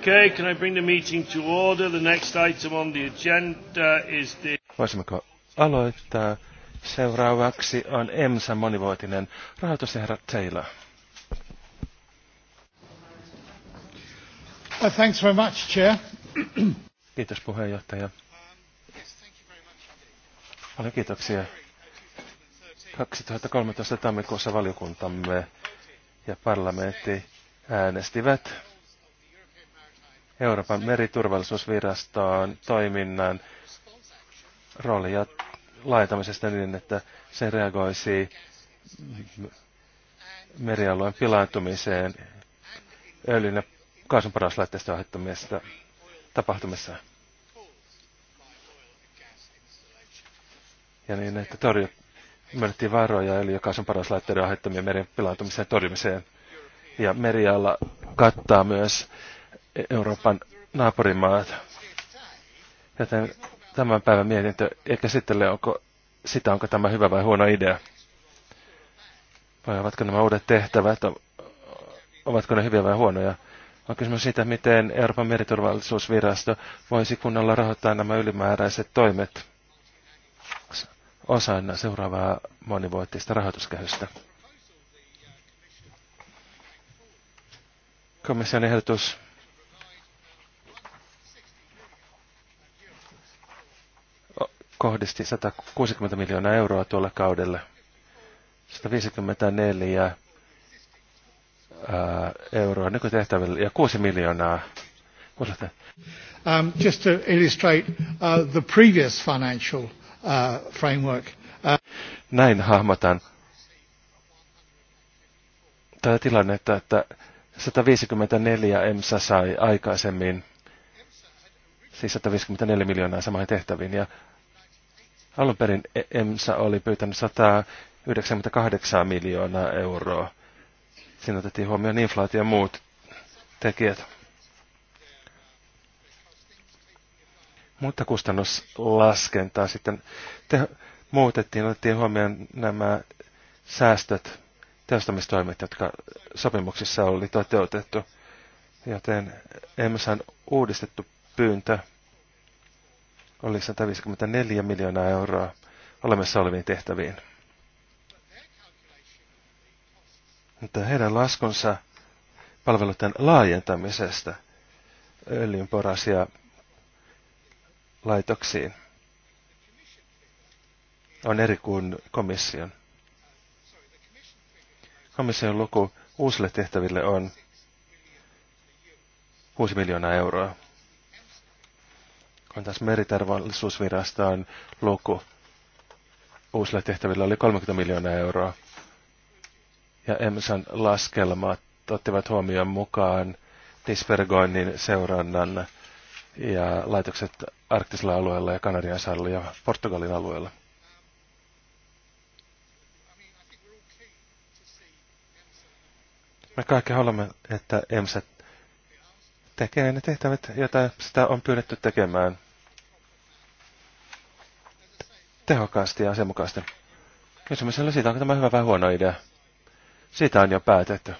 Okay, can I bring the meeting to order? The next item on the agenda is the... Voisimmeko aloittaa? Seuraavaksi on EMSA monivuotinen rahoitus Taylor. Well, thanks very much, Chair. Kiitos puheenjohtaja. Paljon kiitoksia. 2013 tammikuussa valiokuntamme ja parlamentti äänestivät Euroopan meriturvallisuusviraston toiminnan rooli ja laitamisesta niin, että se reagoisi merialueen pilaantumiseen öljyn ja kaasun parauslaitteista aiheuttamista tapahtumissa. Ja niin, että torju, myönnettiin varoja öljy- ja kaasun parauslaitteiden aiheuttamien meren pilaantumiseen torjumiseen. Ja meriala kattaa myös Euroopan naapurimaat. Joten tämän päivän mietintö ei käsittele onko, sitä, onko tämä hyvä vai huono idea. Vai ovatko nämä uudet tehtävät, ovatko ne hyviä vai huonoja. On kysymys siitä, miten Euroopan meriturvallisuusvirasto voisi kunnolla rahoittaa nämä ylimääräiset toimet osana seuraavaa monivuotista rahoituskehystä. Komission ehdotus kohdisti 160 miljoonaa euroa tuolla kaudella. 154 euroa nykytehtävillä ja 6 miljoonaa. Um, just to illustrate uh, the previous financial uh, framework. Uh, Näin hahmotan tätä tilannetta, että 154 EMSA sai aikaisemmin, siis 154 miljoonaa samoihin tehtäviin, ja Alun perin e- EMSA oli pyytänyt 198 miljoonaa euroa. Siinä otettiin huomioon inflaatio ja muut tekijät. Mutta kustannuslaskentaa sitten te muutettiin, otettiin huomioon nämä säästöt, tehostamistoimet, jotka sopimuksissa oli toteutettu. Joten EMSAn uudistettu pyyntö oli 154 miljoonaa euroa olemassa oleviin tehtäviin. Mutta heidän laskunsa palveluiden laajentamisesta öljynporasia laitoksiin on eri kuin komission. Komission luku uusille tehtäville on 6 miljoonaa euroa kun taas on luku uusilla tehtävillä oli 30 miljoonaa euroa. Ja EMSAn laskelmat ottivat huomioon mukaan dispergoinnin seurannan ja laitokset arktisella alueella ja Kanarian saarella ja Portugalin alueella. Me kaikki haluamme, että EMSA tekee ne tehtävät, joita sitä on pyydetty tekemään tehokkaasti ja asianmukaisesti. Kysymys on siitä, onko tämä hyvä vai huono idea. Siitä on jo päätetty,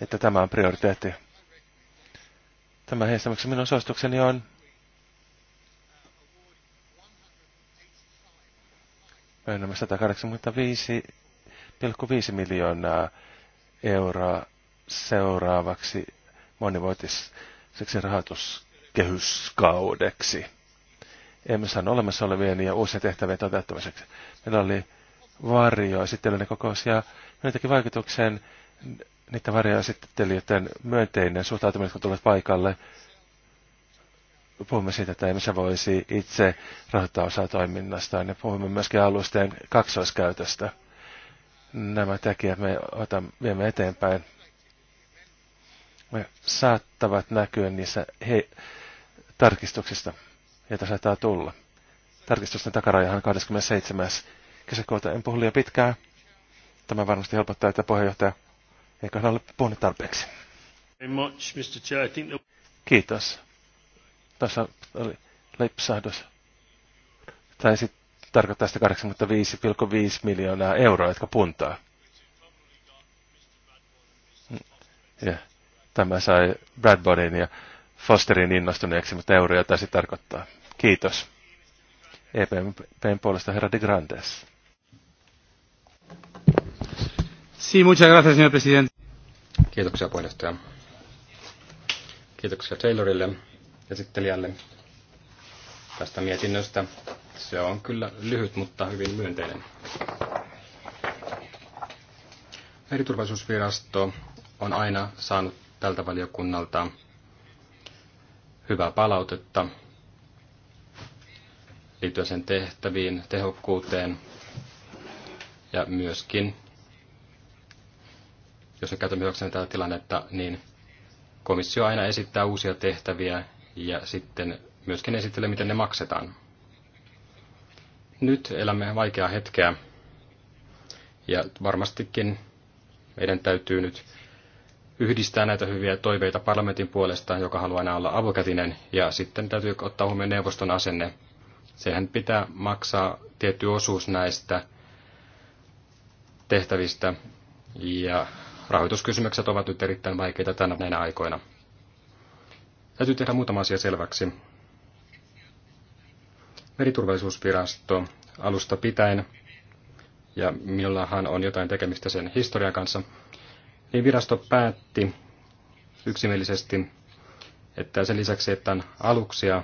että tämä on prioriteetti. Tämä heistämäksi minun suositukseni on myönnämme 185,5 miljoonaa euroa seuraavaksi monivuotiseksi rahoituskehyskaudeksi emme sano olemassa olevien niin ja uusien tehtävien toteuttamiseksi. Meillä oli esittelyinen kokous ja meillä teki vaikutuksen niiden varjoesittelijöiden myönteinen suhtautuminen, kun tulet paikalle. Puhumme siitä, että emme voisi itse rahoittaa osaa toiminnasta ja puhumme myöskin alusten kaksoiskäytöstä. Nämä tekijät me otan, viemme eteenpäin. Me saattavat näkyä niissä he, tarkistuksista joita saattaa tulla. Tarkistusten takarajahan 27. kesäkuuta en puhu liian pitkään. Tämä varmasti helpottaa, että puheenjohtaja eiköhän ole puhunut tarpeeksi. Kiitos. Tässä oli lipsahdus. Tai sitten tarkoittaa sitä 85,5 miljoonaa euroa, jotka puntaa. Ja tämä sai Bradbodin ja Fosterin innostuneeksi, mutta euroja taisi tarkoittaa. Kiitos. EPPn puolesta herra de Grandes. Sí, muchas gracias, señor presidente. Kiitoksia puheenjohtaja. Kiitoksia Taylorille, esittelijälle tästä mietinnöstä. Se on kyllä lyhyt, mutta hyvin myönteinen. Meriturvallisuusvirasto on aina saanut tältä valiokunnalta hyvää palautetta liittyen sen tehtäviin, tehokkuuteen ja myöskin, jos me käytämme hyväksemme tätä tilannetta, niin komissio aina esittää uusia tehtäviä ja sitten myöskin esittelee, miten ne maksetaan. Nyt elämme vaikeaa hetkeä ja varmastikin meidän täytyy nyt yhdistää näitä hyviä toiveita parlamentin puolesta, joka haluaa aina olla avokätinen, ja sitten täytyy ottaa huomioon neuvoston asenne, Sehän pitää maksaa tietty osuus näistä tehtävistä ja rahoituskysymykset ovat nyt erittäin vaikeita tänä näinä aikoina. Täytyy tehdä muutama asia selväksi. Meriturvallisuusvirasto alusta pitäen, ja minullahan on jotain tekemistä sen historian kanssa, niin virasto päätti yksimielisesti, että sen lisäksi, että on aluksia,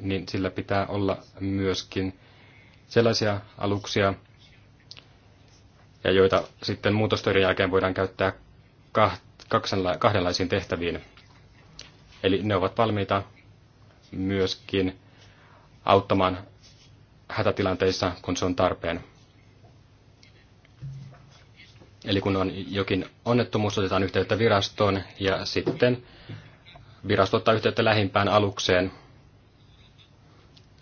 niin sillä pitää olla myöskin sellaisia aluksia, ja joita sitten muutostöiden jälkeen voidaan käyttää kahdenlaisiin tehtäviin. Eli ne ovat valmiita myöskin auttamaan hätätilanteissa, kun se on tarpeen. Eli kun on jokin onnettomuus, otetaan yhteyttä virastoon ja sitten virasto ottaa yhteyttä lähimpään alukseen –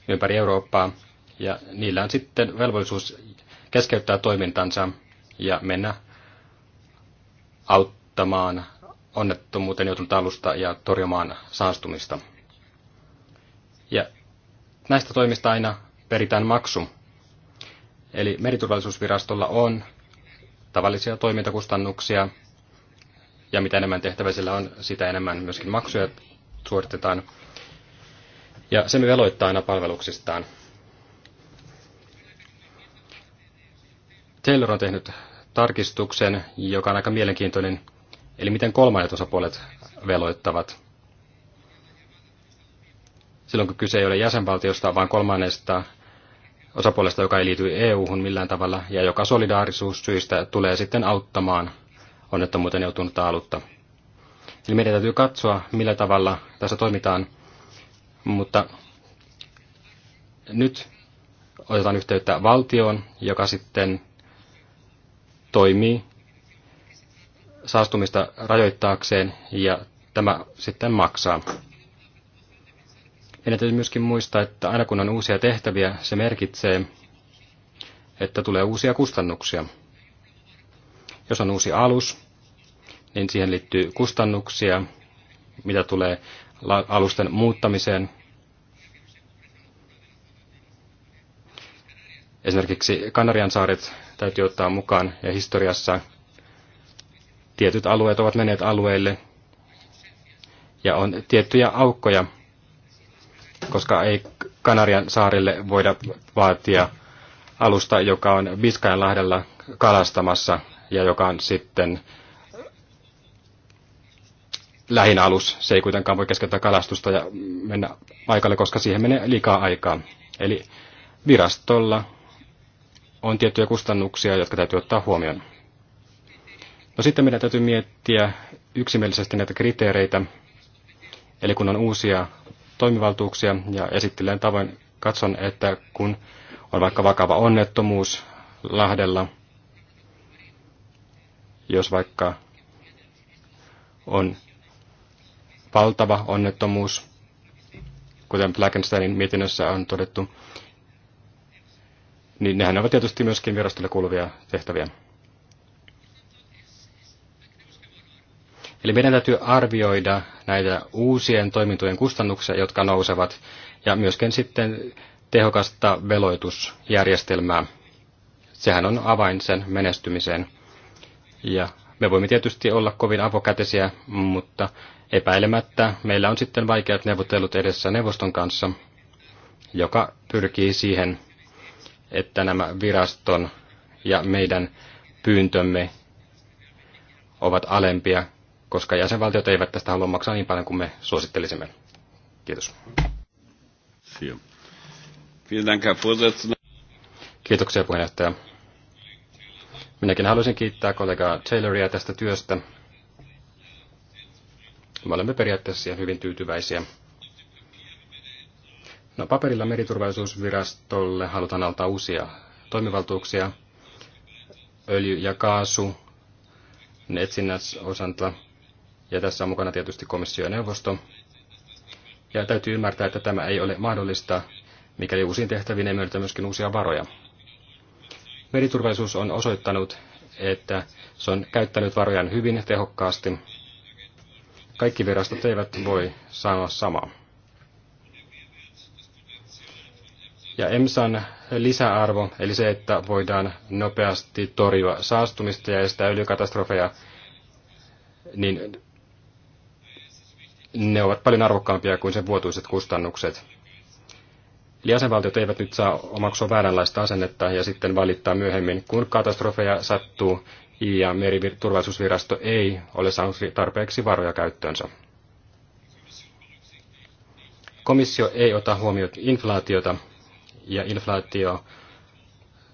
ympäri Eurooppaa, ja niillä on sitten velvollisuus keskeyttää toimintansa ja mennä auttamaan onnettomuuteen joutunut alusta ja torjumaan saastumista. Ja näistä toimista aina peritään maksu. Eli meriturvallisuusvirastolla on tavallisia toimintakustannuksia, ja mitä enemmän tehtävä sillä on, sitä enemmän myöskin maksuja suoritetaan. Ja se veloittaa aina palveluksistaan. Taylor on tehnyt tarkistuksen, joka on aika mielenkiintoinen, eli miten kolmannet osapuolet veloittavat. Silloin kun kyse ei ole jäsenvaltiosta, vaan kolmannesta osapuolesta, joka ei liity EU-hun millään tavalla ja joka syistä tulee sitten auttamaan onnettomuuteen joutunutta alutta. Eli meidän täytyy katsoa, millä tavalla tässä toimitaan mutta nyt otetaan yhteyttä valtioon, joka sitten toimii saastumista rajoittaakseen ja tämä sitten maksaa. Meidän täytyy myöskin muistaa, että aina kun on uusia tehtäviä, se merkitsee, että tulee uusia kustannuksia. Jos on uusi alus, niin siihen liittyy kustannuksia, mitä tulee alusten muuttamiseen, Esimerkiksi Kanarian saaret täytyy ottaa mukaan ja historiassa tietyt alueet ovat menneet alueille ja on tiettyjä aukkoja, koska ei Kanarian saarille voida vaatia alusta, joka on Biskajanlahdella kalastamassa ja joka on sitten lähin alus. Se ei kuitenkaan voi keskeyttää kalastusta ja mennä paikalle, koska siihen menee liikaa aikaa. Eli virastolla on tiettyjä kustannuksia, jotka täytyy ottaa huomioon. No sitten meidän täytyy miettiä yksimielisesti näitä kriteereitä, eli kun on uusia toimivaltuuksia ja esittelen tavoin katson, että kun on vaikka vakava onnettomuus Lahdella, jos vaikka on valtava onnettomuus, kuten Blackensteinin mietinnössä on todettu, niin nehän ovat tietysti myöskin virastolle kuuluvia tehtäviä. Eli meidän täytyy arvioida näitä uusien toimintojen kustannuksia, jotka nousevat, ja myöskin sitten tehokasta veloitusjärjestelmää. Sehän on avain sen menestymiseen. Ja me voimme tietysti olla kovin avokätisiä, mutta epäilemättä meillä on sitten vaikeat neuvottelut edessä neuvoston kanssa, joka pyrkii siihen, että nämä viraston ja meidän pyyntömme ovat alempia, koska jäsenvaltiot eivät tästä halua maksaa niin paljon kuin me suosittelisimme. Kiitos. Kiitoksia puheenjohtaja. Minäkin haluaisin kiittää kollegaa Tayloria tästä työstä. Me olemme periaatteessa hyvin tyytyväisiä. No, paperilla meriturvallisuusvirastolle halutaan antaa uusia toimivaltuuksia. Öljy ja kaasu, ne etsinnäsosanta, ja tässä on mukana tietysti komissio ja neuvosto. Ja täytyy ymmärtää, että tämä ei ole mahdollista, mikäli uusiin tehtäviin ei myönnetä myöskin uusia varoja. Meriturvallisuus on osoittanut, että se on käyttänyt varojaan hyvin tehokkaasti. Kaikki virastot eivät voi sanoa samaa. Ja EMSAn lisäarvo, eli se, että voidaan nopeasti torjua saastumista ja estää öljykatastrofeja, niin ne ovat paljon arvokkaampia kuin sen vuotuiset kustannukset. Eli jäsenvaltiot eivät nyt saa omaksua vääränlaista asennetta ja sitten valittaa myöhemmin, kun katastrofeja sattuu ja meriturvallisuusvirasto ei ole saanut tarpeeksi varoja käyttöönsä. Komissio ei ota huomioon inflaatiota, ja inflaatio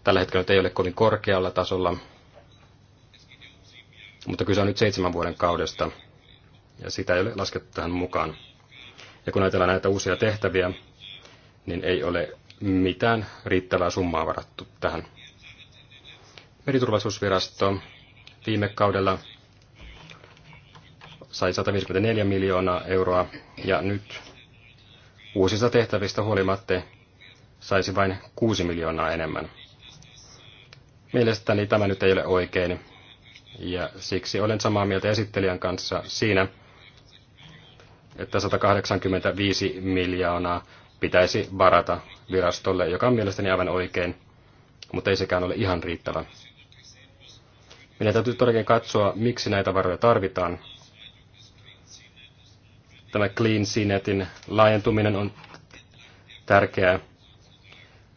tällä hetkellä ei ole kovin korkealla tasolla, mutta kyse on nyt seitsemän vuoden kaudesta, ja sitä ei ole laskettu tähän mukaan. Ja kun ajatellaan näitä uusia tehtäviä, niin ei ole mitään riittävää summaa varattu tähän. Meriturvallisuusvirasto viime kaudella sai 154 miljoonaa euroa, ja nyt uusista tehtävistä huolimatta saisi vain 6 miljoonaa enemmän. Mielestäni tämä nyt ei ole oikein, ja siksi olen samaa mieltä esittelijän kanssa siinä, että 185 miljoonaa pitäisi varata virastolle, joka on mielestäni aivan oikein, mutta ei sekään ole ihan riittävä. Meidän täytyy todellakin katsoa, miksi näitä varoja tarvitaan. Tämä Clean Sinetin laajentuminen on tärkeää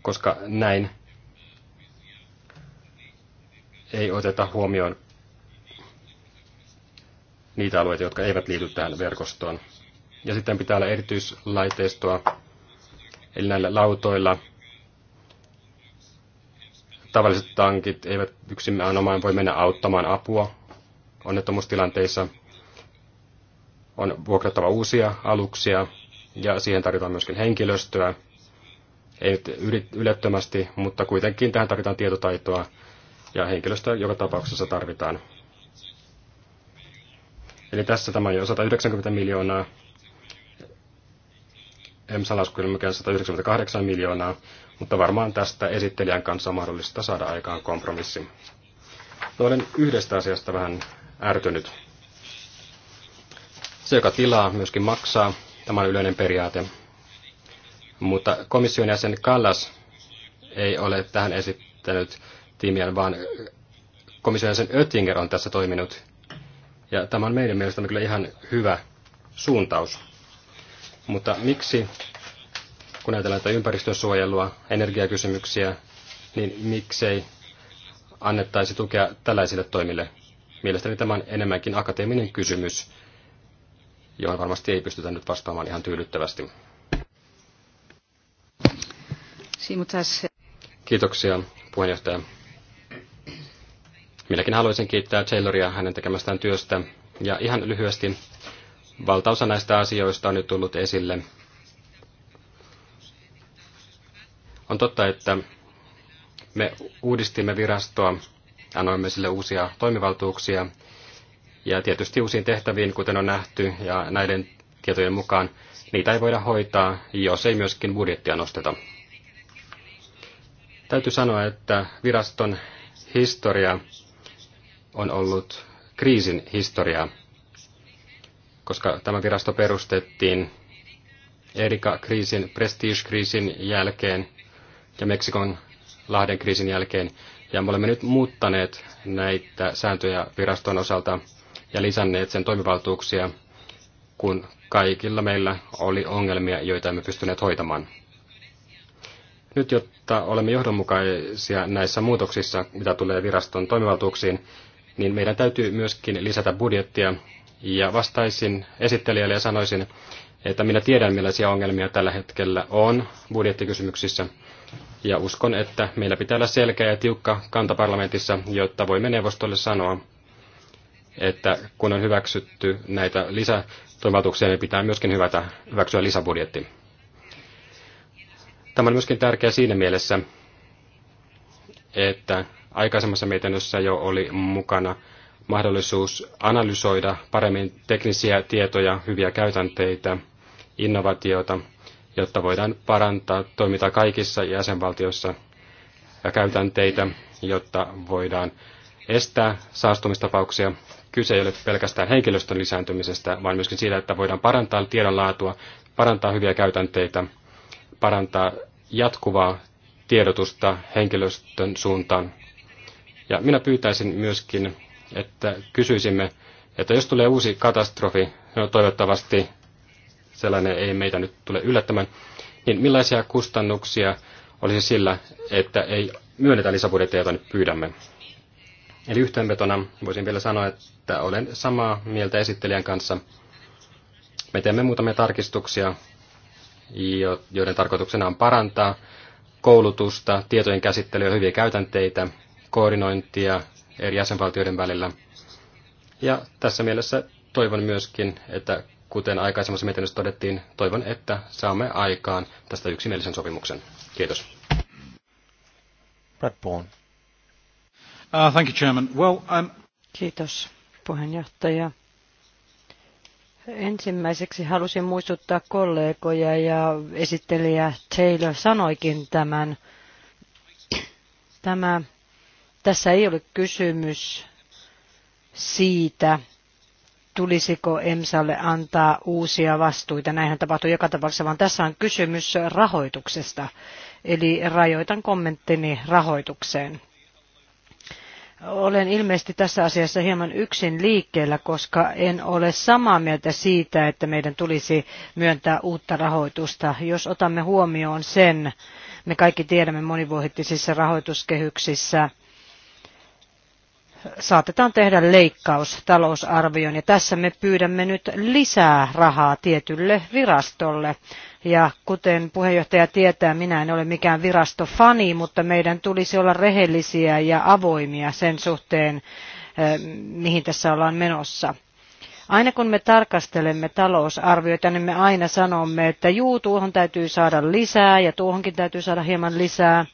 koska näin ei oteta huomioon niitä alueita, jotka eivät liity tähän verkostoon. Ja sitten pitää olla erityislaitteistoa, eli näillä lautoilla tavalliset tankit eivät omaan voi mennä auttamaan apua onnettomuustilanteissa. On vuokrattava uusia aluksia ja siihen tarvitaan myöskin henkilöstöä, ei ylettömästi, mutta kuitenkin tähän tarvitaan tietotaitoa ja henkilöstöä joka tapauksessa tarvitaan. Eli tässä tämä on jo 190 miljoonaa. emsa mukaan 198 miljoonaa, mutta varmaan tästä esittelijän kanssa on mahdollista saada aikaan kompromissi. No, olen yhdestä asiasta vähän ärtynyt. Se, joka tilaa, myöskin maksaa. Tämä on yleinen periaate. Mutta komission jäsen Kallas ei ole tähän esittänyt tiimiä, vaan komission jäsen Oettinger on tässä toiminut. Ja tämä on meidän mielestämme kyllä ihan hyvä suuntaus. Mutta miksi, kun ajatellaan tätä ympäristönsuojelua, energiakysymyksiä, niin miksei annettaisi tukea tällaisille toimille? Mielestäni tämä on enemmänkin akateeminen kysymys, johon varmasti ei pystytä nyt vastaamaan ihan tyydyttävästi. Kiitoksia puheenjohtaja. Minäkin haluaisin kiittää Tayloria hänen tekemästään työstä. Ja ihan lyhyesti, valtaosa näistä asioista on nyt tullut esille. On totta, että me uudistimme virastoa, annoimme sille uusia toimivaltuuksia ja tietysti uusiin tehtäviin, kuten on nähty, ja näiden tietojen mukaan niitä ei voida hoitaa, jos ei myöskin budjettia nosteta. Täytyy sanoa, että viraston historia on ollut kriisin historia, koska tämä virasto perustettiin Erika-kriisin, Prestige-kriisin jälkeen ja Meksikon Lahden kriisin jälkeen. Ja me olemme nyt muuttaneet näitä sääntöjä viraston osalta ja lisänneet sen toimivaltuuksia, kun kaikilla meillä oli ongelmia, joita emme pystyneet hoitamaan. Nyt, jotta olemme johdonmukaisia näissä muutoksissa, mitä tulee viraston toimivaltuuksiin, niin meidän täytyy myöskin lisätä budjettia. Ja vastaisin esittelijälle ja sanoisin, että minä tiedän, millaisia ongelmia tällä hetkellä on budjettikysymyksissä. Ja uskon, että meillä pitää olla selkeä ja tiukka kanta parlamentissa, jotta voimme neuvostolle sanoa, että kun on hyväksytty näitä lisätoimivaltuuksia, niin pitää myöskin hyvätä, hyväksyä lisäbudjetti. Tämä on myöskin tärkeä siinä mielessä, että aikaisemmassa mietinnössä jo oli mukana mahdollisuus analysoida paremmin teknisiä tietoja, hyviä käytänteitä, innovaatiota, jotta voidaan parantaa toimintaa kaikissa jäsenvaltioissa ja käytänteitä, jotta voidaan estää saastumistapauksia. Kyse ei ole pelkästään henkilöstön lisääntymisestä, vaan myöskin siitä, että voidaan parantaa tiedonlaatua, parantaa hyviä käytänteitä parantaa jatkuvaa tiedotusta henkilöstön suuntaan. Ja minä pyytäisin myöskin, että kysyisimme, että jos tulee uusi katastrofi, no toivottavasti sellainen ei meitä nyt tule yllättämään, niin millaisia kustannuksia olisi sillä, että ei myönnetä lisäbudjetteja, joita nyt pyydämme? Eli yhteenvetona voisin vielä sanoa, että olen samaa mieltä esittelijän kanssa. Me teemme muutamia tarkistuksia, joiden tarkoituksena on parantaa koulutusta, tietojen käsittelyä, hyviä käytänteitä, koordinointia eri jäsenvaltioiden välillä. Ja tässä mielessä toivon myöskin, että kuten aikaisemmassa mietinnössä todettiin, toivon, että saamme aikaan tästä yksimielisen sopimuksen. Kiitos. Brad Bourne. Uh, thank you, Chairman. Well, I'm... Kiitos, puheenjohtaja. Ensimmäiseksi halusin muistuttaa kollegoja ja esittelijä Taylor sanoikin tämän. Tämä, tässä ei ole kysymys siitä, tulisiko EMSAlle antaa uusia vastuita. Näinhän tapahtuu joka tapauksessa, vaan tässä on kysymys rahoituksesta. Eli rajoitan kommenttini rahoitukseen olen ilmeisesti tässä asiassa hieman yksin liikkeellä, koska en ole samaa mieltä siitä, että meidän tulisi myöntää uutta rahoitusta. Jos otamme huomioon sen, me kaikki tiedämme monivuotisissa rahoituskehyksissä, saatetaan tehdä leikkaus talousarvioon ja tässä me pyydämme nyt lisää rahaa tietylle virastolle. Ja kuten puheenjohtaja tietää, minä en ole mikään virastofani, mutta meidän tulisi olla rehellisiä ja avoimia sen suhteen, eh, mihin tässä ollaan menossa. Aina kun me tarkastelemme talousarvioita, niin me aina sanomme, että juu, tuohon täytyy saada lisää ja tuohonkin täytyy saada hieman lisää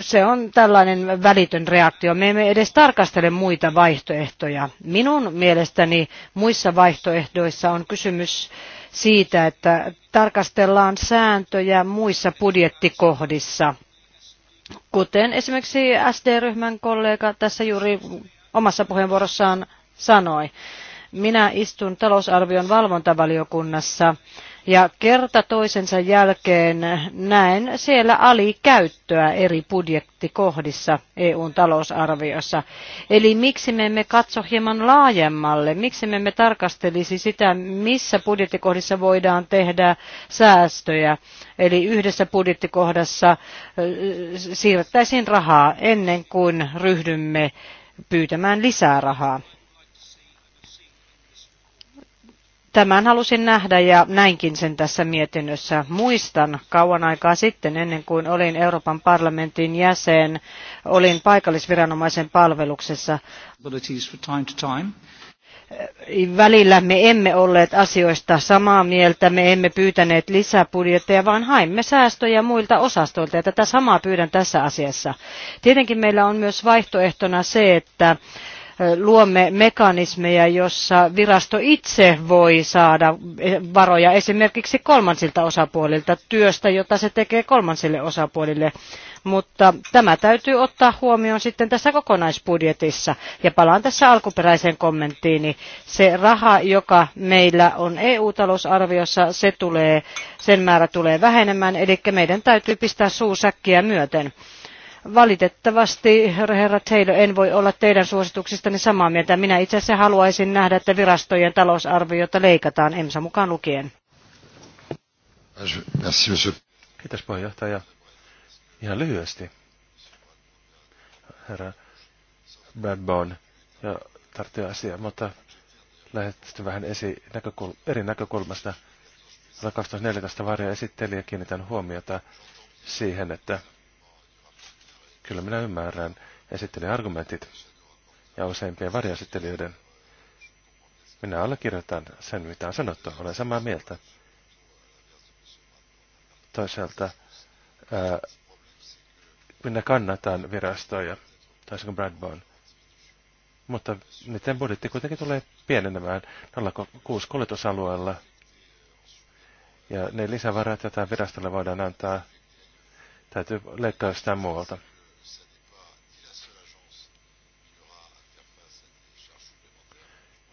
se on tällainen välitön reaktio. Me emme edes tarkastele muita vaihtoehtoja. Minun mielestäni muissa vaihtoehdoissa on kysymys siitä, että tarkastellaan sääntöjä muissa budjettikohdissa. Kuten esimerkiksi SD-ryhmän kollega tässä juuri omassa puheenvuorossaan sanoi. Minä istun talousarvion valvontavaliokunnassa ja kerta toisensa jälkeen näen siellä alikäyttöä eri budjettikohdissa EUn talousarviossa. Eli miksi me emme katso hieman laajemmalle? Miksi me emme tarkastelisi sitä, missä budjettikohdissa voidaan tehdä säästöjä? Eli yhdessä budjettikohdassa siirrettäisiin rahaa ennen kuin ryhdymme pyytämään lisää rahaa. Tämän halusin nähdä ja näinkin sen tässä mietinnössä. Muistan kauan aikaa sitten, ennen kuin olin Euroopan parlamentin jäsen, olin paikallisviranomaisen palveluksessa. Välillä me emme olleet asioista samaa mieltä, me emme pyytäneet lisäbudjetteja, vaan haimme säästöjä muilta osastoilta, ja tätä samaa pyydän tässä asiassa. Tietenkin meillä on myös vaihtoehtona se, että luomme mekanismeja, jossa virasto itse voi saada eh, varoja esimerkiksi kolmansilta osapuolilta työstä, jota se tekee kolmansille osapuolille. Mutta tämä täytyy ottaa huomioon sitten tässä kokonaisbudjetissa. Ja palaan tässä alkuperäiseen kommenttiini. Se raha, joka meillä on EU-talousarviossa, se tulee, sen määrä tulee vähenemään, eli meidän täytyy pistää suusäkkiä myöten. Valitettavasti, herra Taylor, en voi olla teidän suosituksistanne samaa mieltä. Minä itse asiassa haluaisin nähdä, että virastojen talousarviota leikataan, EMSA mukaan lukien. Kiitos puheenjohtaja. Ihan lyhyesti. Herra Bradbone ja tarttuu asiaa, mutta lähestyt vähän esi näkökul- eri näkökulmasta. 2014 varjo esitteli ja kiinnitän huomiota siihen, että Kyllä minä ymmärrän esittelin argumentit ja useimpien varjoesittelijöiden. Minä allekirjoitan sen, mitä on sanottu. Olen samaa mieltä. Toisaalta ää, minä kannatan virastoja, toisin kuin Bradbone. Mutta niiden budjetti kuitenkin tulee pienenemään 06 kuljetusalueella. Ja ne lisävarat, joita virastolle voidaan antaa, täytyy leikkaa jostain muualta.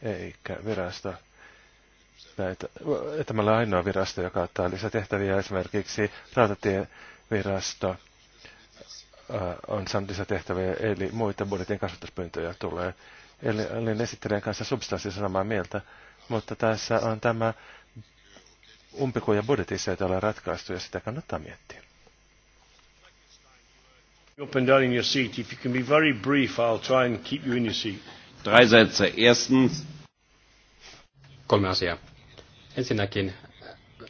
eikä virasto näitä, meillä on ainoa virasto, joka ottaa lisätehtäviä. Esimerkiksi rautatievirasto äh, on saanut lisätehtäviä, eli muita budjetin kasvatuspyyntöjä tulee. Eli olin esittelijän kanssa substanssissa samaa mieltä, mutta tässä on tämä umpikuja budjetissa, jota ollaan ratkaistu, ja sitä kannattaa miettiä. Up and down in your seat. If you can be very brief, I'll try and keep you in your seat. Drei Sätze. Erstens. Kolme asiaa. Ensinnäkin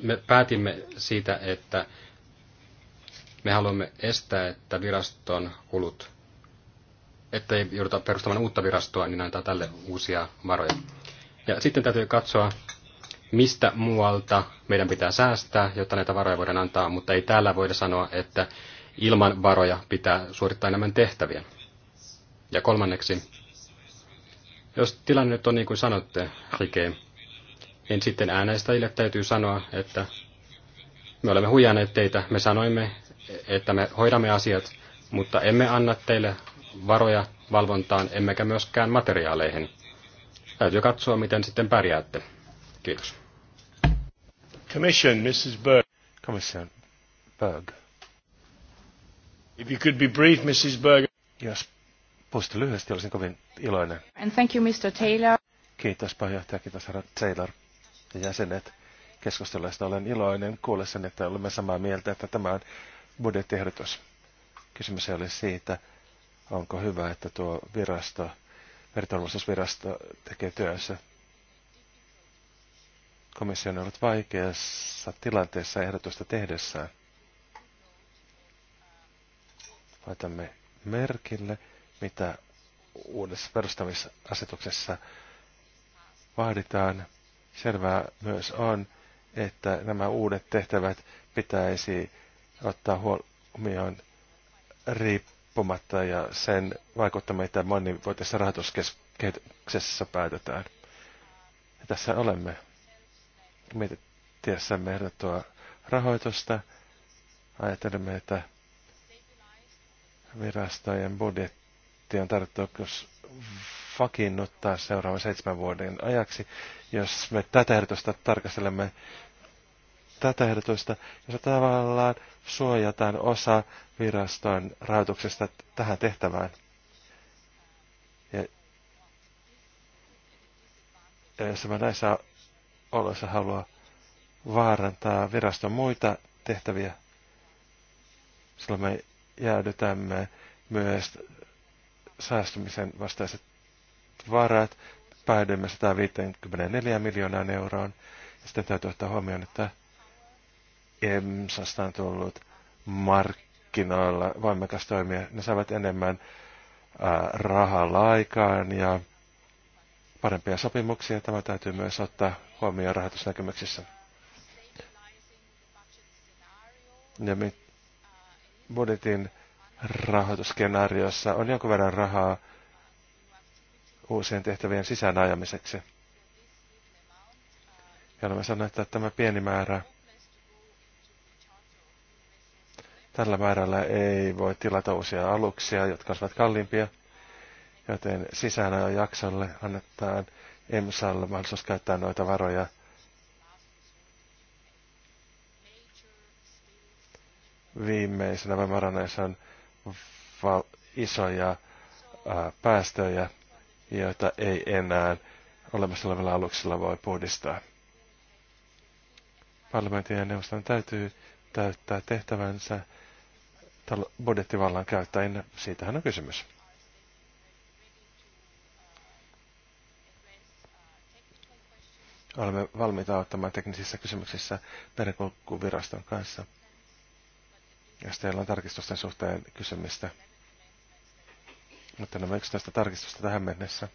me päätimme siitä, että me haluamme estää, että viraston kulut, että ei jouduta perustamaan uutta virastoa, niin antaa tälle uusia varoja. Ja sitten täytyy katsoa, mistä muualta meidän pitää säästää, jotta näitä varoja voidaan antaa, mutta ei täällä voida sanoa, että ilman varoja pitää suorittaa enemmän tehtäviä. Ja kolmanneksi, jos tilanne nyt on niin kuin sanotte, Rike, niin sitten äänestäjille täytyy sanoa, että me olemme huijanneet teitä, me sanoimme, että me hoidamme asiat, mutta emme anna teille varoja valvontaan, emmekä myöskään materiaaleihin. Täytyy katsoa, miten sitten pärjäätte. Kiitos. Commission, Mrs. Berg. Commission, Berg. If you could be brief, Mrs. Berg. Yes, puhuisitte lyhyesti, olisin kovin iloinen. And thank you, Mr. Taylor. Kiitos puheenjohtaja, kiitos herra Taylor ja jäsenet keskustelusta. Olen iloinen kuullessani, että olemme samaa mieltä, että tämä on budjettiehdotus. Kysymys oli siitä, onko hyvä, että tuo virasto, meriturvallisuusvirasto tekee työnsä. Komissio on ollut vaikeassa tilanteessa ehdotusta tehdessään. Laitamme merkille, mitä uudessa perustamisasetuksessa vaaditaan. Selvää myös on, että nämä uudet tehtävät pitäisi ottaa huomioon riippumatta ja sen vaikuttamista mitä monivuotisessa rahoituskehityksessä päätetään. Ja tässä olemme miettiessämme ehdottua rahoitusta. Ajattelemme, että virastojen budjetti on tarkoitus vakiinnuttaa seuraavan seitsemän vuoden ajaksi, jos me tätä ehdotusta tarkastelemme tätä ehdotusta, jossa tavallaan suojataan osa viraston rahoituksesta tähän tehtävään. Ja, ja jos mä näissä oloissa haluan vaarantaa viraston muita tehtäviä, silloin me jäädytämme myös säästymisen vastaiset varat. Päädyimme 154 miljoonaan euroon. Ja sitten täytyy ottaa huomioon, että EMSasta on tullut markkinoilla voimakas toimija. Ne saavat enemmän rahaa rahalla aikaan ja parempia sopimuksia. Tämä täytyy myös ottaa huomioon rahoitusnäkymyksissä. Ja budjetin rahoitusskenaariossa on jonkun verran rahaa uusien tehtävien sisään ajamiseksi. Ja olemme sanoneet, että tämä pieni määrä, tällä määrällä ei voi tilata uusia aluksia, jotka ovat kalliimpia, joten sisään jaksolle annetaan EMSAlle mahdollisuus käyttää noita varoja viimeisenä voimaraneessa on isoja päästöjä, joita ei enää olemassa olevilla aluksilla voi puhdistaa. Parlamentin ja neuvoston täytyy täyttää tehtävänsä budjettivallan käyttäen. Siitähän on kysymys. Olemme valmiita ottamaan teknisissä kysymyksissä merenkulkuviraston kanssa jos teillä on tarkistusten suhteen kysymistä. Mutta nämä no, yksittäistä tarkistusta tähän mennessä.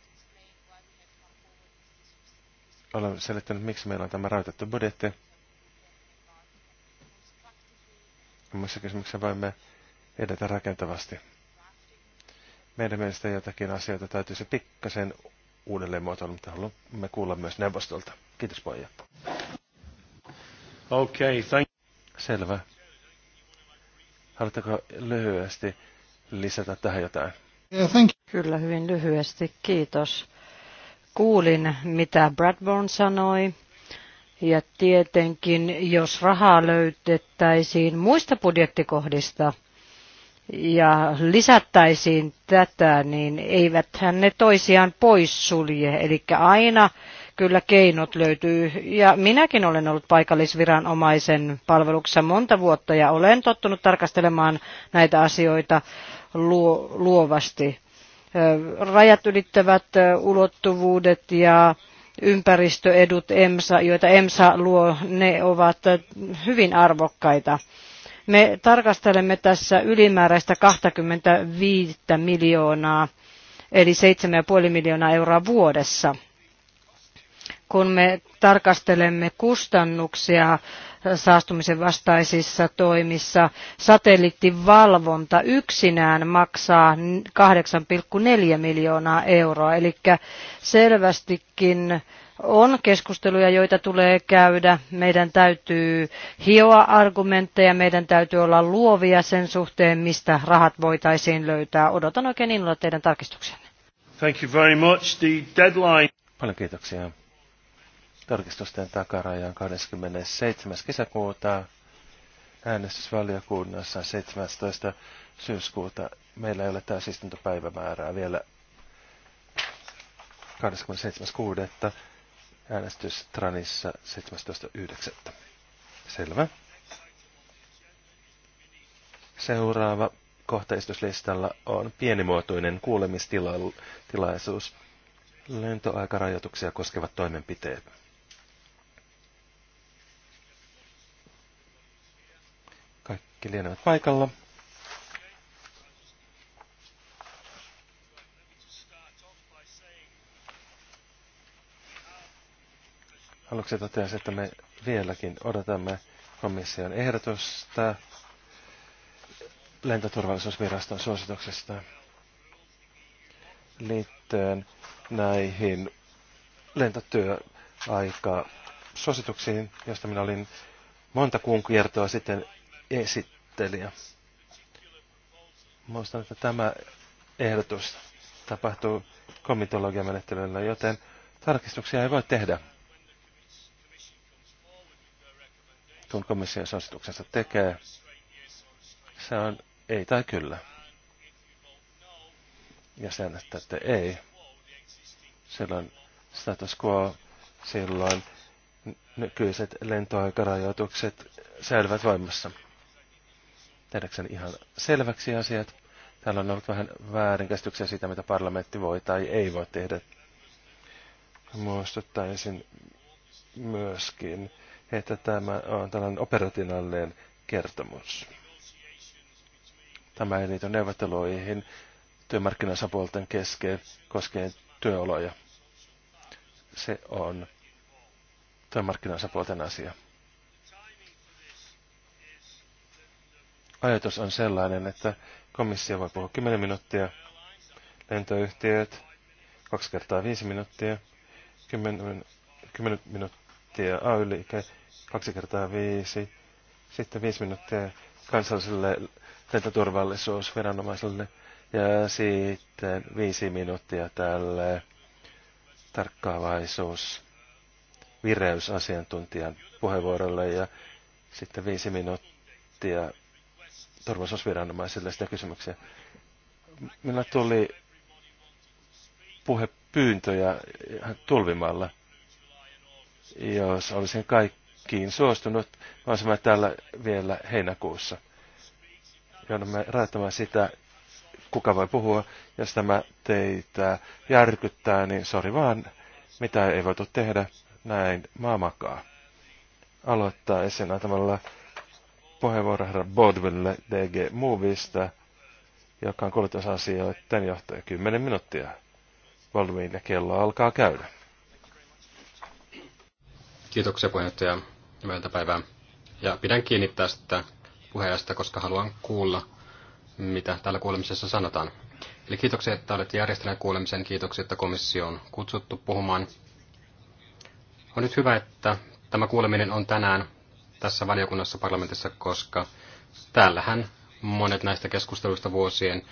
Olen selittänyt, miksi meillä on tämä rajoitettu budjetti. Muissa kysymyksissä voimme edetä rakentavasti. Meidän mielestä jotakin asioita täytyisi pikkasen uudelleen muotoilla, mutta haluamme kuulla myös neuvostolta. Kiitos, pojat. Okay, thank Selvä. Haluatteko lyhyesti lisätä tähän jotain? Kyllä, hyvin lyhyesti. Kiitos. Kuulin, mitä Bradburn sanoi. Ja tietenkin, jos rahaa löytettäisiin muista budjettikohdista ja lisättäisiin tätä, niin eiväthän ne toisiaan poissulje. Eli aina kyllä keinot löytyy. Ja minäkin olen ollut paikallisviranomaisen palveluksessa monta vuotta ja olen tottunut tarkastelemaan näitä asioita luovasti. Rajat ylittävät ulottuvuudet ja ympäristöedut, EMSA, joita EMSA luo, ne ovat hyvin arvokkaita. Me tarkastelemme tässä ylimääräistä 25 miljoonaa, eli 7,5 miljoonaa euroa vuodessa kun me tarkastelemme kustannuksia saastumisen vastaisissa toimissa, satelliittivalvonta yksinään maksaa 8,4 miljoonaa euroa. Eli selvästikin on keskusteluja, joita tulee käydä. Meidän täytyy hioa argumentteja, meidän täytyy olla luovia sen suhteen, mistä rahat voitaisiin löytää. Odotan oikein innolla teidän tarkistuksenne. Thank you very much. The deadline... Paljon kiitoksia tarkistusten takarajan 27. kesäkuuta äänestysvaliokunnassa 17. syyskuuta. Meillä ei ole täysistuntopäivämäärää vielä 27.6. äänestys Tranissa 17.9. Selvä. Seuraava kohtaistuslistalla on pienimuotoinen kuulemistilaisuus lentoaikarajoituksia koskevat toimenpiteet. lienevät paikalla. Aluksi toteaisin, että me vieläkin odotamme komission ehdotusta lentoturvallisuusviraston suosituksesta liittyen näihin lentotyöaika suosituksiin, josta minä olin monta kuun kiertoa sitten esittelijä. Muistan, että tämä ehdotus tapahtuu komitologiamenettelyllä, joten tarkistuksia ei voi tehdä, kun komissio suosituksensa tekee. Se on ei tai kyllä. Ja sen, että te ei. Silloin status quo, silloin nykyiset lentoaikarajoitukset säilyvät voimassa tehdäkseni ihan selväksi asiat. Täällä on ollut vähän väärinkäsityksiä siitä, mitä parlamentti voi tai ei voi tehdä. Muistuttaisin myöskin, että tämä on tällainen operationaalinen kertomus. Tämä ei liity neuvotteluihin työmarkkinasapuolten kesken koskien työoloja. Se on työmarkkinasapuolten asia. ajatus on sellainen, että komissio voi puhua 10 minuuttia, lentoyhtiöt 2 kertaa 5 minuuttia, 10, 10 minuuttia AY-liike 2 kertaa 5, sitten 5 minuuttia kansalliselle lentoturvallisuusviranomaiselle ja sitten 5 minuuttia tälle tarkkaavaisuus vireysasiantuntijan puheenvuorolle ja sitten viisi minuuttia turvallisuusviranomaisille sitä kysymyksiä. Minulla tuli puhepyyntöjä tulvimalla. Jos olisin kaikkiin suostunut, olisimme täällä vielä heinäkuussa. Joudumme rajoittamaan sitä, kuka voi puhua. Jos tämä teitä järkyttää, niin sori vaan, mitä ei voitu tehdä. Näin maa makaa. Aloittaa esiin antamalla puheenvuoro herra Bodville DG Movista, joka on kulutusasioiden johtaja. 10 minuuttia valmiin ja kello alkaa käydä. Kiitoksia puheenjohtaja. Hyvää päivää. Ja pidän kiinni tästä puheesta, koska haluan kuulla, mitä täällä kuulemisessa sanotaan. Eli kiitoksia, että olet järjestänyt kuulemisen. Kiitoksia, että komissio on kutsuttu puhumaan. On nyt hyvä, että tämä kuuleminen on tänään tässä valiokunnassa parlamentissa, koska täällähän monet näistä keskusteluista vuosien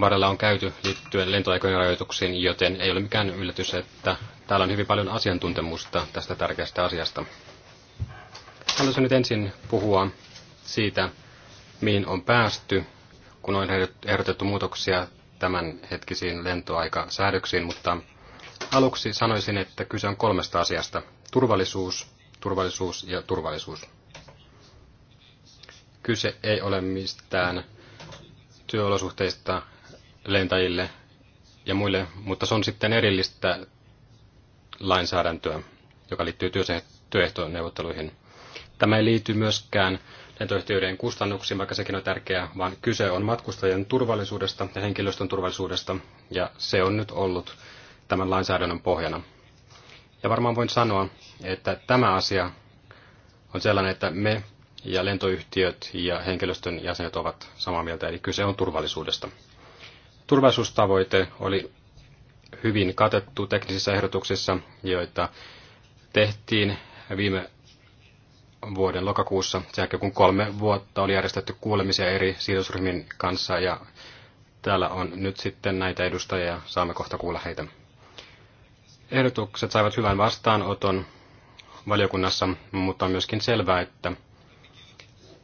varrella on käyty liittyen lentoaikojen rajoituksiin, joten ei ole mikään yllätys, että täällä on hyvin paljon asiantuntemusta tästä tärkeästä asiasta. Haluaisin nyt ensin puhua siitä, mihin on päästy, kun on ehdotettu muutoksia tämän hetkisiin lentoaikasäädöksiin, mutta aluksi sanoisin, että kyse on kolmesta asiasta. Turvallisuus, turvallisuus ja turvallisuus. Kyse ei ole mistään työolosuhteista lentäjille ja muille, mutta se on sitten erillistä lainsäädäntöä, joka liittyy työehtoneuvotteluihin. Tämä ei liity myöskään lentoyhtiöiden kustannuksiin, vaikka sekin on tärkeää, vaan kyse on matkustajien turvallisuudesta ja henkilöstön turvallisuudesta, ja se on nyt ollut tämän lainsäädännön pohjana. Ja varmaan voin sanoa, että tämä asia on sellainen, että me ja lentoyhtiöt ja henkilöstön jäsenet ovat samaa mieltä, eli kyse on turvallisuudesta. Turvallisuustavoite oli hyvin katettu teknisissä ehdotuksissa, joita tehtiin viime vuoden lokakuussa, sen jälkeen kun kolme vuotta oli järjestetty kuulemisia eri sidosryhmien kanssa, ja täällä on nyt sitten näitä edustajia, saamme kohta kuulla heitä. Ehdotukset saivat hyvän vastaanoton valiokunnassa, mutta on myöskin selvää, että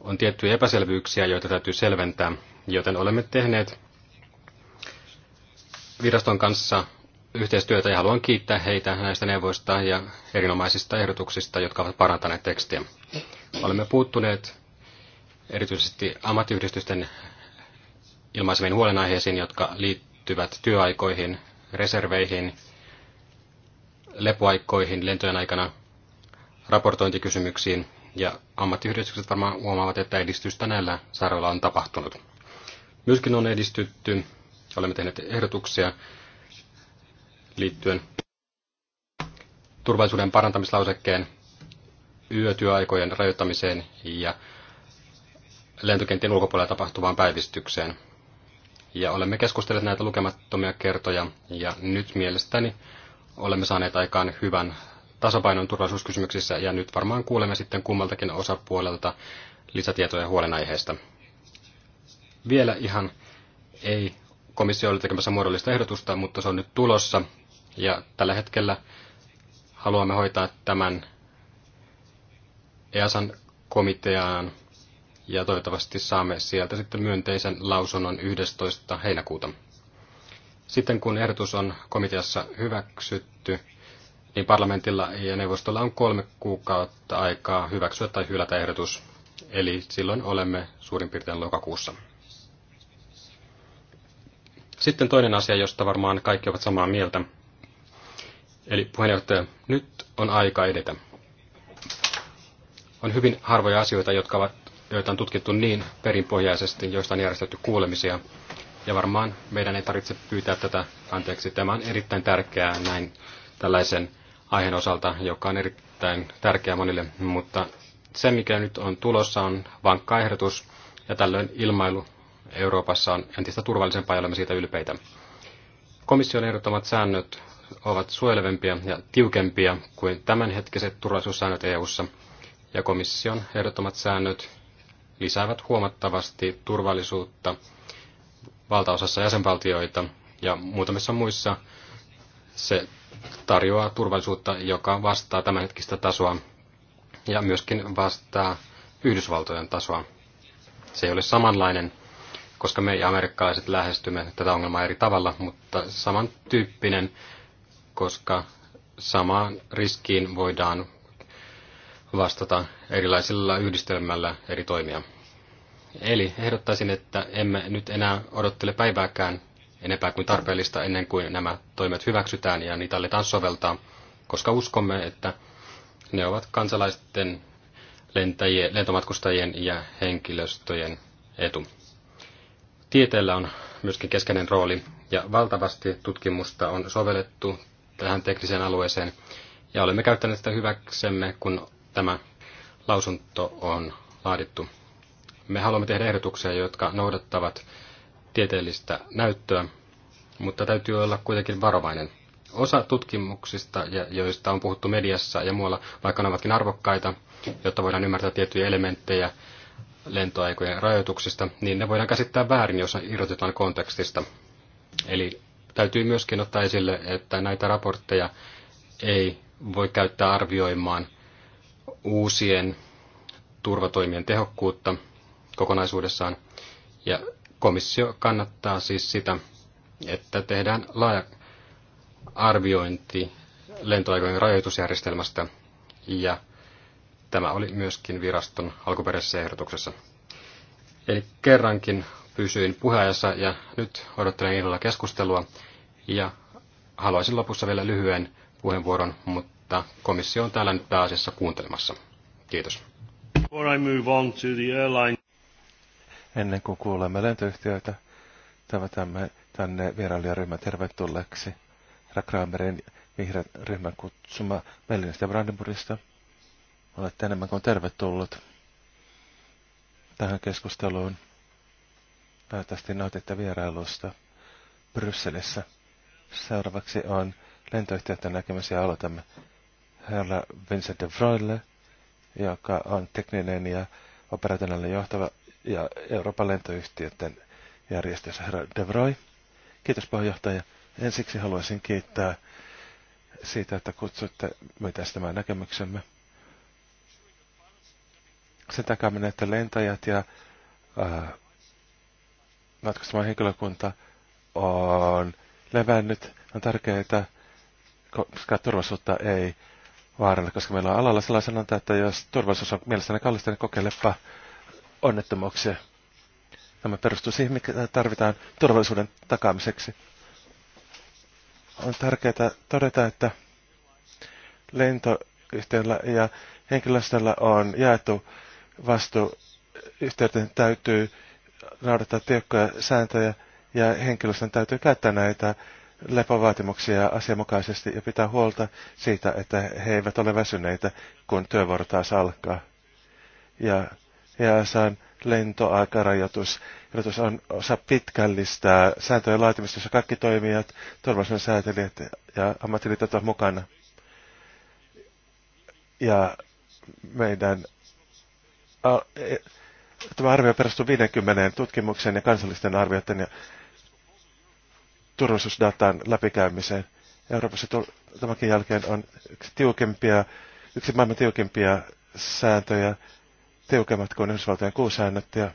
on tiettyjä epäselvyyksiä, joita täytyy selventää, joten olemme tehneet viraston kanssa yhteistyötä ja haluan kiittää heitä näistä neuvoista ja erinomaisista ehdotuksista, jotka ovat parantaneet tekstiä. Olemme puuttuneet erityisesti ammattiyhdistysten ilmaisemiin huolenaiheisiin, jotka liittyvät työaikoihin, reserveihin lepoaikoihin lentojen aikana, raportointikysymyksiin ja ammattiyhdistykset varmaan huomaavat, että edistystä näillä saroilla on tapahtunut. Myöskin on edistytty, olemme tehneet ehdotuksia liittyen turvallisuuden parantamislausekkeen, yötyöaikojen rajoittamiseen ja lentokentien ulkopuolella tapahtuvaan päivistykseen. Ja olemme keskustelleet näitä lukemattomia kertoja, ja nyt mielestäni olemme saaneet aikaan hyvän tasapainon turvallisuuskysymyksissä ja nyt varmaan kuulemme sitten kummaltakin osapuolelta lisätietoja huolenaiheesta. Vielä ihan ei komissio ole tekemässä muodollista ehdotusta, mutta se on nyt tulossa ja tällä hetkellä haluamme hoitaa tämän EASan komiteaan ja toivottavasti saamme sieltä sitten myönteisen lausunnon 11. heinäkuuta. Sitten kun ehdotus on komiteassa hyväksytty, niin parlamentilla ja neuvostolla on kolme kuukautta aikaa hyväksyä tai hylätä ehdotus. Eli silloin olemme suurin piirtein lokakuussa. Sitten toinen asia, josta varmaan kaikki ovat samaa mieltä. Eli puheenjohtaja, nyt on aika edetä. On hyvin harvoja asioita, jotka ovat, joita on tutkittu niin perinpohjaisesti, joista on järjestetty kuulemisia, ja varmaan meidän ei tarvitse pyytää tätä anteeksi. Tämä on erittäin tärkeää näin tällaisen aiheen osalta, joka on erittäin tärkeä monille. Mutta se, mikä nyt on tulossa, on vankka ehdotus. Ja tällöin ilmailu Euroopassa on entistä turvallisempaa ja olemme siitä ylpeitä. Komission ehdottomat säännöt ovat suojelevempia ja tiukempia kuin tämänhetkiset turvallisuussäännöt EU:ssa, ja komission ehdottomat säännöt lisäävät huomattavasti turvallisuutta valtaosassa jäsenvaltioita ja muutamissa muissa se tarjoaa turvallisuutta, joka vastaa tämänhetkistä tasoa ja myöskin vastaa Yhdysvaltojen tasoa. Se ei ole samanlainen, koska me amerikkalaiset lähestymme tätä ongelmaa eri tavalla, mutta samantyyppinen, koska samaan riskiin voidaan vastata erilaisilla yhdistelmällä eri toimia. Eli ehdottaisin, että emme nyt enää odottele päivääkään enempää kuin tarpeellista ennen kuin nämä toimet hyväksytään ja niitä aletaan soveltaa, koska uskomme, että ne ovat kansalaisten, lentäjien, lentomatkustajien ja henkilöstöjen etu. Tieteellä on myöskin keskeinen rooli ja valtavasti tutkimusta on sovellettu tähän tekniseen alueeseen ja olemme käyttäneet sitä hyväksemme, kun tämä lausunto on laadittu. Me haluamme tehdä ehdotuksia, jotka noudattavat tieteellistä näyttöä, mutta täytyy olla kuitenkin varovainen. Osa tutkimuksista, joista on puhuttu mediassa ja muualla, vaikka ne ovatkin arvokkaita, jotta voidaan ymmärtää tiettyjä elementtejä lentoaikojen rajoituksista, niin ne voidaan käsittää väärin, jos irrotetaan kontekstista. Eli täytyy myöskin ottaa esille, että näitä raportteja ei voi käyttää arvioimaan uusien turvatoimien tehokkuutta – kokonaisuudessaan. Ja komissio kannattaa siis sitä, että tehdään laaja arviointi lentoaikojen rajoitusjärjestelmästä ja tämä oli myöskin viraston alkuperäisessä ehdotuksessa. Eli kerrankin pysyin puheajassa ja nyt odottelen illalla keskustelua ja haluaisin lopussa vielä lyhyen puheenvuoron, mutta komissio on täällä nyt pääasiassa kuuntelemassa. Kiitos ennen kuin kuulemme lentoyhtiöitä. Tavataan tänne vierailijaryhmän tervetulleeksi. Herra Kramerin vihreän ryhmän kutsuma Berliinistä ja Brandenburgista. Olette enemmän kuin tervetullut tähän keskusteluun. Päätästi nautitte vierailusta Brysselissä. Seuraavaksi on lentoyhtiöiden näkemys ja aloitamme herra Vincent de Vroille, joka on tekninen ja operationaalinen johtava ja Euroopan lentoyhtiöiden järjestössä herra Vroy. Kiitos puheenjohtaja. Ensiksi haluaisin kiittää siitä, että kutsuitte meitä tämän näkemyksemme. Sen takaminen, että lentäjät ja äh, matkustamaan henkilökunta on levännyt, on tärkeää, koska turvallisuutta ei vaaranneta, koska meillä on alalla sellaisena, että jos turvallisuus on mielestäni kallista, niin kokeilepa onnettomuuksia. Tämä perustuu siihen, mikä tarvitaan turvallisuuden takaamiseksi. On tärkeää todeta, että lentoyhtiöllä ja henkilöstöllä on jaettu vastuu. Yhteyden täytyy noudattaa tiukkoja sääntöjä ja henkilöstön täytyy käyttää näitä lepovaatimuksia asianmukaisesti ja pitää huolta siitä, että he eivät ole väsyneitä, kun työvuoro taas alkaa. Ja EASAn lentoaikarajoitus Rajoitus on osa pitkällistä sääntöjen laatimista, jossa kaikki toimijat, turvallisuuden säätelijät ja ammattiliitot ovat mukana. Ja meidän e, tämä arvio perustuu 50 tutkimuksen ja kansallisten arvioiden ja turvallisuusdatan läpikäymiseen. Euroopassa tämänkin jälkeen on yksi tiukempia, yksi maailman tiukempia sääntöjä tiukemmat kuin Yhdysvaltojen kuusäännöt ja,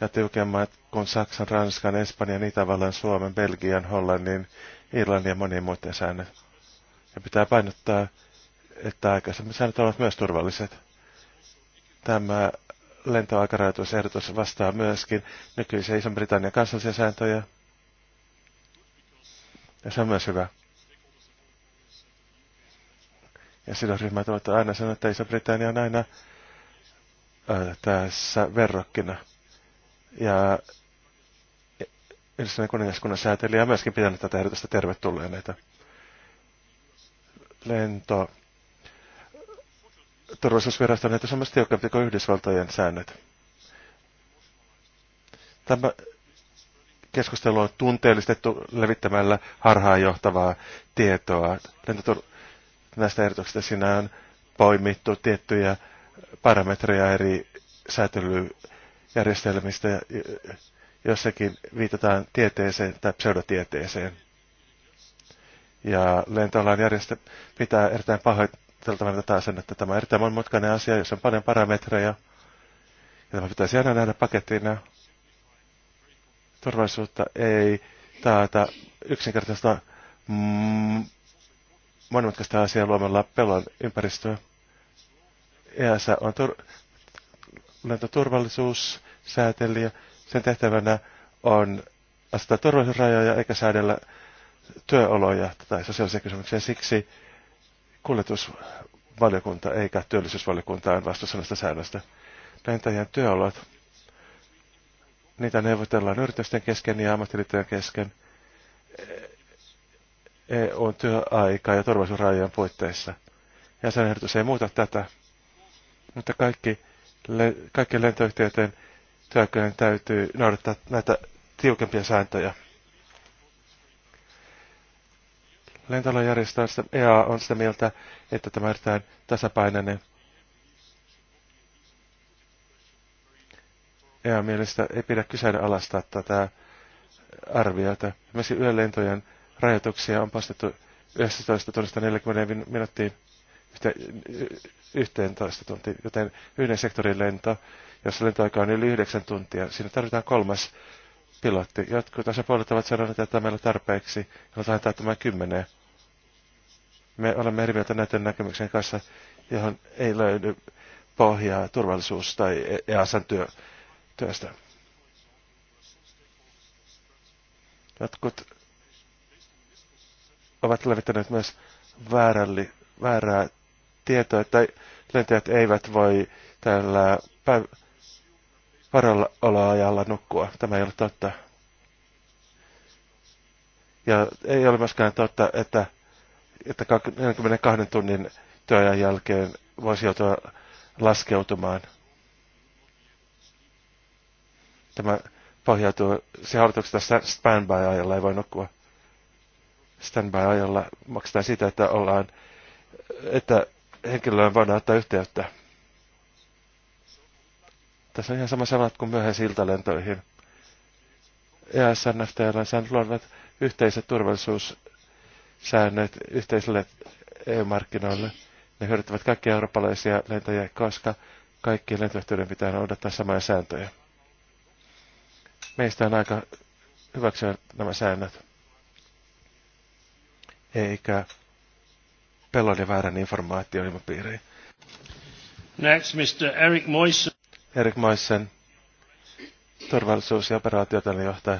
ja tiukemmat kuin Saksan, Ranskan, Espanjan, Itävallan, Suomen, Belgian, Hollannin, Irlannin ja monien muiden säännöt. Ja pitää painottaa, että aikaisemmin säännöt ovat myös turvalliset. Tämä lentoaikarajoitusehdotus vastaa myöskin nykyisiä Iso-Britannian kansallisia sääntöjä. Ja se on myös hyvä. Ja sidosryhmät ovat aina sanoneet, että Iso-Britannia on aina tässä verrokkina. Ja ensimmäinen kuningaskunnan säätelijä on myöskin pitänyt tätä ehdotusta tervetulleen näitä lento turvallisuusvirasto on näitä samasta tiukempi kuin Yhdysvaltojen säännöt. Tämä keskustelu on tunteellistettu levittämällä harhaanjohtavaa tietoa. Lentotur- näistä ehdotuksista sinä on poimittu tiettyjä parametreja eri säätelyjärjestelmistä, jossakin viitataan tieteeseen tai pseudotieteeseen. Ja lentoalan järjestö pitää erittäin pahoiteltavana tätä asennetta. Tämä on erittäin monimutkainen asia, jossa on paljon parametreja. Ja tämä pitäisi aina nähdä pakettina. Turvallisuutta ei taata yksinkertaista mm, monimutkaista asiaa luomalla pelon ympäristöä. EASA on tur- lentoturvallisuussäätelijä. Sen tehtävänä on asettaa turvallisuusrajoja eikä säädellä työoloja tai sosiaalisia kysymyksiä. Siksi kuljetusvaliokunta eikä työllisyysvaliokunta on vastuussa näistä säännöistä. Lentäjien työolot, niitä neuvotellaan yritysten kesken ja ammattiliittojen kesken on e- e työaika- ja turvallisuusrajojen puitteissa. ehdotus ei muuta tätä. Mutta kaikki, le, kaikki lentoyhtiöiden työaikojen täytyy noudattaa näitä tiukempia sääntöjä. Lentoalajärjestöistä EA on sitä mieltä, että tämä erittäin tasapainoinen. EA mielestä ei pidä kyseenalaistaa tätä arviota. Myös yölentojen rajoituksia on postettu 11 minuuttiin 11 tuntia, joten yhden sektorin lento, jossa lentoaika on yli 9 tuntia, siinä tarvitaan kolmas pilotti. Jotkut osapuolet ovat sanoneet, että meillä tarpeeksi, jolloin lähdetään tämä kymmeneen. Me olemme eri mieltä näiden näkemyksen kanssa, johon ei löydy pohjaa turvallisuus- tai EASan työ, työstä. Jotkut ovat levittäneet myös väärälli, väärää tietoa, että lentäjät eivät voi tällä varalla-ajalla nukkua. Tämä ei ole totta. Ja ei ole myöskään totta, että, että 42 tunnin työajan jälkeen voisi joutua laskeutumaan. Tämä pohjautuu se harjoituksesta standby-ajalla ei voi nukkua. Standby-ajalla maksetaan siitä, että ollaan, että henkilöön voidaan ottaa yhteyttä. Tässä on ihan sama sanat kuin myöhäisiin iltalentoihin. on e saanut luovat yhteiset turvallisuussäännöt yhteisille EU-markkinoille. Ne hyödyttävät kaikkia eurooppalaisia lentäjiä, koska kaikki lentoyhtiöiden pitää noudattaa samoja sääntöjä. Meistä on aika hyväksyä nämä säännöt. Eikä pelon ja väärän informaation ilmapiiriin. Next, Mr. Eric Moisen. Eric Moisen, turvallisuus- ja operaatioiden johtaja,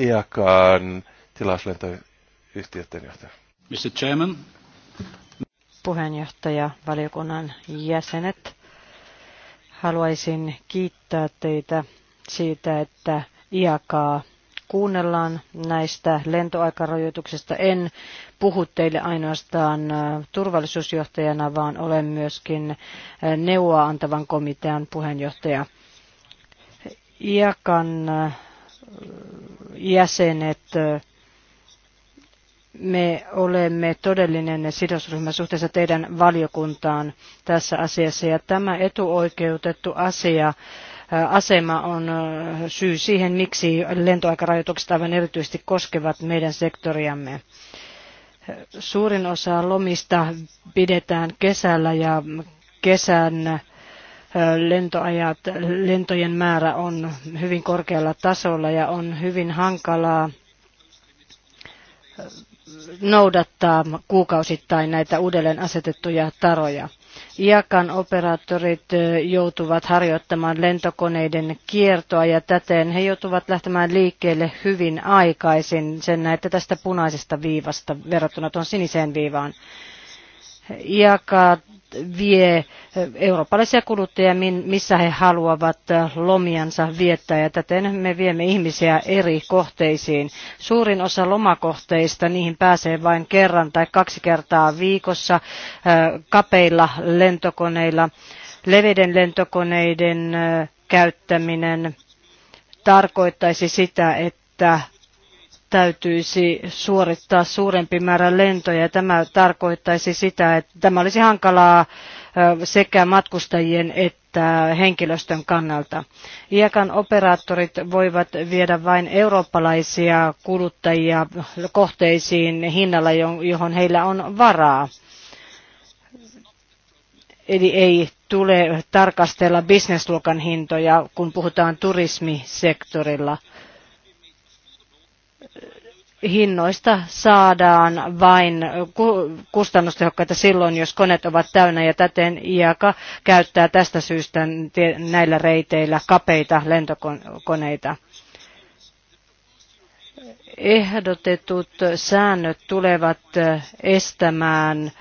IAKAan tilauslentoyhtiöiden johtaja. Mr. Chairman. Puheenjohtaja, valiokunnan jäsenet, haluaisin kiittää teitä siitä, että IAKA kuunnellaan näistä lentoaikarajoituksista. En puhu teille ainoastaan äh, turvallisuusjohtajana, vaan olen myöskin äh, neuvoa antavan komitean puheenjohtaja. IAKan äh, jäsenet me olemme todellinen sidosryhmä suhteessa teidän valiokuntaan tässä asiassa ja tämä etuoikeutettu asia asema on syy siihen, miksi lentoaikarajoitukset aivan erityisesti koskevat meidän sektoriamme. Suurin osa lomista pidetään kesällä ja kesän lentoajat, lentojen määrä on hyvin korkealla tasolla ja on hyvin hankalaa noudattaa kuukausittain näitä uudelleen asetettuja taroja. Iakan operaattorit joutuvat harjoittamaan lentokoneiden kiertoa ja täten he joutuvat lähtemään liikkeelle hyvin aikaisin. Sen näette tästä punaisesta viivasta verrattuna tuon siniseen viivaan. IAKA vie eh, eurooppalaisia kuluttajia, missä he haluavat eh, lomiansa viettää, ja täten me viemme ihmisiä eri kohteisiin. Suurin osa lomakohteista, niihin pääsee vain kerran tai kaksi kertaa viikossa eh, kapeilla lentokoneilla, leveiden lentokoneiden käyttäminen tarkoittaisi sitä, että täytyisi suorittaa suurempi määrä lentoja. Tämä tarkoittaisi sitä, että tämä olisi hankalaa sekä matkustajien että henkilöstön kannalta. IAKan operaattorit voivat viedä vain eurooppalaisia kuluttajia kohteisiin hinnalla, johon heillä on varaa. Eli ei tule tarkastella bisnesluokan hintoja, kun puhutaan turismisektorilla – hinnoista saadaan vain kustannustehokkaita silloin, jos koneet ovat täynnä ja täten IAKA käyttää tästä syystä näillä reiteillä kapeita lentokoneita. Ehdotetut säännöt tulevat estämään äh,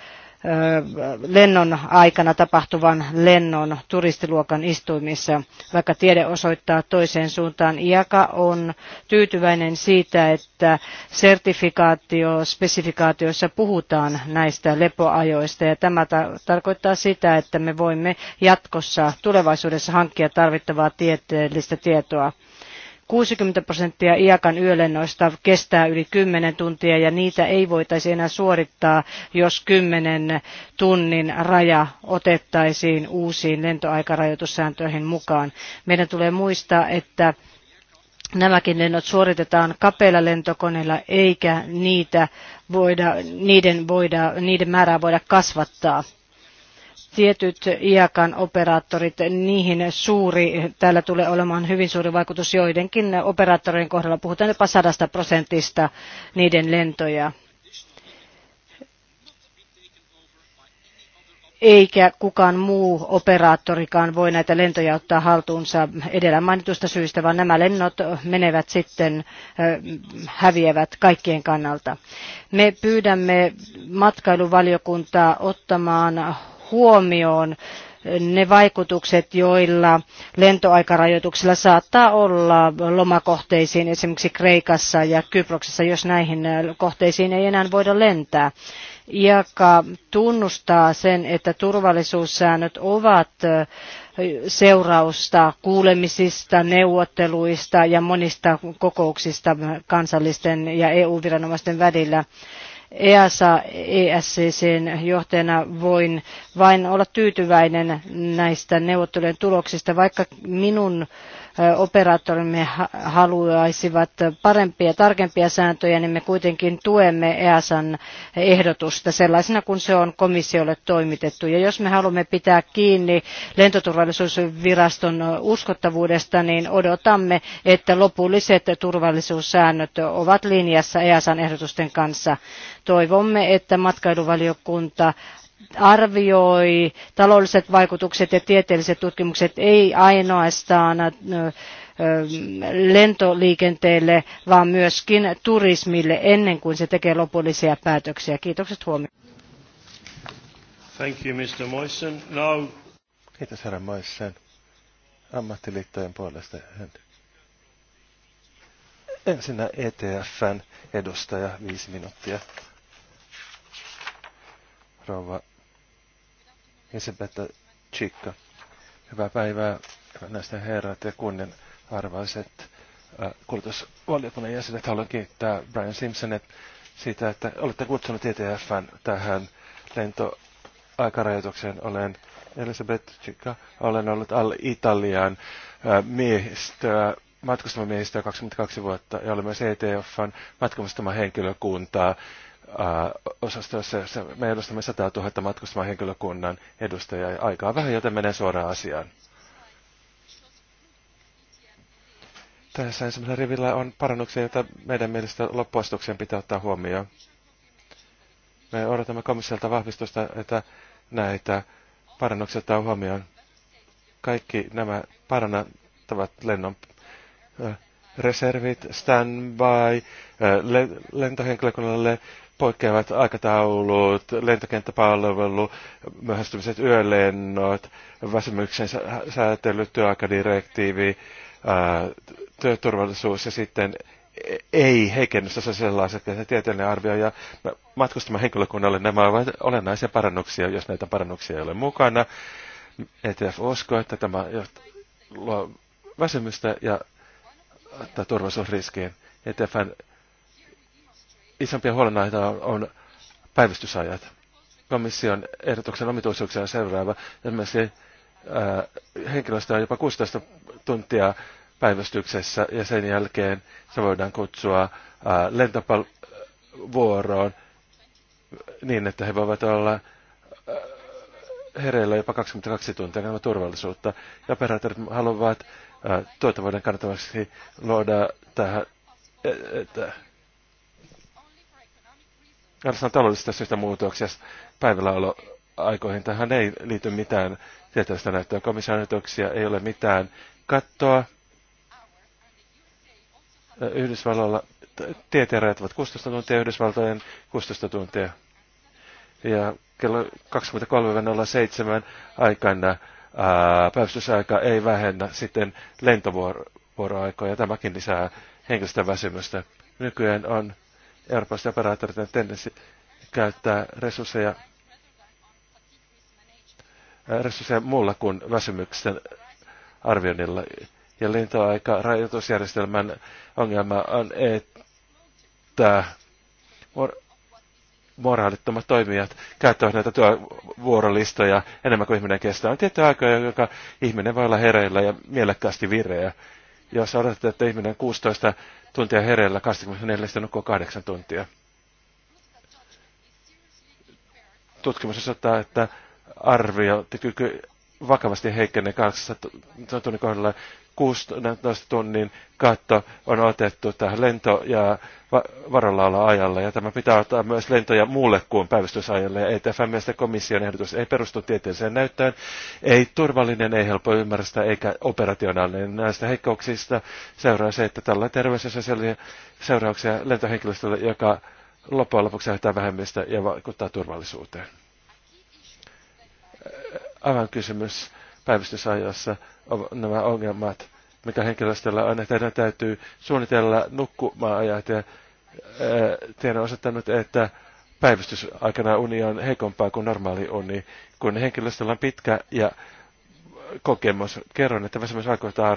lennon aikana tapahtuvan lennon turistiluokan istuimissa, vaikka tiede osoittaa toiseen suuntaan. IAKA on tyytyväinen siitä, että sertifikaatio, spesifikaatioissa puhutaan näistä lepoajoista ja tämä tarkoittaa sitä, että me voimme jatkossa tulevaisuudessa hankkia tarvittavaa tieteellistä tietoa. 60 prosenttia iakan yölennoista kestää yli 10 tuntia ja niitä ei voitaisi enää suorittaa, jos 10 tunnin raja otettaisiin uusiin lentoaikarajoitussääntöihin mukaan. Meidän tulee muistaa, että Nämäkin lennot suoritetaan kapeilla lentokoneilla, eikä niitä voida, niiden, voida, niiden määrää voida kasvattaa tietyt IAKan operaattorit, niihin suuri, täällä tulee olemaan hyvin suuri vaikutus joidenkin operaattorien kohdalla, puhutaan jopa sadasta prosentista niiden lentoja. eikä kukaan muu operaattorikaan voi näitä lentoja ottaa haltuunsa edellä mainitusta syystä, vaan nämä lennot menevät sitten, häviävät kaikkien kannalta. Me pyydämme matkailuvaliokuntaa ottamaan huomioon ne vaikutukset, joilla lentoaikarajoituksilla saattaa olla lomakohteisiin, esimerkiksi Kreikassa ja Kyproksessa, jos näihin äh, kohteisiin ei enää voida lentää. IAKA tunnustaa sen, että turvallisuussäännöt ovat äh, seurausta kuulemisista, neuvotteluista ja monista kokouksista kansallisten ja EU-viranomaisten välillä. EASA ESCCn johtajana voin vain olla tyytyväinen näistä neuvottelujen tuloksista, vaikka minun operaattorimme haluaisivat parempia, tarkempia sääntöjä, niin me kuitenkin tuemme EASan ehdotusta sellaisena kuin se on komissiolle toimitettu. Ja jos me haluamme pitää kiinni lentoturvallisuusviraston uskottavuudesta, niin odotamme, että lopulliset turvallisuussäännöt ovat linjassa EASan ehdotusten kanssa. Toivomme, että matkailuvaliokunta arvioi taloudelliset vaikutukset ja tieteelliset tutkimukset ei ainoastaan lentoliikenteelle, vaan myöskin turismille ennen kuin se tekee lopullisia päätöksiä. Kiitokset huomioon. Thank you, Mr. Moisen. Now... Kiitos herra Moisen. Ammattiliittojen puolesta Ensinnä ETFn edustaja, viisi minuuttia. Rouva Elisabetta Chikka. Hyvää päivää näistä herrat ja kunnian arvaiset äh, kulutusvaliokunnan jäsenet. Haluan kiittää Brian Simpsonet siitä, että olette kutsunut ETFn tähän lentoaikarajoitukseen. Olen Elisabetta Chikka. Olen ollut alle Italian äh, miehistöä, matkustama 22 vuotta ja olen myös ETFn matkustamahenkilökuntaa. henkilökuntaa osastoissa, jossa me edustamme 100 000 matkustamaan henkilökunnan edustajaa. Ja aikaa vähän, joten menen suoraan asiaan. Tässä ensimmäisellä rivillä on parannuksia, joita meidän mielestä loppuastuksen pitää ottaa huomioon. Me odotamme komissiolta vahvistusta, että näitä parannuksia ottaa huomioon. Kaikki nämä parannettavat lennon reservit, standby, lentohenkilökunnalle, poikkeavat aikataulut, lentokenttäpalvelu, myöhästymiset yölennot, väsymyksen säätely, työaikadirektiivi, työturvallisuus ja sitten e-, ei heikennystä sellaiset että se tieteellinen arvio ja matkustamaan henkilökunnalle nämä ovat olennaisia parannuksia, jos näitä parannuksia ei ole mukana. ETF uskoo, että tämä luo väsymystä ja turvallisuusriskiin. ETFn isompia huolenaiheita on, on päivystysajat. Komission ehdotuksen omituisuuksia on seuraava. Esimerkiksi äh, henkilöstö on jopa 16 tuntia päivystyksessä ja sen jälkeen se voidaan kutsua äh, lentopalvuoroon niin, että he voivat olla äh, hereillä jopa 22 tuntia nämä turvallisuutta. Ja operaattorit haluavat ää, tuottavuuden kannattavaksi luoda tähän, että e, Arsenal taloudellisista syistä muutoksia päivälläoloaikoihin. Tähän ei liity mitään tietoista näyttöä. Komission ei ole mitään kattoa. Yhdysvalloilla tieteen rajat ovat 16 tuntia, Yhdysvaltojen 16 tuntia. Ja kello 23.07 aikana päivystysaika ei vähennä sitten lentovuoroaikoja. Tämäkin lisää henkilöstön väsymystä. Nykyään on eurooppalaisten operaattoreiden tendenssi käyttää resursseja, resursseja muulla kuin väsymyksen arvioinnilla. Ja lentoaikarajoitusjärjestelmän ongelma on, että mor- moraalittomat toimijat käyttävät näitä työvuorolistoja enemmän kuin ihminen kestää. On tiettyjä aikoja, joka ihminen voi olla hereillä ja mielekkäästi vireä. Jos odotat, että ihminen 16 tuntia hereillä 24 nukkuu 8 tuntia. Tutkimus osoittaa, että arvio kyky vakavasti heikkenee kahdeksassa tunnin kohdalla 16 tunnin katto on otettu tähän lento- ja varalla ajalle, ja tämä pitää ottaa myös lentoja muulle kuin päivystysajalle. Ei ETFn mielestä komission ehdotus ei perustu tieteelliseen näyttöön, ei turvallinen, ei helppo ymmärtää, eikä operationaalinen. Näistä heikkouksista seuraa se, että tällä terveys- ja sosiaalisia seurauksia lentohenkilöstölle, joka loppujen lopuksi aiheuttaa vähemmistä ja vaikuttaa turvallisuuteen. Aivan kysymys päivystysajassa nämä ongelmat, mikä henkilöstöllä on, että heidän täytyy suunnitella ajat. ja tiedän osoittanut, että päivystysaikana uni on heikompaa kuin normaali uni, kun henkilöstöllä on pitkä ja kokemus. Kerron, että väsymys vaikuttaa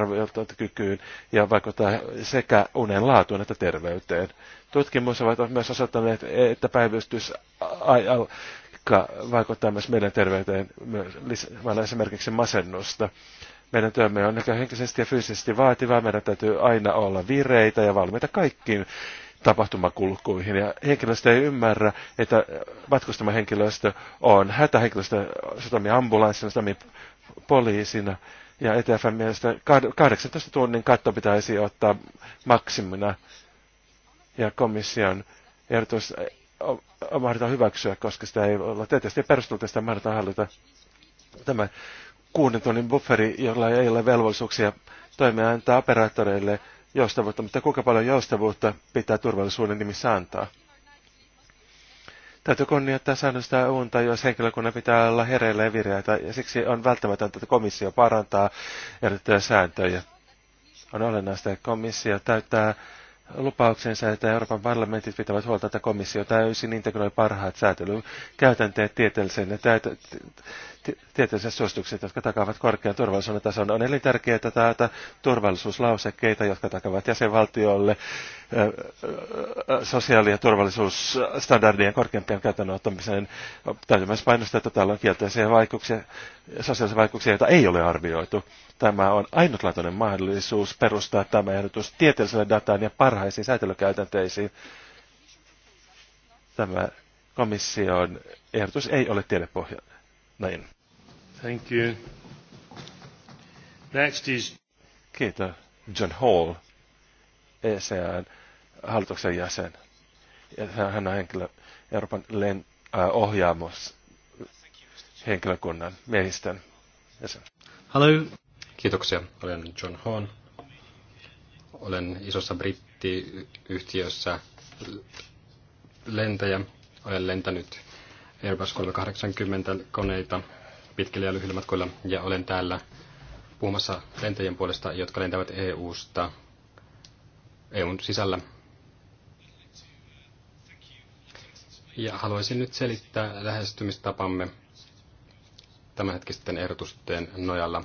kykyyn ja vaikuttaa sekä unen laatuun että terveyteen. Tutkimus ovat myös osoittaneet, että päivystys vaikuttaa myös meidän terveyteen, myös lisäämällä esimerkiksi masennusta. Meidän työmme on sekä henkisesti ja fyysisesti vaativaa. Meidän täytyy aina olla vireitä ja valmiita kaikkiin tapahtumakulkuihin. Ja henkilöstö ei ymmärrä, että matkustama henkilöstö on hätähenkilöstö, se toimii ambulanssina, se toimii poliisina. Ja ETFn mielestä 18 tunnin katto pitäisi ottaa maksimina. Ja komission ehdotus mahdollista hyväksyä, koska sitä ei olla tietysti perusteltu, sitä hallita. Tämä kuuden tunnin bufferi, jolla ei ole velvollisuuksia toimia antaa operaattoreille joustavuutta, mutta kuinka paljon joustavuutta pitää turvallisuuden nimissä antaa? Täytyy kunnioittaa säännöstä unta, jos henkilökunnan pitää olla hereillä ja vireitä, ja siksi on välttämätöntä, että komissio parantaa erittäin sääntöjä. On olennaista, että komissio täyttää lupauksensa, että Euroopan parlamentit pitävät huolta, että komissio täysin integroi parhaat säätelykäytänteet tieteellisen ja tieteelliset suositukset, jotka takaavat korkean turvallisuuden tason. On elintärkeää taata turvallisuuslausekkeita, jotka takaavat jäsenvaltiolle sosiaali- ja turvallisuusstandardien korkeampien käytännön ottamisen. Täytyy myös painostaa, että täällä on kielteisiä vaikutuksia, sosiaalisia vaikutuksia, joita ei ole arvioitu. Tämä on ainutlaatuinen mahdollisuus perustaa tämä ehdotus tieteelliselle dataan ja parhaisiin säätelykäytänteisiin. Tämä komission ehdotus ei ole tiedepohjainen näin. Thank you. Next is... Kiitos. John Hall, ECAn hallituksen jäsen. Ja hän on henkilö, Euroopan len, äh, ohjaamos henkilökunnan miehistön jäsen. Hello. Kiitoksia. Olen John Hall. Olen isossa brittiyhtiössä lentäjä. Olen lentänyt Airbus 380 koneita pitkillä ja lyhyillä matkoilla ja olen täällä puhumassa lentäjien puolesta, jotka lentävät EU-sta EUn sisällä. Ja haluaisin nyt selittää lähestymistapamme tämänhetkisten ehdotusten nojalla.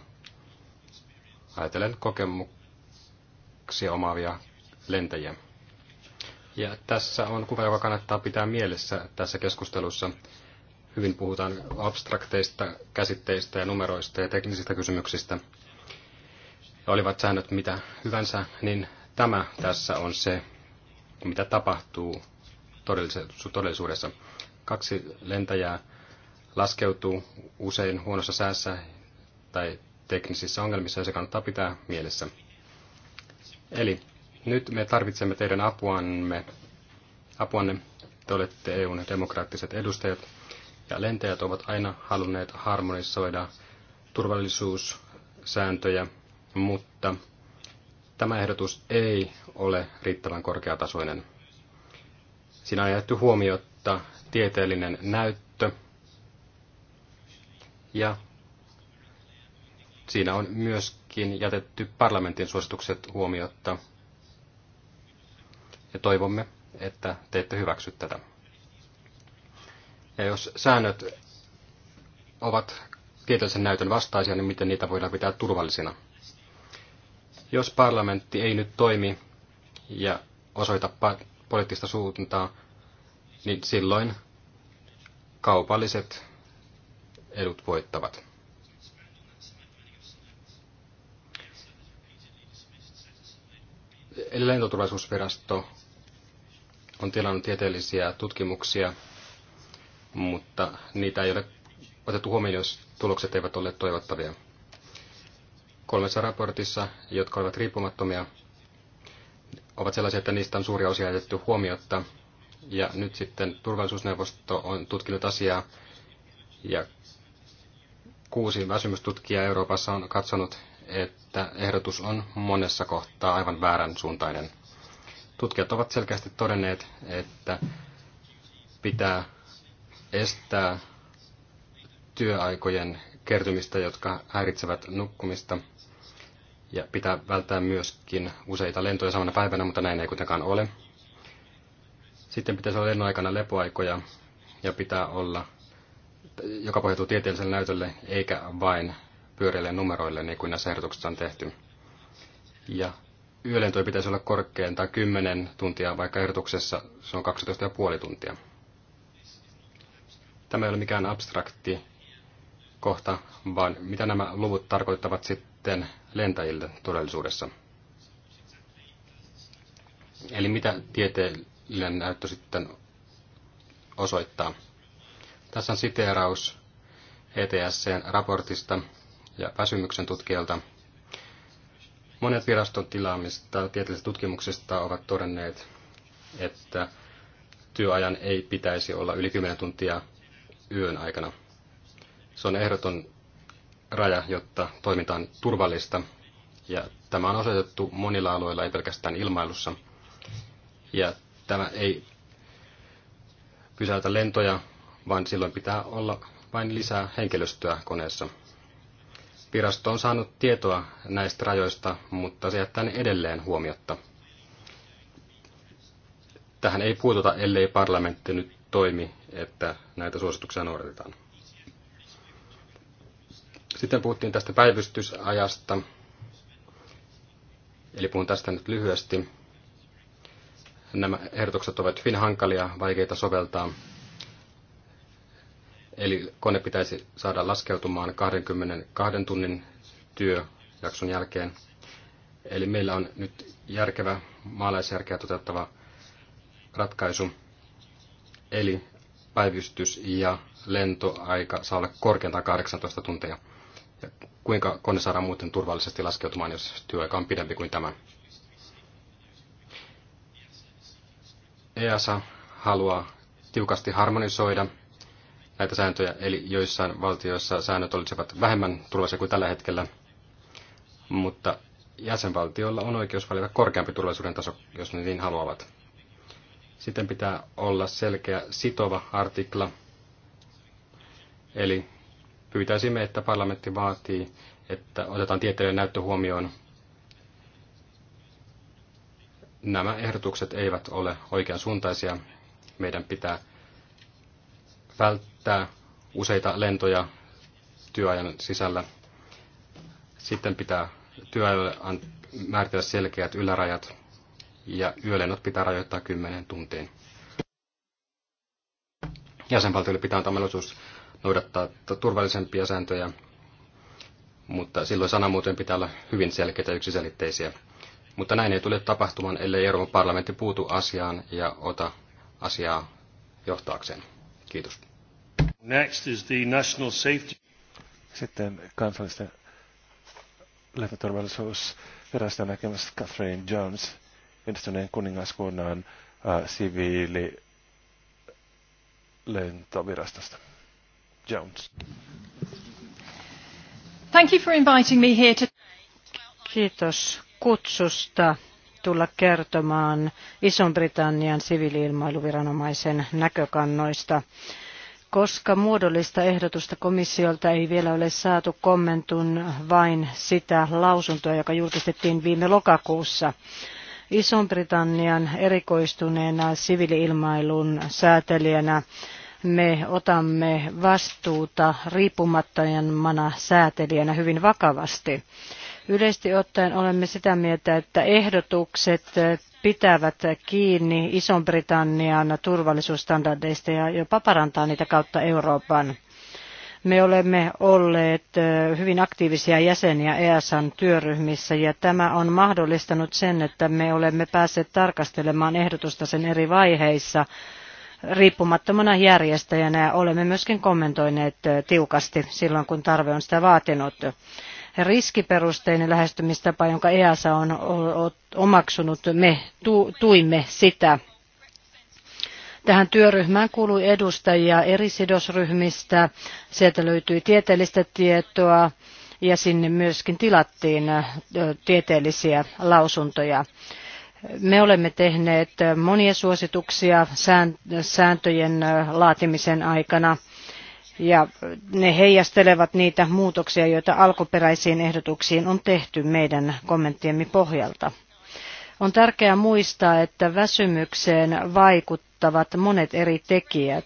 Ajatellen kokemuksia omaavia lentäjiä. Ja tässä on kuva, joka kannattaa pitää mielessä tässä keskustelussa, hyvin puhutaan abstrakteista käsitteistä ja numeroista ja teknisistä kysymyksistä. Ja olivat säännöt mitä hyvänsä, niin tämä tässä on se, mitä tapahtuu todellisuudessa. Kaksi lentäjää laskeutuu usein huonossa säässä tai teknisissä ongelmissa, ja se kannattaa pitää mielessä. Eli nyt me tarvitsemme teidän apuanne. apuanne. Te olette EUn demokraattiset edustajat, ja lentäjät ovat aina halunneet harmonisoida turvallisuussääntöjä, mutta tämä ehdotus ei ole riittävän korkeatasoinen. Siinä on jätetty huomiota tieteellinen näyttö ja siinä on myöskin jätetty parlamentin suositukset huomiota. Ja toivomme, että te ette hyväksy tätä. Ja jos säännöt ovat tietoisen näytön vastaisia, niin miten niitä voidaan pitää turvallisina? Jos parlamentti ei nyt toimi ja osoita poliittista suuntaa, niin silloin kaupalliset edut voittavat. Lentoturvallisuusvirasto on tilannut tieteellisiä tutkimuksia mutta niitä ei ole otettu huomioon, jos tulokset eivät ole toivottavia. Kolmessa raportissa, jotka ovat riippumattomia, ovat sellaisia, että niistä on suuria osia jätetty huomiota. Ja nyt sitten turvallisuusneuvosto on tutkinut asiaa ja kuusi väsymystutkijaa Euroopassa on katsonut, että ehdotus on monessa kohtaa aivan väärän suuntainen. Tutkijat ovat selkeästi todenneet, että pitää estää työaikojen kertymistä, jotka häiritsevät nukkumista. Ja pitää välttää myöskin useita lentoja samana päivänä, mutta näin ei kuitenkaan ole. Sitten pitäisi olla lennon aikana lepoaikoja ja pitää olla, joka pohjautuu tieteelliselle näytölle, eikä vain pyöreille numeroille, niin kuin näissä ehdotuksissa on tehty. Ja yölentoja pitäisi olla korkeintaan 10 tuntia, vaikka ehdotuksessa se on 12,5 tuntia. Tämä ei ole mikään abstrakti kohta, vaan mitä nämä luvut tarkoittavat sitten lentäjille todellisuudessa. Eli mitä tieteellinen näyttö sitten osoittaa. Tässä on siteeraus ETSCn raportista ja väsymyksen tutkijalta. Monet viraston tilaamista tieteellisistä tutkimuksista ovat todenneet, että työajan ei pitäisi olla yli 10 tuntia yön aikana. Se on ehdoton raja, jotta toiminta on turvallista, ja tämä on osoitettu monilla alueilla, ei pelkästään ilmailussa. Ja tämä ei pysäytä lentoja, vaan silloin pitää olla vain lisää henkilöstöä koneessa. Virasto on saanut tietoa näistä rajoista, mutta se jättää ne edelleen huomiotta. Tähän ei puututa, ellei parlamentti nyt toimi että näitä suosituksia noudatetaan. Sitten puhuttiin tästä päivystysajasta. Eli puhun tästä nyt lyhyesti. Nämä ehdotukset ovat hyvin hankalia, vaikeita soveltaa. Eli kone pitäisi saada laskeutumaan 22 tunnin työjakson jälkeen. Eli meillä on nyt järkevä maalaisjärkeä toteuttava ratkaisu. Eli päivystys ja lentoaika saa olla korkeintaan 18 tuntia. Ja kuinka kone saadaan muuten turvallisesti laskeutumaan, jos työaika on pidempi kuin tämä? EASA haluaa tiukasti harmonisoida näitä sääntöjä, eli joissain valtioissa säännöt olisivat vähemmän turvallisia kuin tällä hetkellä, mutta jäsenvaltioilla on oikeus valita korkeampi turvallisuuden taso, jos ne niin haluavat. Sitten pitää olla selkeä sitova artikla. Eli pyytäisimme, että parlamentti vaatii, että otetaan tieteellinen näyttö huomioon. Nämä ehdotukset eivät ole oikean suuntaisia. Meidän pitää välttää useita lentoja työajan sisällä. Sitten pitää työajalle määritellä selkeät ylärajat ja yölennot pitää rajoittaa 10 tuntiin. Jäsenvaltioille pitää antaa mahdollisuus noudattaa turvallisempia sääntöjä, mutta silloin sanamuotojen pitää olla hyvin selkeitä ja yksiselitteisiä. Mutta näin ei tule tapahtumaan, ellei Euroopan parlamentti puutu asiaan ja ota asiaa johtaakseen. Kiitos. Next is the national safety. Sitten kansallisten lentoturvallisuusviraston näkemässä Catherine Jones. Yhdistyneen kuningaskunnan äh, siviili lentovirastosta. Jones. Thank you for inviting me here to... Kiitos kutsusta tulla kertomaan Ison-Britannian siviiliilmailuviranomaisen näkökannoista. Koska muodollista ehdotusta komissiolta ei vielä ole saatu, kommentun vain sitä lausuntoa, joka julkistettiin viime lokakuussa. Ison-Britannian erikoistuneena siviiliilmailun säätelijänä me otamme vastuuta riippumattomana säätelijänä hyvin vakavasti. Yleisesti ottaen olemme sitä mieltä, että ehdotukset pitävät kiinni Ison-Britannian turvallisuusstandardeista ja jopa parantaa niitä kautta Euroopan. Me olemme olleet hyvin aktiivisia jäseniä EASan työryhmissä ja tämä on mahdollistanut sen, että me olemme päässeet tarkastelemaan ehdotusta sen eri vaiheissa riippumattomana järjestäjänä ja olemme myöskin kommentoineet tiukasti silloin, kun tarve on sitä vaatinut riskiperusteinen lähestymistapa, jonka EASA on omaksunut, me tuimme sitä Tähän työryhmään kuului edustajia eri sidosryhmistä, sieltä löytyi tieteellistä tietoa ja sinne myöskin tilattiin tieteellisiä lausuntoja. Me olemme tehneet monia suosituksia sääntöjen laatimisen aikana ja ne heijastelevat niitä muutoksia, joita alkuperäisiin ehdotuksiin on tehty meidän kommenttiemme pohjalta. On tärkeää muistaa, että väsymykseen vaikuttavat monet eri tekijät.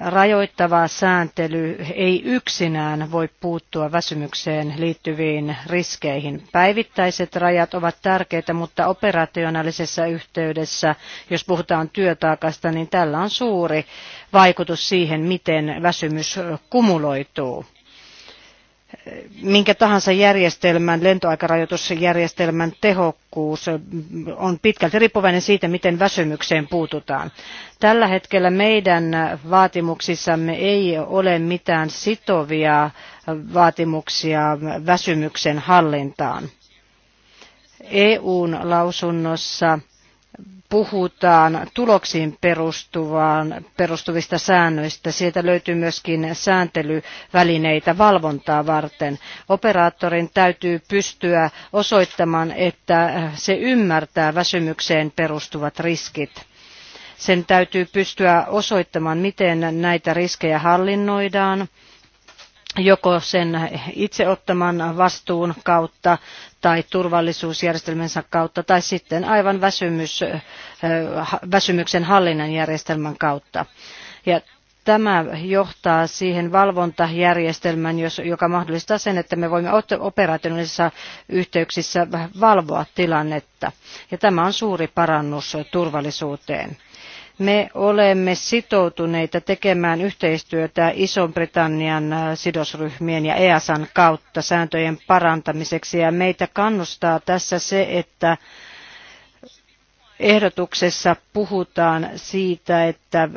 Rajoittava sääntely ei yksinään voi puuttua väsymykseen liittyviin riskeihin. Päivittäiset rajat ovat tärkeitä, mutta operationaalisessa yhteydessä, jos puhutaan työtaakasta, niin tällä on suuri vaikutus siihen, miten väsymys kumuloituu minkä tahansa järjestelmän, lentoaikarajoitusjärjestelmän tehokkuus on pitkälti riippuvainen siitä, miten väsymykseen puututaan. Tällä hetkellä meidän vaatimuksissamme ei ole mitään sitovia vaatimuksia väsymyksen hallintaan. EUn lausunnossa puhutaan tuloksiin perustuvaan, perustuvista säännöistä. Sieltä löytyy myöskin sääntelyvälineitä valvontaa varten. Operaattorin täytyy pystyä osoittamaan, että se ymmärtää väsymykseen perustuvat riskit sen täytyy pystyä osoittamaan, miten näitä riskejä hallinnoidaan joko sen itse ottaman vastuun kautta tai turvallisuusjärjestelmänsä kautta tai sitten aivan väsymys, väsymyksen hallinnan järjestelmän kautta. Ja tämä johtaa siihen valvontajärjestelmään, joka mahdollistaa sen, että me voimme operationaalisissa yhteyksissä valvoa tilannetta. Ja tämä on suuri parannus turvallisuuteen. Me olemme sitoutuneita tekemään yhteistyötä Ison-Britannian äh, sidosryhmien ja EASan kautta sääntöjen parantamiseksi ja meitä kannustaa tässä se, että ehdotuksessa puhutaan siitä, että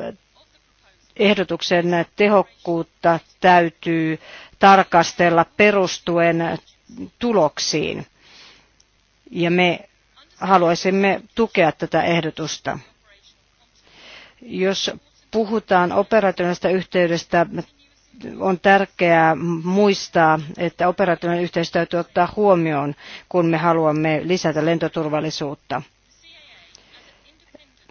ehdotuksen tehokkuutta täytyy tarkastella perustuen tuloksiin. Ja me haluaisimme tukea tätä ehdotusta. Jos puhutaan operationaalisesta yhteydestä, on tärkeää muistaa, että operationaalinen yhteys täytyy ottaa huomioon, kun me haluamme lisätä lentoturvallisuutta.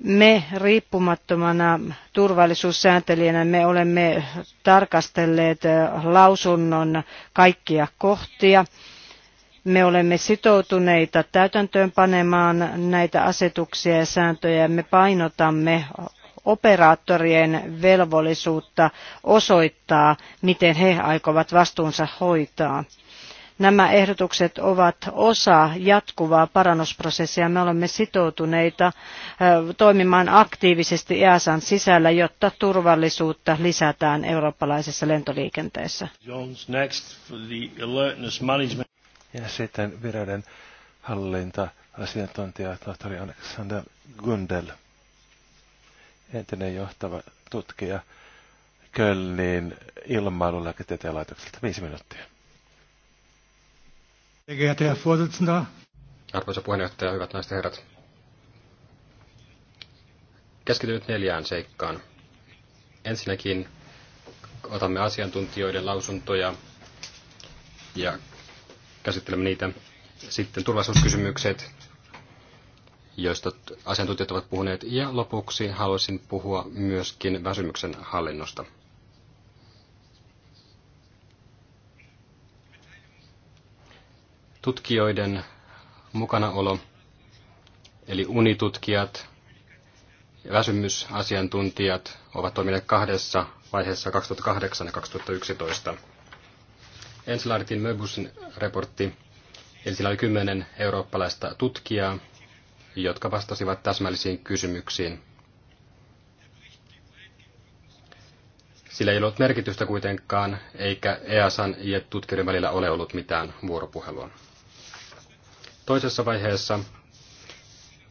Me riippumattomana turvallisuussääntelijänä me olemme tarkastelleet lausunnon kaikkia kohtia. Me olemme sitoutuneita täytäntöönpanemaan näitä asetuksia ja sääntöjä. Me painotamme operaattorien velvollisuutta osoittaa, miten he aikovat vastuunsa hoitaa. Nämä ehdotukset ovat osa jatkuvaa parannusprosessia. Me olemme sitoutuneita toimimaan aktiivisesti EASAn sisällä, jotta turvallisuutta lisätään eurooppalaisessa lentoliikenteessä. Jones, next for the alertness management. Ja sitten vireiden hallinta asiantuntija tohtori Alexander Gundel entinen johtava tutkija Kölnin ilmailulääketieteen laitokselta. Viisi minuuttia. Arvoisa puheenjohtaja, hyvät naiset ja herrat. Keskityn nyt neljään seikkaan. Ensinnäkin otamme asiantuntijoiden lausuntoja ja käsittelemme niitä. Sitten turvallisuuskysymykset, joista asiantuntijat ovat puhuneet. Ja lopuksi haluaisin puhua myöskin väsymyksen hallinnosta. Tutkijoiden mukanaolo, eli unitutkijat, väsymysasiantuntijat ovat toimineet kahdessa vaiheessa 2008 ja 2011. Ensin laadittiin Möbusin raportti, eli sillä oli kymmenen eurooppalaista tutkijaa, jotka vastasivat täsmällisiin kysymyksiin. Sillä ei ollut merkitystä kuitenkaan, eikä EASan ja tutkijoiden välillä ole ollut mitään vuoropuhelua. Toisessa vaiheessa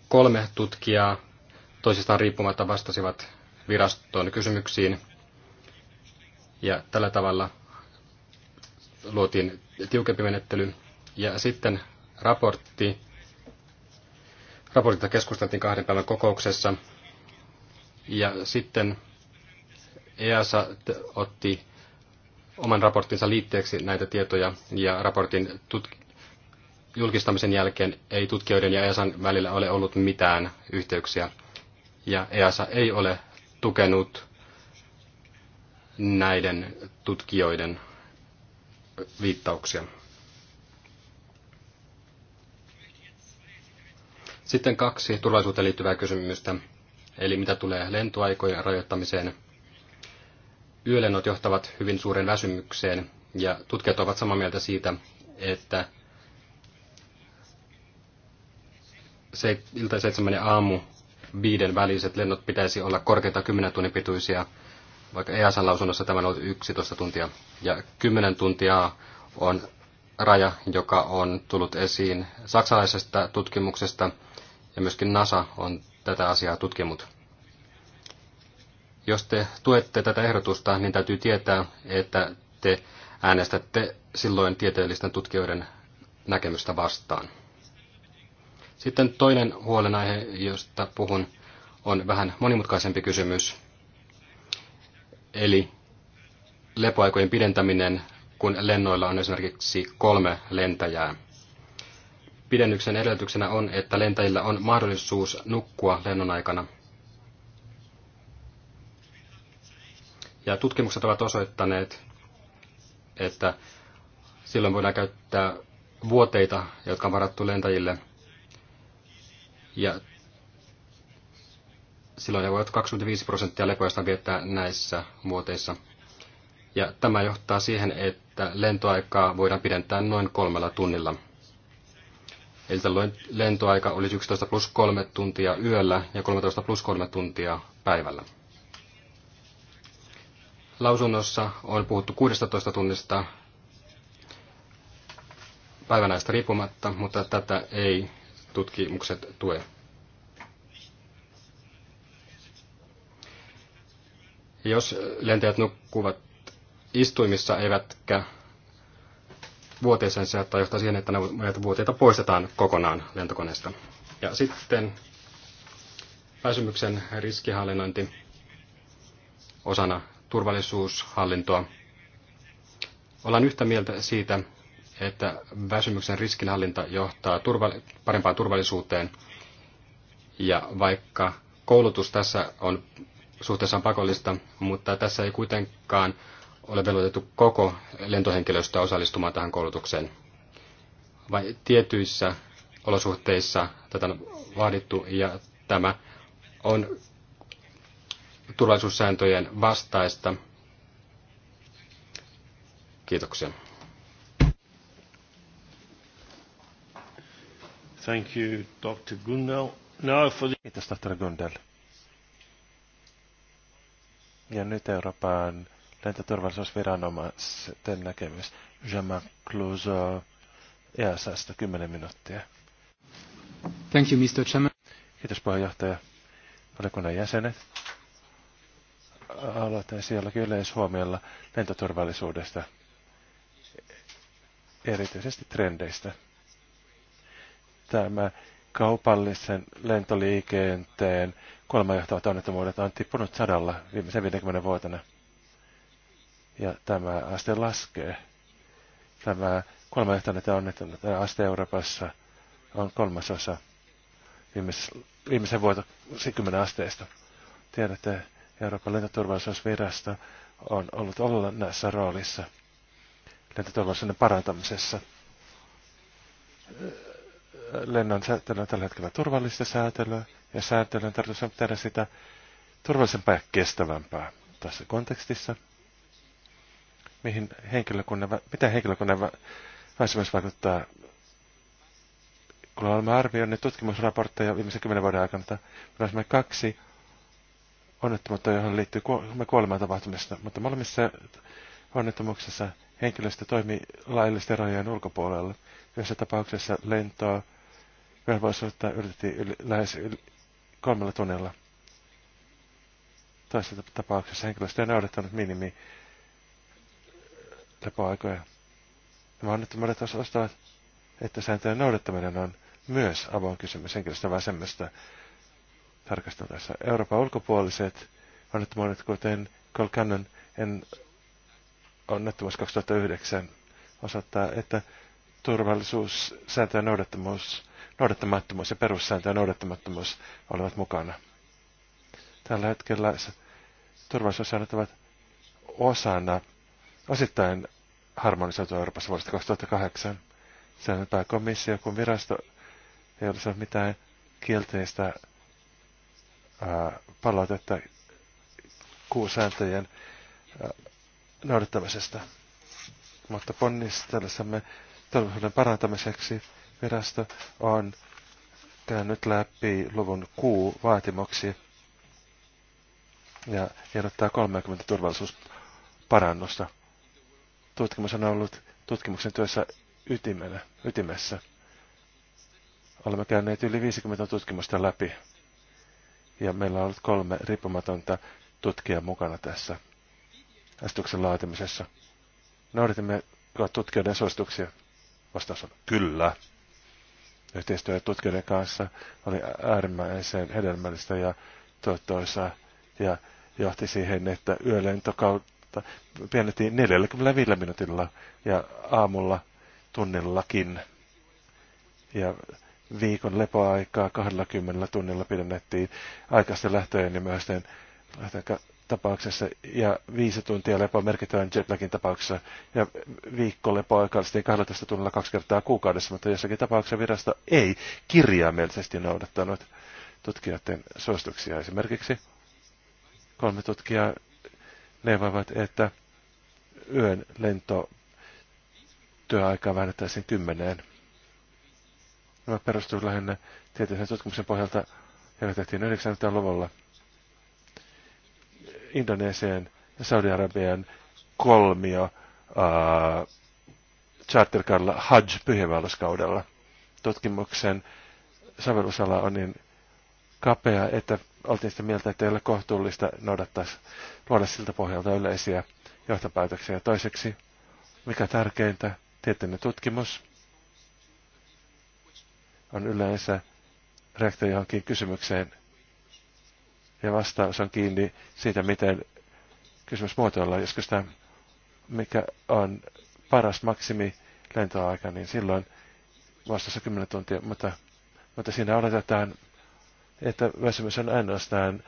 kolme tutkijaa toisistaan riippumatta vastasivat viraston kysymyksiin, ja tällä tavalla luotiin tiukempi menettely. Ja sitten raportti raportista keskusteltiin kahden päivän kokouksessa. Ja sitten EASA otti oman raporttinsa liitteeksi näitä tietoja ja raportin tutk- julkistamisen jälkeen ei tutkijoiden ja EASAn välillä ole ollut mitään yhteyksiä. Ja EASA ei ole tukenut näiden tutkijoiden viittauksia. Sitten kaksi turvallisuuteen liittyvää kysymystä, eli mitä tulee lentoaikojen rajoittamiseen. Yölennot johtavat hyvin suuren väsymykseen, ja tutkijat ovat samaa mieltä siitä, että ilta seitsemän aamu viiden väliset lennot pitäisi olla korkeita 10 tunnin pituisia, vaikka EASan lausunnossa tämä on ollut 11 tuntia. Ja 10 tuntia on raja, joka on tullut esiin saksalaisesta tutkimuksesta, ja myöskin NASA on tätä asiaa tutkinut. Jos te tuette tätä ehdotusta, niin täytyy tietää, että te äänestätte silloin tieteellisten tutkijoiden näkemystä vastaan. Sitten toinen huolenaihe, josta puhun, on vähän monimutkaisempi kysymys. Eli lepoaikojen pidentäminen, kun lennoilla on esimerkiksi kolme lentäjää pidennyksen edellytyksenä on, että lentäjillä on mahdollisuus nukkua lennon aikana. Ja tutkimukset ovat osoittaneet, että silloin voidaan käyttää vuoteita, jotka on varattu lentäjille. Ja silloin he voivat 25 prosenttia lepoista viettää näissä vuoteissa. Ja tämä johtaa siihen, että lentoaikaa voidaan pidentää noin kolmella tunnilla. Eli tällöin lentoaika olisi 11 plus 3 tuntia yöllä ja 13 plus 3 tuntia päivällä. Lausunnossa on puhuttu 16 tunnista päivänäistä riippumatta, mutta tätä ei tutkimukset tue. Jos lentäjät nukkuvat istuimissa eivätkä vuoteeseen saattaa johtaa siihen, että näitä vuoteita poistetaan kokonaan lentokoneesta. Ja sitten väsymyksen riskihallinnointi osana turvallisuushallintoa. Ollaan yhtä mieltä siitä, että väsymyksen riskinhallinta johtaa turva, parempaan turvallisuuteen. Ja vaikka koulutus tässä on suhteessaan pakollista, mutta tässä ei kuitenkaan ole velvoitettu koko lentohenkilöstöä osallistumaan tähän koulutukseen. Vain tietyissä olosuhteissa tätä on vaadittu ja tämä on turvallisuussääntöjen vastaista. Kiitoksia. Thank you, Dr. Gundel. Now for the... Kiitos, Dr. Gundel. Ja nyt Euroopan turvallisuusviranomaisten näkemys. Jean-Marc Clouseau, EASAsta 10 minuuttia. Thank you, Mr. Chairman. Kiitos puheenjohtaja. Valiokunnan jäsenet. Aloitan sielläkin yleishuomiolla lentoturvallisuudesta, erityisesti trendeistä. Tämä kaupallisen lentoliikenteen kuolemanjohtavat onnettomuudet on tippunut sadalla viimeisen 50 vuotena – ja tämä aste laskee. Tämä on, että tämä aste Euroopassa on kolmasosa viimeisen vuoden 10 asteesta. Tiedätte, Euroopan lentoturvallisuusvirasto on ollut olla näissä roolissa lentoturvallisuuden parantamisessa. Lennon säätely on tällä hetkellä turvallista säätelyä, ja säätelyn tarkoitus on tehdä sitä turvallisempaa ja kestävämpää tässä kontekstissa – mihin henkilökunnan, miten henkilökunnan väsymys vaikuttaa. Kun olemme arvioineet tutkimusraportteja viimeisen kymmenen vuoden aikana, että me kaksi onnettomuutta, johon liittyy kuolemaan tapahtumista, mutta molemmissa onnettomuuksissa henkilöstö toimi laillisten rajojen ulkopuolella. Yhdessä tapauksessa lentoa velvollisuutta yritettiin yli, lähes yli kolmella tunnilla. Toisessa tapauksessa henkilöstö ei noudattanut minimi lepoaikoja. Nämä onnettomuudet osoittavat, että sääntöjen noudattaminen on myös avoin kysymys henkilöstä vasemmasta tarkasteltaessa. Euroopan ulkopuoliset onnettomuudet, kuten Kolkannon en onnettomuus 2009, osoittaa, että turvallisuus, sääntöjen noudattamattomuus, noudattamattomuus ja perussääntöjen noudattamattomuus olivat mukana. Tällä hetkellä turvallisuussäännöt ovat osana osittain harmonisoitu Euroopassa vuodesta 2008. Sen komissio, kun virasto ei ole saanut mitään kielteistä ää, palautetta kuusääntöjen ää, noudattamisesta. Mutta ponnistellessamme turvallisuuden parantamiseksi virasto on käynyt läpi luvun kuu vaatimuksi ja ehdottaa 30 turvallisuusparannusta tutkimus on ollut tutkimuksen työssä ytimenä, ytimessä. Olemme käyneet yli 50 tutkimusta läpi ja meillä on ollut kolme riippumatonta tutkijaa mukana tässä asetuksen laatimisessa. Noudatimme tutkijoiden suosituksia. Vastaus on kyllä. Yhteistyö tutkijoiden kanssa oli äärimmäisen hedelmällistä ja tuottoisaa ja johti siihen, että yölentokautta mutta pienettiin 45 minuutilla ja aamulla tunnillakin. Ja viikon lepoaikaa 20 tunnilla pidennettiin aikaisten lähtöjen ja myöhäisten tapauksessa ja viisi tuntia lepoa merkitään jetlagin tapauksessa ja viikko lepoaikaa 12 tunnilla kaksi kertaa kuukaudessa, mutta jossakin tapauksessa virasto ei kirjaimellisesti noudattanut tutkijoiden suosituksia esimerkiksi. Kolme tutkijaa neuvoivat, että yön lento työaikaa vähennettäisiin kymmeneen. Nämä perustuvat lähinnä tieteellisen tutkimuksen pohjalta, joka tehtiin 90-luvulla Indonesian ja Saudi-Arabian kolmio ää, charterkaudella Hajj-pyhiinvaelluskaudella. Tutkimuksen sovellusala on niin kapea, että oltiin sitä mieltä, että ei ole kohtuullista noudattaa, luoda siltä pohjalta yleisiä johtopäätöksiä. Toiseksi, mikä tärkeintä, tieteellinen tutkimus on yleensä reaktio johonkin kysymykseen ja vastaus on kiinni siitä, miten kysymys muotoillaan. Joskus tämä, mikä on paras maksimi lentoaika, niin silloin vastassa 10 tuntia, mutta, mutta siinä oletetaan että väsymys on ainoastaan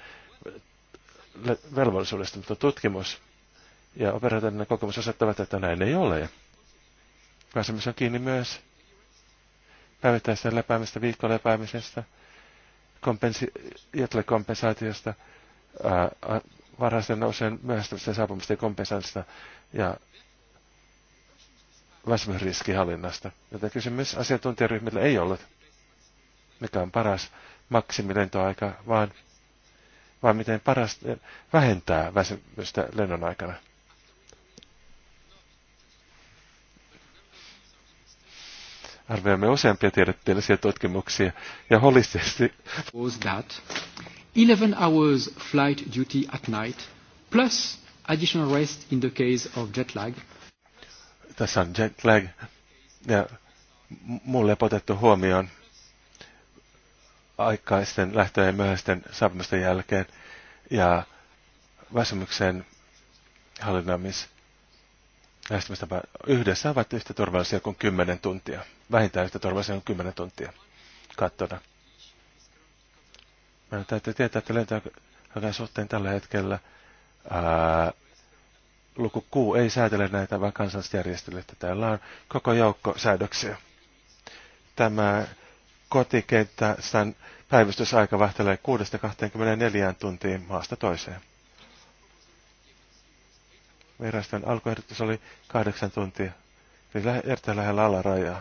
velvollisuudesta, mutta tutkimus ja operatiivinen kokemus osoittavat, että näin ei ole. Väsymys on kiinni myös päivittäisestä lepäämistä, viikkolepäämisestä, kompensi- kompensaatiosta, varhaisten nousujen myöhästymisten ja kompensaatiosta ja väsymysriskihallinnasta. Joten kysymys asiantuntijaryhmillä ei ollut, mikä on paras maksimilentoaika, vaan, vaan miten paras vähentää väsymystä lennon aikana. Arvioimme useampia tiedetteellisiä tutkimuksia ja holistisesti. Was that 11 hours flight duty at night plus additional rest in the case of jet lag. Tässä on jet lag ja mulle otettu huomioon aikaisten lähtöjen myöhäisten saapumisten jälkeen ja väsymyksen hallinnamis lähestymistapa yhdessä ovat yhtä turvallisia kuin 10 tuntia. Vähintään yhtä turvallisia kuin 10 tuntia kattona. Mä täytyy tietää, että lentoajan suhteen tällä hetkellä ää, luku Q ei säätele näitä, vaan kansalliset järjestelyt. Täällä on koko joukko säädöksiä. Tämä kotikenttästään päivystysaika vaihtelee 6-24 tuntiin maasta toiseen. Viraston alkuehdotus oli 8 tuntia, eli erittäin lähellä alarajaa.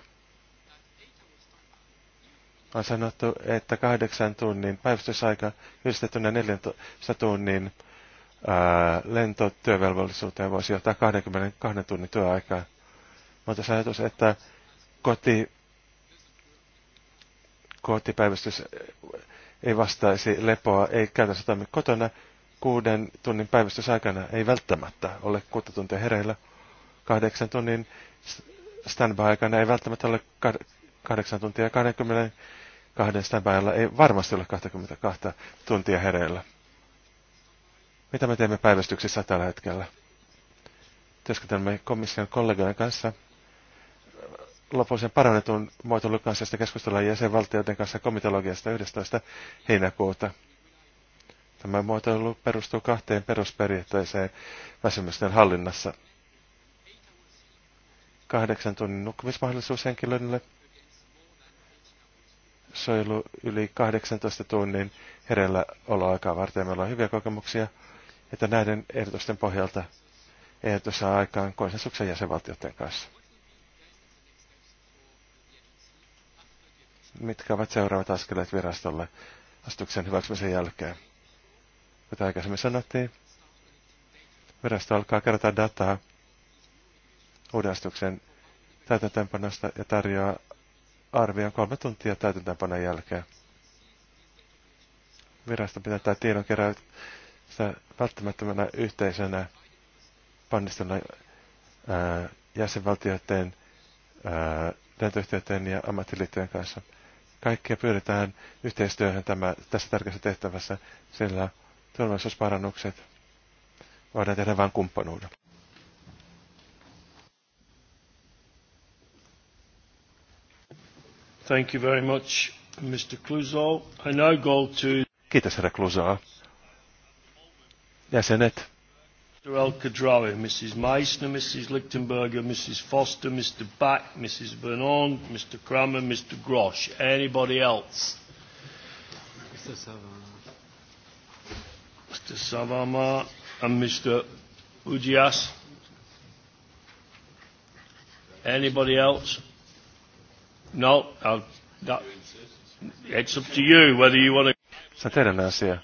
On sanottu, että 8 tunnin päivystysaika yhdistettynä 14 tunnin lentotyövelvollisuuteen voisi johtaa 22 tunnin työaikaa, Mutta ajatus, että koti kotipäivystys ei vastaisi lepoa, ei käytännössä toimi kotona kuuden tunnin päivystysaikana, ei välttämättä ole kuutta tuntia hereillä. Kahdeksan tunnin standby-aikana ei välttämättä ole kahdeksan tuntia 20 kahden standbyilla ei varmasti ole 22 tuntia hereillä. Mitä me teemme päivystyksissä tällä hetkellä? Työskentelemme komission kollegojen kanssa – lopullisen parannetun muotoilun kanssa sitä keskustellaan jäsenvaltioiden kanssa komitologiasta 11. heinäkuuta. Tämä muotoilu perustuu kahteen perusperiaatteeseen väsymysten hallinnassa. Kahdeksan tunnin nukkumismahdollisuus henkilölle, Soilu yli 18 tunnin hereillä oloaikaa varten. Meillä on hyviä kokemuksia, että näiden ehdotusten pohjalta ehdotus saa aikaan konsensuksen jäsenvaltioiden kanssa. mitkä ovat seuraavat askeleet virastolle astuksen hyväksymisen jälkeen. Kuten aikaisemmin sanottiin, virasto alkaa kerätä dataa uuden astuksen täytäntöönpanosta ja tarjoaa arvion kolme tuntia täytäntöönpanon jälkeen. Virasto pitää tiedon keräystä välttämättömänä yhteisönä pannistuna jäsenvaltioiden, lentoyhtiöiden ja ammattiliittojen kanssa kaikkia pyydetään yhteistyöhön tämä, tässä tärkeässä tehtävässä, sillä turvallisuusparannukset voidaan tehdä vain kumppanuuden. Thank you very much, Mr. Clouseau. I now go to... Kiitos, herra Clouseau. Jäsenet, Mr. El Kadrawi, Mrs. Meissner, Mrs. Lichtenberger, Mrs. Foster, Mr. Back, Mrs. Vernon, Mr. Cramer, Mr. Grosch. Anybody else? Mr. Savama. Mr. Savama and Mr. Ujias. Anybody else? No, I'll, uh, that, it's up to you whether you want to... Se on teidän asia.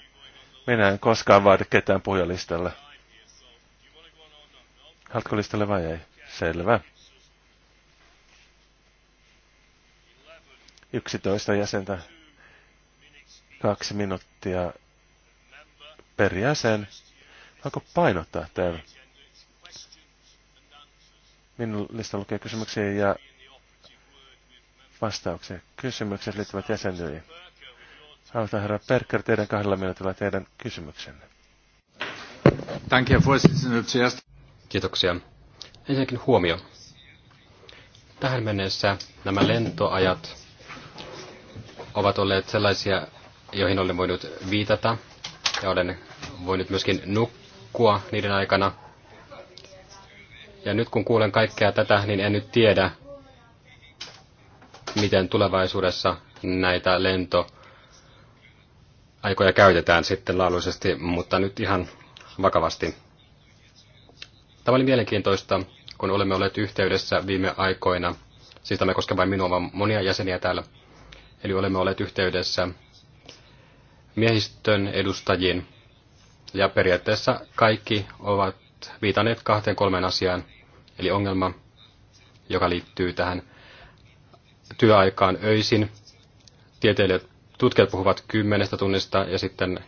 Minä en koskaan vaadi ketään puhujalistalle. Haluatko listalle vai ei? Selvä. 11 jäsentä, kaksi minuuttia per jäsen. Haluatko painottaa tämän? Minun lista lukee kysymyksiä ja vastauksia. Kysymykset liittyvät jäsenyihin. Halutaan herra Perker teidän kahdella minuutilla teidän kysymyksenne. Thank you for Kiitoksia. Ensinnäkin huomio. Tähän mennessä nämä lentoajat ovat olleet sellaisia, joihin olen voinut viitata ja olen voinut myöskin nukkua niiden aikana. Ja nyt kun kuulen kaikkea tätä, niin en nyt tiedä, miten tulevaisuudessa näitä lentoaikoja käytetään sitten laadullisesti, mutta nyt ihan vakavasti. Tämä oli mielenkiintoista, kun olemme olleet yhteydessä viime aikoina. Siis tämä koskee vain minua, vaan monia jäseniä täällä. Eli olemme olleet yhteydessä miehistön edustajiin. Ja periaatteessa kaikki ovat viitanneet kahteen kolmeen asiaan. Eli ongelma, joka liittyy tähän työaikaan öisin. Tieteilijät, tutkijat puhuvat kymmenestä tunnista ja sitten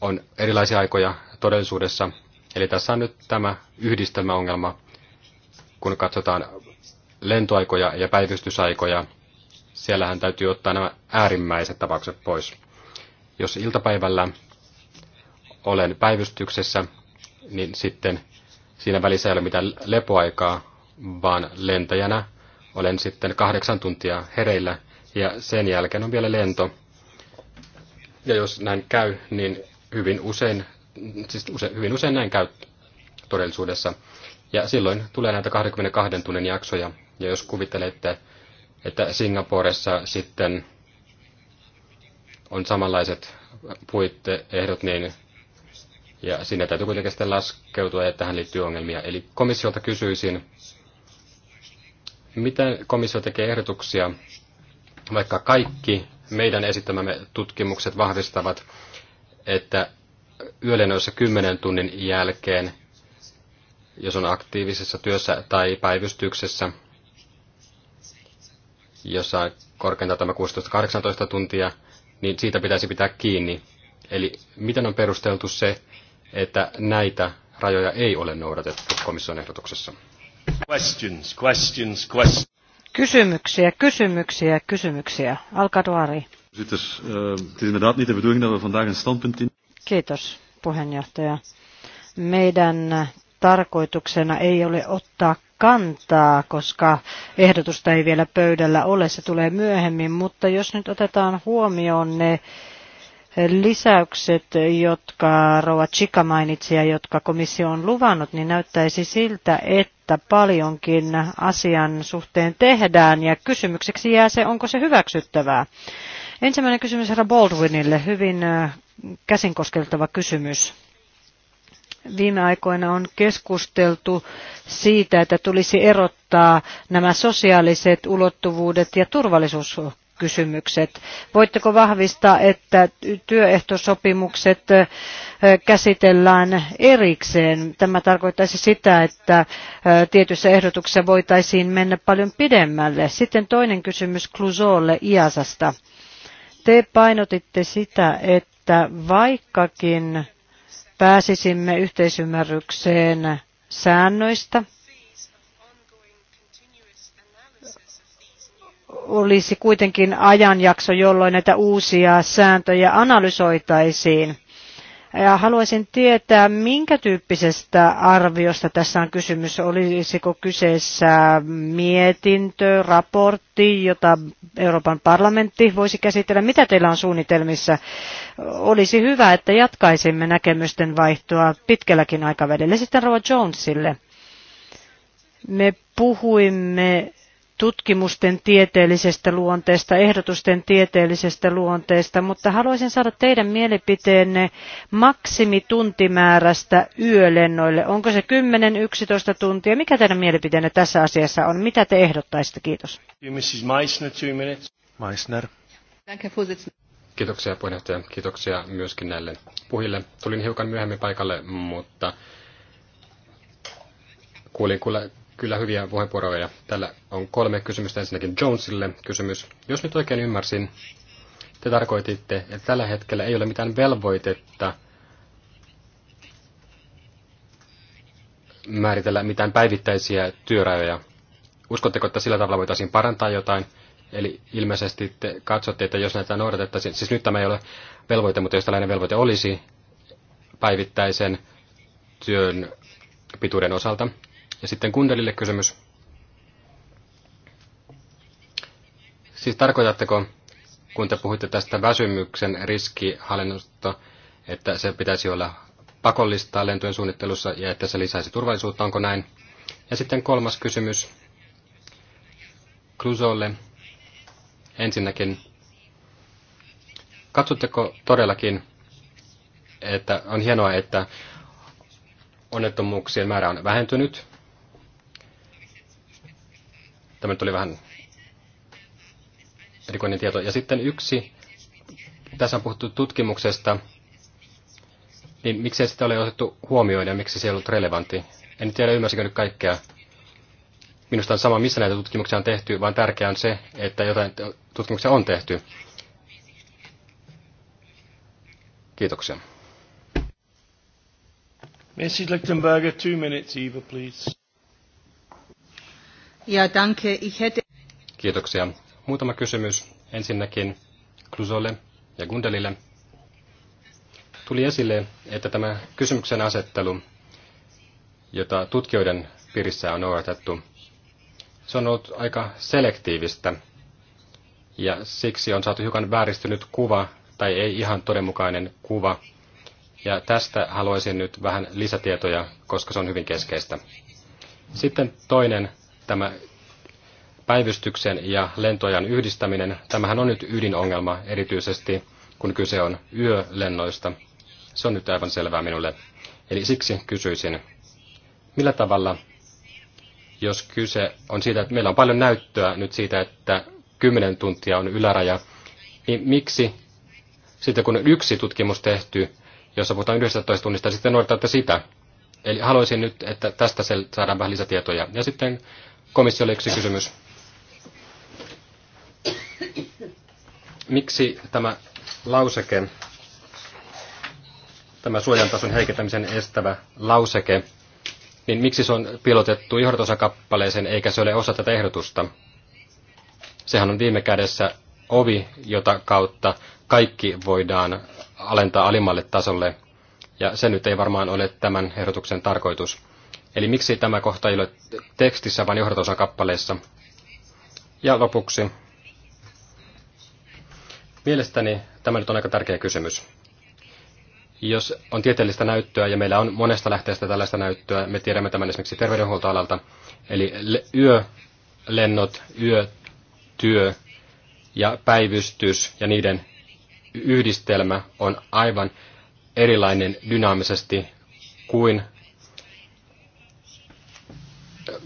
on erilaisia aikoja todellisuudessa Eli tässä on nyt tämä yhdistelmäongelma, kun katsotaan lentoaikoja ja päivystysaikoja. Siellähän täytyy ottaa nämä äärimmäiset tapaukset pois. Jos iltapäivällä olen päivystyksessä, niin sitten siinä välissä ei ole mitään lepoaikaa, vaan lentäjänä olen sitten kahdeksan tuntia hereillä ja sen jälkeen on vielä lento. Ja jos näin käy, niin hyvin usein siis use, hyvin usein näin käy todellisuudessa. Ja silloin tulee näitä 22 tunnin jaksoja. Ja jos kuvittelette, että Singaporessa sitten on samanlaiset puitteehdot, niin ja sinne täytyy kuitenkin sitten laskeutua, että tähän liittyy ongelmia. Eli komissiolta kysyisin, mitä komissio tekee ehdotuksia, vaikka kaikki meidän esittämämme tutkimukset vahvistavat, että yölennoissa 10 tunnin jälkeen, jos on aktiivisessa työssä tai päivystyksessä, jossa on korkeintaan tämä 16-18 tuntia, niin siitä pitäisi pitää kiinni. Eli miten on perusteltu se, että näitä rajoja ei ole noudatettu komission ehdotuksessa? Questions, questions, questions. Kysymyksiä, kysymyksiä, kysymyksiä. Alkaa Duari. Voorzitter, uh, eh, het is inderdaad niet de bedoeling dat we vandaag een standpunt in. Kiitos puheenjohtaja. Meidän tarkoituksena ei ole ottaa kantaa, koska ehdotusta ei vielä pöydällä ole, se tulee myöhemmin, mutta jos nyt otetaan huomioon ne lisäykset, jotka Rova Chika mainitsi ja jotka komissio on luvannut, niin näyttäisi siltä, että paljonkin asian suhteen tehdään ja kysymykseksi jää se, onko se hyväksyttävää. Ensimmäinen kysymys herra Baldwinille, hyvin käsinkoskeltava kysymys. Viime aikoina on keskusteltu siitä, että tulisi erottaa nämä sosiaaliset ulottuvuudet ja turvallisuuskysymykset. Voitteko vahvistaa, että työehtosopimukset käsitellään erikseen? Tämä tarkoittaisi sitä, että tietyissä ehdotuksissa voitaisiin mennä paljon pidemmälle. Sitten toinen kysymys Clusolle IASasta. Te painotitte sitä, että vaikkakin pääsisimme yhteisymmärrykseen säännöistä, olisi kuitenkin ajanjakso, jolloin näitä uusia sääntöjä analysoitaisiin ja haluaisin tietää, minkä tyyppisestä arviosta tässä on kysymys. Olisiko kyseessä mietintö, raportti, jota Euroopan parlamentti voisi käsitellä? Mitä teillä on suunnitelmissa? Olisi hyvä, että jatkaisimme näkemysten vaihtoa pitkälläkin aikavälillä. Sitten Rova Jonesille. Me puhuimme tutkimusten tieteellisestä luonteesta, ehdotusten tieteellisestä luonteesta, mutta haluaisin saada teidän mielipiteenne maksimituntimäärästä yölennoille. Onko se 10-11 tuntia? Mikä teidän mielipiteenne tässä asiassa on? Mitä te ehdottaisitte? Kiitos. Meissner, Kiitoksia puheenjohtaja. Kiitoksia myöskin näille puhille. Tulin hiukan myöhemmin paikalle, mutta kuulin kyllä hyviä puheenvuoroja. Tällä on kolme kysymystä ensinnäkin Jonesille kysymys. Jos nyt oikein ymmärsin, te tarkoititte, että tällä hetkellä ei ole mitään velvoitetta määritellä mitään päivittäisiä työrajoja. Uskotteko, että sillä tavalla voitaisiin parantaa jotain? Eli ilmeisesti te katsotte, että jos näitä noudatettaisiin, siis nyt tämä ei ole velvoite, mutta jos tällainen velvoite olisi päivittäisen työn pituuden osalta, ja sitten Kundelille kysymys. Siis tarkoitatteko, kun te puhuitte tästä väsymyksen riskihallinnosta, että se pitäisi olla pakollista lentojen suunnittelussa ja että se lisäisi turvallisuutta, onko näin? Ja sitten kolmas kysymys Klusolle. Ensinnäkin, katsotteko todellakin, että on hienoa, että onnettomuuksien määrä on vähentynyt Tämä nyt oli vähän erikoinen tieto. Ja sitten yksi, tässä on puhuttu tutkimuksesta, niin miksei sitä ole otettu huomioon ja miksi se ei ollut relevantti? En tiedä, ymmärsikö nyt kaikkea. Minusta on sama, missä näitä tutkimuksia on tehty, vaan tärkeää on se, että jotain tutkimuksia on tehty. Kiitoksia. Mrs. Lichtenberger, two minutes, Eva, please. Ja danke, ich hätte... Kiitoksia. Muutama kysymys. Ensinnäkin Klusolle ja Gundelille. Tuli esille, että tämä kysymyksen asettelu, jota tutkijoiden piirissä on noudatettu, se on ollut aika selektiivistä ja siksi on saatu hiukan vääristynyt kuva tai ei ihan todenmukainen kuva. Ja tästä haluaisin nyt vähän lisätietoja, koska se on hyvin keskeistä. Sitten toinen tämä päivystyksen ja lentoajan yhdistäminen, tämähän on nyt ydinongelma, erityisesti kun kyse on yölennoista. Se on nyt aivan selvää minulle. Eli siksi kysyisin, millä tavalla, jos kyse on siitä, että meillä on paljon näyttöä nyt siitä, että 10 tuntia on yläraja, niin miksi sitten kun yksi tutkimus tehty, jossa puhutaan 11 tunnista, sitten noudatatte sitä. Eli haluaisin nyt, että tästä saadaan vähän lisätietoja. Ja sitten Komissiolle yksi kysymys. Miksi tämä lauseke, tämä suojantason heikentämisen estävä lauseke, niin miksi se on pilotettu johdotosakappaleeseen eikä se ole osa tätä ehdotusta? Sehän on viime kädessä ovi, jota kautta kaikki voidaan alentaa alimmalle tasolle, ja se nyt ei varmaan ole tämän ehdotuksen tarkoitus. Eli miksi tämä kohta ei ole tekstissä, vaan johdatosan kappaleessa? Ja lopuksi. Mielestäni tämä nyt on aika tärkeä kysymys. Jos on tieteellistä näyttöä, ja meillä on monesta lähteestä tällaista näyttöä, me tiedämme tämän esimerkiksi terveydenhuoltoalalta, eli yölennot, yötyö ja päivystys ja niiden yhdistelmä on aivan erilainen dynaamisesti kuin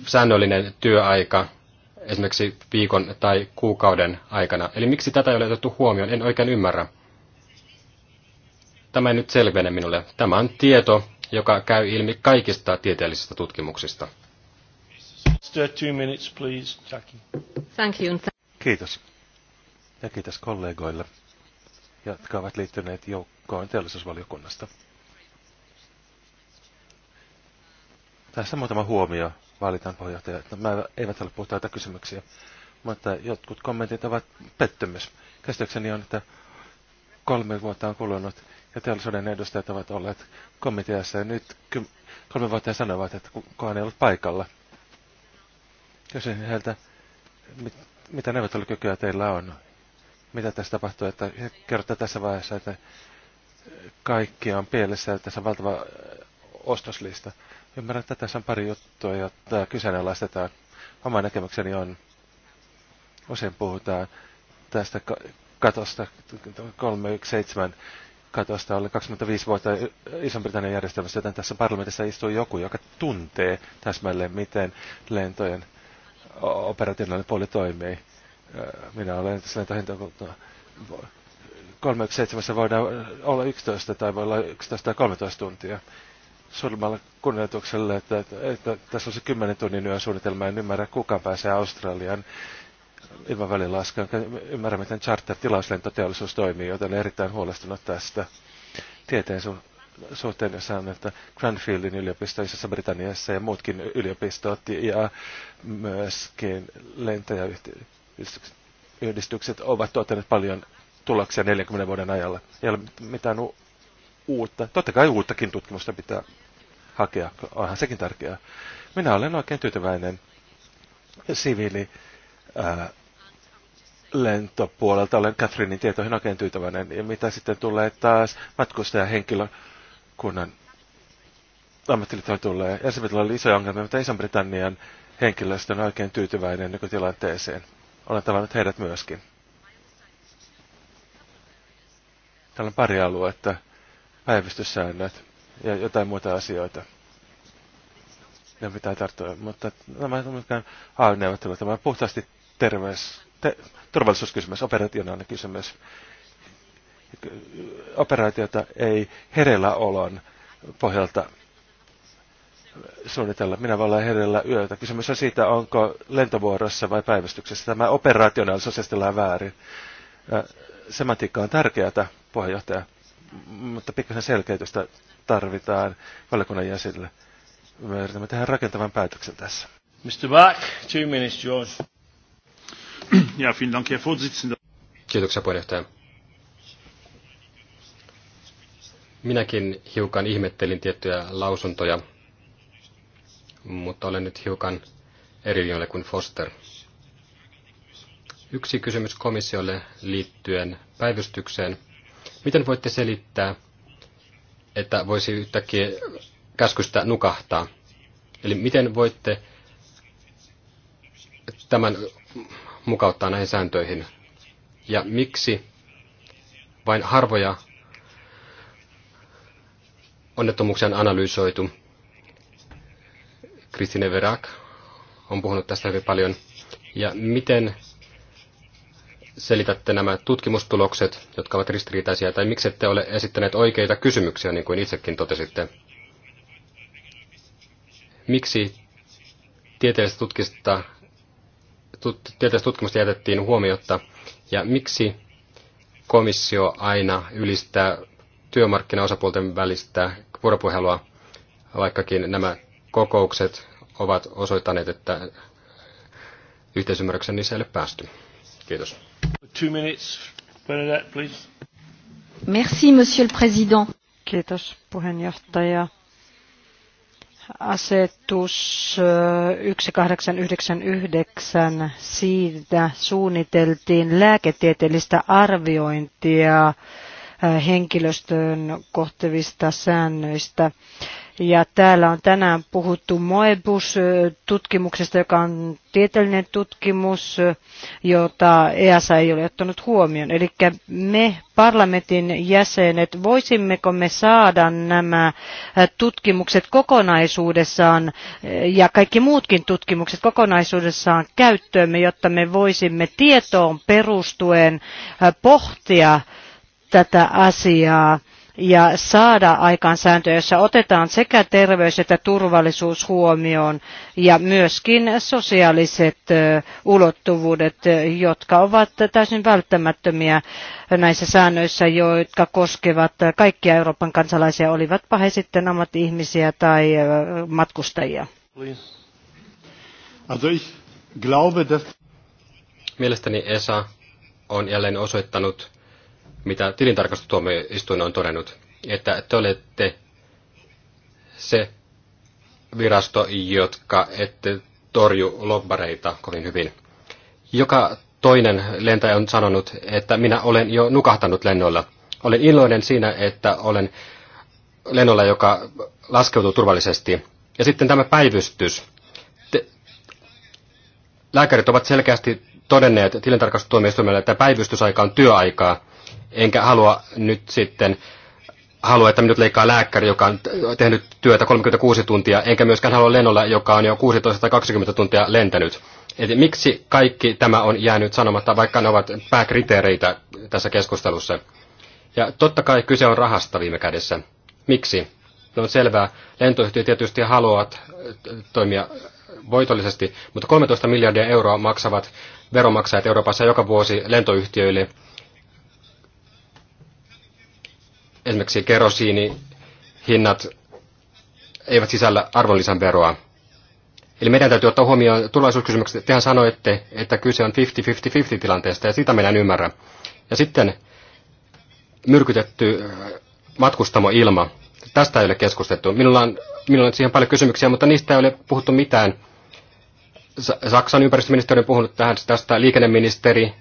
säännöllinen työaika esimerkiksi viikon tai kuukauden aikana. Eli miksi tätä ei ole otettu huomioon, en oikein ymmärrä. Tämä ei nyt selvene minulle. Tämä on tieto, joka käy ilmi kaikista tieteellisistä tutkimuksista. Uh, minutes, please, Thank you. Kiitos. Ja kiitos kollegoille, jotka ovat liittyneet joukkoon teollisuusvaliokunnasta. Tässä muutama huomio valitaan puheenjohtaja. Nämä no, eivät ole puhtaita kysymyksiä, mutta jotkut kommentit ovat pettymys. Käsitykseni on, että kolme vuotta on kulunut ja teollisuuden edustajat ovat olleet komiteassa ja nyt kolme vuotta sanovat, että kukaan ei ollut paikalla. Kysyin heiltä, mit, mitä neuvottelukykyä teillä on? Mitä tässä tapahtuu? Että kerrotte tässä vaiheessa, että kaikki on pielessä että tässä on valtava ostoslista. Ymmärrän, että tässä on pari juttua, jotta kyseenalaistetaan. Oma näkemykseni on, usein puhutaan tästä katosta, 317 katosta oli 25 vuotta Iso-Britannian järjestelmässä, joten tässä parlamentissa istuu joku, joka tuntee täsmälleen, miten lentojen operatiivinen puoli toimii. Minä olen tässä lentohenkilökuntaa. 317 voidaan olla 11 tai voi olla 11 tai 13 tuntia suurimmalle kunnioituksella, että, että, että tässä on se 10 tunnin yön suunnitelma. En ymmärrä, kuka pääsee Australian ilman välilaskua. Ymmärrä, miten charter-tilauslentoteollisuus toimii, joten olen erittäin huolestunut tästä tieteen su- suhteen, jossa on, että Cranfieldin yliopisto Isossa Britanniassa ja muutkin yliopistot ja myöskin lentäjäyhdistykset ovat tuottaneet paljon tuloksia 40 vuoden ajalla. Ei ole mitään uutta, totta kai uuttakin tutkimusta pitää hakea, onhan sekin tärkeää. Minä olen oikein tyytyväinen siviili ää, lentopuolelta. Olen Catherinein tietoihin oikein tyytyväinen. Ja mitä sitten tulee taas matkustajahenkilökunnan ammattiliittoon tulee. Ensimmäisellä oli isoja ongelmia, mutta Iso-Britannian henkilöstö on oikein tyytyväinen nykytilanteeseen. Olen tavannut heidät myöskin. Täällä on pari aluetta, päivystyssäännöt ja jotain muita asioita. Ne pitää tarttua, mutta nämä ei ole mikään AY-neuvottelu, tämä on puhtaasti terveys, te, turvallisuuskysymys, operationaalinen kysymys. Operaatiota ei hereillä olon pohjalta suunnitella. Minä vallan herellä yötä. Kysymys on siitä, onko lentovuorossa vai päivystyksessä. Tämä operaationaalisuus esitellään väärin. Semantiikka on tärkeää, puheenjohtaja mutta pikkasen selkeytystä tarvitaan valiokunnan jäsenille. Me yritämme tehdä rakentavan päätöksen tässä. Mr. Bach, two minutes, George. Ja, vielen Dank, Kiitoksia, puheenjohtaja. Minäkin hiukan ihmettelin tiettyjä lausuntoja, mutta olen nyt hiukan eri linjoille kuin Foster. Yksi kysymys komissiolle liittyen päivystykseen – Miten voitte selittää, että voisi yhtäkkiä käskystä nukahtaa? Eli miten voitte tämän mukauttaa näihin sääntöihin? Ja miksi vain harvoja onnettomuuksia on analysoitu? Kristine Verak on puhunut tästä hyvin paljon. Ja miten selitätte nämä tutkimustulokset, jotka ovat ristiriitaisia, tai miksi ette ole esittäneet oikeita kysymyksiä, niin kuin itsekin totesitte? Miksi tieteellistä tutkista, tut, tieteellistä tutkimusta jätettiin huomiotta, ja miksi komissio aina ylistää työmarkkinaosapuolten välistä vuoropuhelua, vaikkakin nämä kokoukset ovat osoittaneet, että yhteisymmärryksen niissä ei ole päästy. Kiitos. monsieur le président. Kiitos, asetus 1899, siitä suunniteltiin lääketieteellistä arviointia henkilöstön kohtevista säännöistä. Ja täällä on tänään puhuttu Moebus-tutkimuksesta, joka on tieteellinen tutkimus, jota EASA ei ole ottanut huomioon. Eli me parlamentin jäsenet, voisimmeko me saada nämä tutkimukset kokonaisuudessaan ja kaikki muutkin tutkimukset kokonaisuudessaan käyttöömme, jotta me voisimme tietoon perustuen pohtia tätä asiaa ja saada aikaan sääntöjä, joissa otetaan sekä terveys että turvallisuus huomioon ja myöskin sosiaaliset ulottuvuudet, jotka ovat täysin välttämättömiä näissä säännöissä, jotka koskevat kaikkia Euroopan kansalaisia, olivatpa he sitten ammattiihmisiä ihmisiä tai matkustajia. Mielestäni ESA on jälleen osoittanut mitä tilintarkastustuomioistuin on todennut, että te olette se virasto, jotka ette torju lobbareita kovin hyvin. Joka toinen lentäjä on sanonut, että minä olen jo nukahtanut lennoilla. Olen iloinen siinä, että olen lennolla, joka laskeutuu turvallisesti. Ja sitten tämä päivystys. Te, lääkärit ovat selkeästi todenneet tilintarkastustuomioistuimelle, että päivystysaika on työaikaa enkä halua nyt sitten halua, että minut leikkaa lääkäri, joka on tehnyt työtä 36 tuntia, enkä myöskään halua lennolla, joka on jo 16-20 tuntia lentänyt. Et miksi kaikki tämä on jäänyt sanomatta, vaikka ne ovat pääkriteereitä tässä keskustelussa? Ja totta kai kyse on rahasta viime kädessä. Miksi? No on selvää. Lentoyhtiö tietysti haluavat äh, toimia voitollisesti, mutta 13 miljardia euroa maksavat veromaksajat Euroopassa joka vuosi lentoyhtiöille – esimerkiksi hinnat eivät sisällä arvonlisän veroa. Eli meidän täytyy ottaa huomioon tulevaisuuskysymykset. Tehän sanoitte, että kyse on 50-50-50 tilanteesta, ja sitä meidän ymmärrä. Ja sitten myrkytetty äh, matkustamo ilma. Tästä ei ole keskusteltu. Minulla on, minulla on siihen paljon kysymyksiä, mutta niistä ei ole puhuttu mitään. Saksan ympäristöministeri on puhunut tähän, tästä liikenneministeri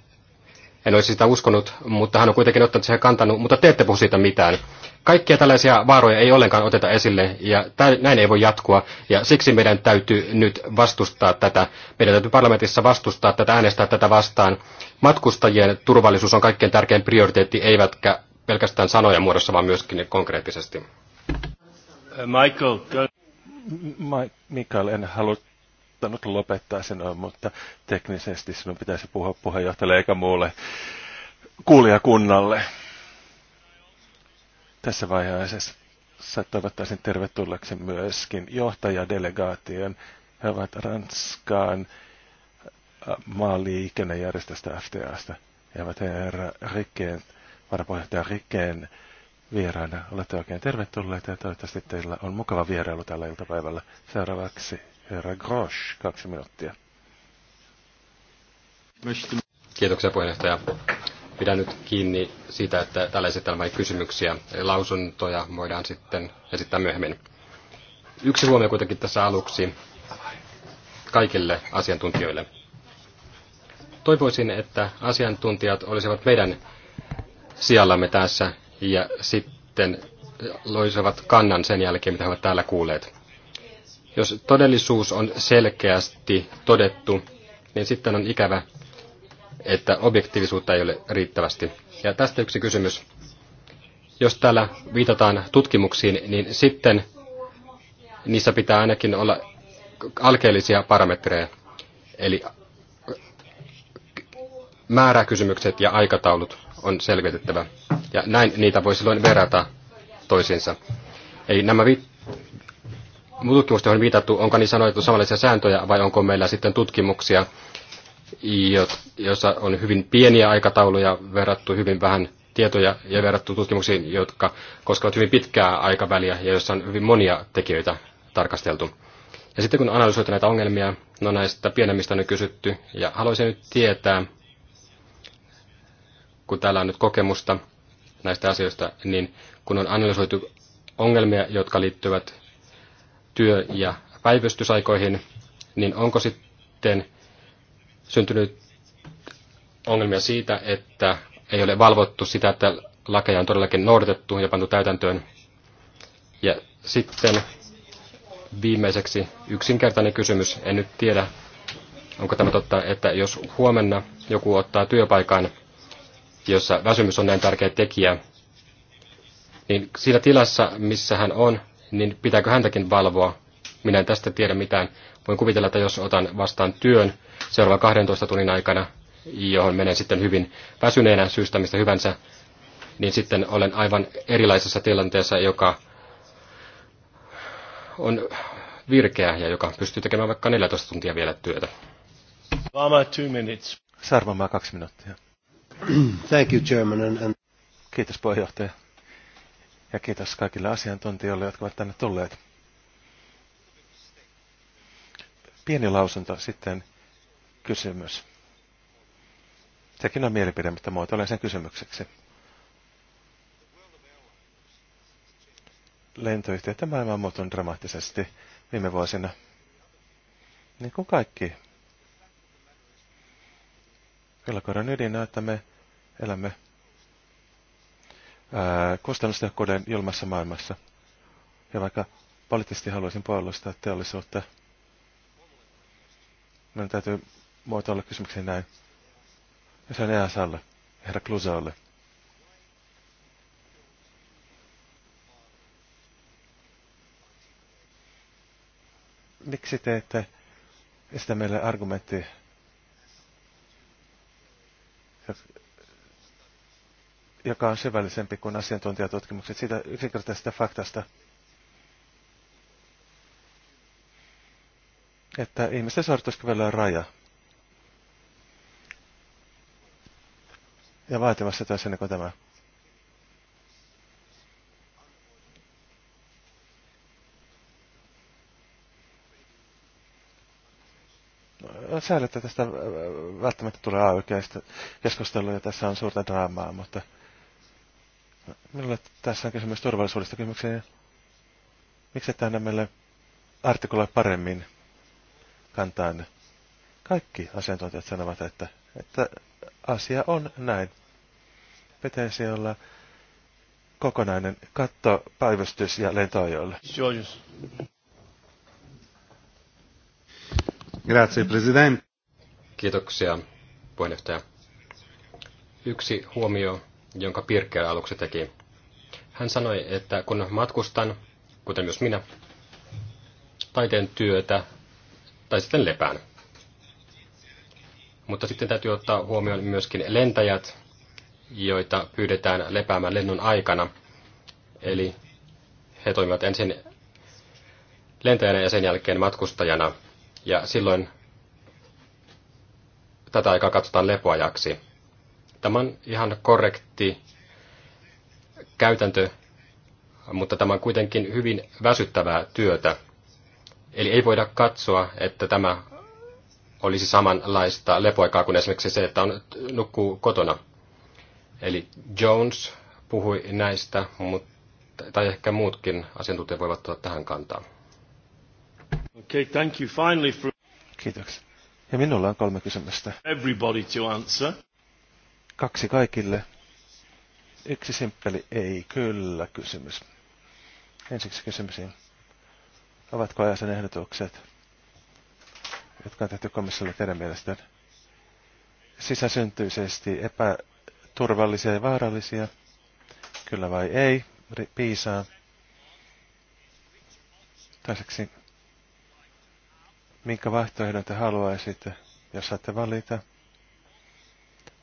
en olisi sitä uskonut, mutta hän on kuitenkin ottanut siihen kantanut, mutta te ette puhu siitä mitään. Kaikkia tällaisia vaaroja ei ollenkaan oteta esille, ja tämän, näin ei voi jatkua, ja siksi meidän täytyy nyt vastustaa tätä. Meidän täytyy parlamentissa vastustaa tätä, äänestää tätä vastaan. Matkustajien turvallisuus on kaikkein tärkein prioriteetti, eivätkä pelkästään sanoja muodossa, vaan myöskin konkreettisesti. Michael, go. Mikael, en halua saattanut lopettaa sen, mutta teknisesti sinun pitäisi puhua puheenjohtajalle eikä muulle kuulijakunnalle. Tässä vaiheessa toivottaisin tervetulleeksi myöskin johtajadelegaation. He ovat Ranskaan maaliikennejärjestöstä FTAsta. He ovat herra Rikkeen, varapuheenjohtaja Rikkeen vieraana. Olette oikein tervetulleita ja toivottavasti teillä on mukava vierailu tällä iltapäivällä. Seuraavaksi Herra Grosch, kaksi minuuttia. Kiitoksia puheenjohtaja. Pidän nyt kiinni siitä, että tällä ei kysymyksiä ja lausuntoja voidaan sitten esittää myöhemmin. Yksi huomio kuitenkin tässä aluksi kaikille asiantuntijoille. Toivoisin, että asiantuntijat olisivat meidän sijallamme tässä ja sitten loisivat kannan sen jälkeen, mitä he ovat täällä kuulleet. Jos todellisuus on selkeästi todettu, niin sitten on ikävä, että objektiivisuutta ei ole riittävästi. Ja tästä yksi kysymys. Jos täällä viitataan tutkimuksiin, niin sitten niissä pitää ainakin olla alkeellisia parametreja, eli määräkysymykset ja aikataulut on selvitettävä. Ja näin niitä voi silloin verrata toisiinsa. Eli nämä vi- tutkimusta on viitattu, onko niin sanottu samanlaisia sääntöjä vai onko meillä sitten tutkimuksia, joissa on hyvin pieniä aikatauluja verrattu hyvin vähän tietoja ja verrattu tutkimuksiin, jotka koskevat hyvin pitkää aikaväliä ja joissa on hyvin monia tekijöitä tarkasteltu. Ja sitten kun analysoitu näitä ongelmia, no näistä pienemmistä on nyt kysytty, ja haluaisin nyt tietää, kun täällä on nyt kokemusta näistä asioista, niin kun on analysoitu ongelmia, jotka liittyvät työ- ja päivystysaikoihin, niin onko sitten syntynyt ongelmia siitä, että ei ole valvottu sitä, että lakeja on todellakin noudatettu ja pantu täytäntöön. Ja sitten viimeiseksi yksinkertainen kysymys. En nyt tiedä, onko tämä totta, että jos huomenna joku ottaa työpaikan, jossa väsymys on näin tärkeä tekijä, niin siinä tilassa, missä hän on, niin pitääkö häntäkin valvoa? Minä en tästä tiedä mitään. Voin kuvitella, että jos otan vastaan työn seuraavan 12 tunnin aikana, johon menen sitten hyvin väsyneenä syystä mistä hyvänsä, niin sitten olen aivan erilaisessa tilanteessa, joka on virkeä ja joka pystyy tekemään vaikka 14 tuntia vielä työtä. Obama, two minutes. Sarvamaa kaksi minuuttia. Thank you, Chairman. And... Kiitos puheenjohtaja. Ja kiitos kaikille asiantuntijoille, jotka ovat tänne tulleet. Pieni lausunto, sitten kysymys. Sekin on mielipide, mutta muotoilen sen kysymykseksi. lentoyhtiöitä maailma on muuttunut dramaattisesti viime vuosina. Niin kuin kaikki. Kyllä koron ydin että me elämme kustannustehokkuuden ilmassa maailmassa. Ja vaikka poliittisesti haluaisin puolustaa teollisuutta, minun täytyy muotoilla kysymyksiä näin. Ja se on EASalle, herra Klusaalle? Miksi te ette esitä meille argumentti, joka on syvällisempi kuin asiantuntijatutkimukset siitä yksinkertaisesta faktasta, että ihmisten suorituskyvyllä on raja. Ja vaativassa työssä niin kuin tämä. No, että tästä välttämättä tulee AY-keskustelua ja tässä on suurta draamaa, mutta Minulle tässä on kysymys turvallisuudesta kysymykseen. Miksi et anna meille artikuloi paremmin kantaan? Kaikki asiantuntijat sanovat, että, että asia on näin. Pitäisi olla kokonainen katto, päivystys ja lentoajoille. Grazie, president. Kiitoksia, puheenjohtaja. Yksi huomio jonka Pirkkeä aluksi teki. Hän sanoi, että kun matkustan, kuten myös minä, tai teen työtä, tai sitten lepään. Mutta sitten täytyy ottaa huomioon myöskin lentäjät, joita pyydetään lepäämään lennon aikana. Eli he toimivat ensin lentäjänä ja sen jälkeen matkustajana. Ja silloin tätä aikaa katsotaan lepoajaksi. Tämä on ihan korrekti käytäntö, mutta tämä on kuitenkin hyvin väsyttävää työtä. Eli ei voida katsoa, että tämä olisi samanlaista lepoaikaa kuin esimerkiksi se, että on, nukkuu kotona. Eli Jones puhui näistä, mutta, tai ehkä muutkin asiantuntijat voivat ottaa tähän kantaa. Okay, thank you finally for... Kiitoksia. Ja minulla on kolme kysymystä. Everybody to answer. Kaksi kaikille. Yksi simppeli ei kyllä kysymys. Ensiksi kysymyksiin. Ovatko ajasen ehdotukset, jotka on tehty komissiolle teidän mielestä, sisäsyntyisesti epäturvallisia ja vaarallisia? Kyllä vai ei? Piisaa. Toiseksi, minkä vaihtoehdon te haluaisitte, jos saatte valita?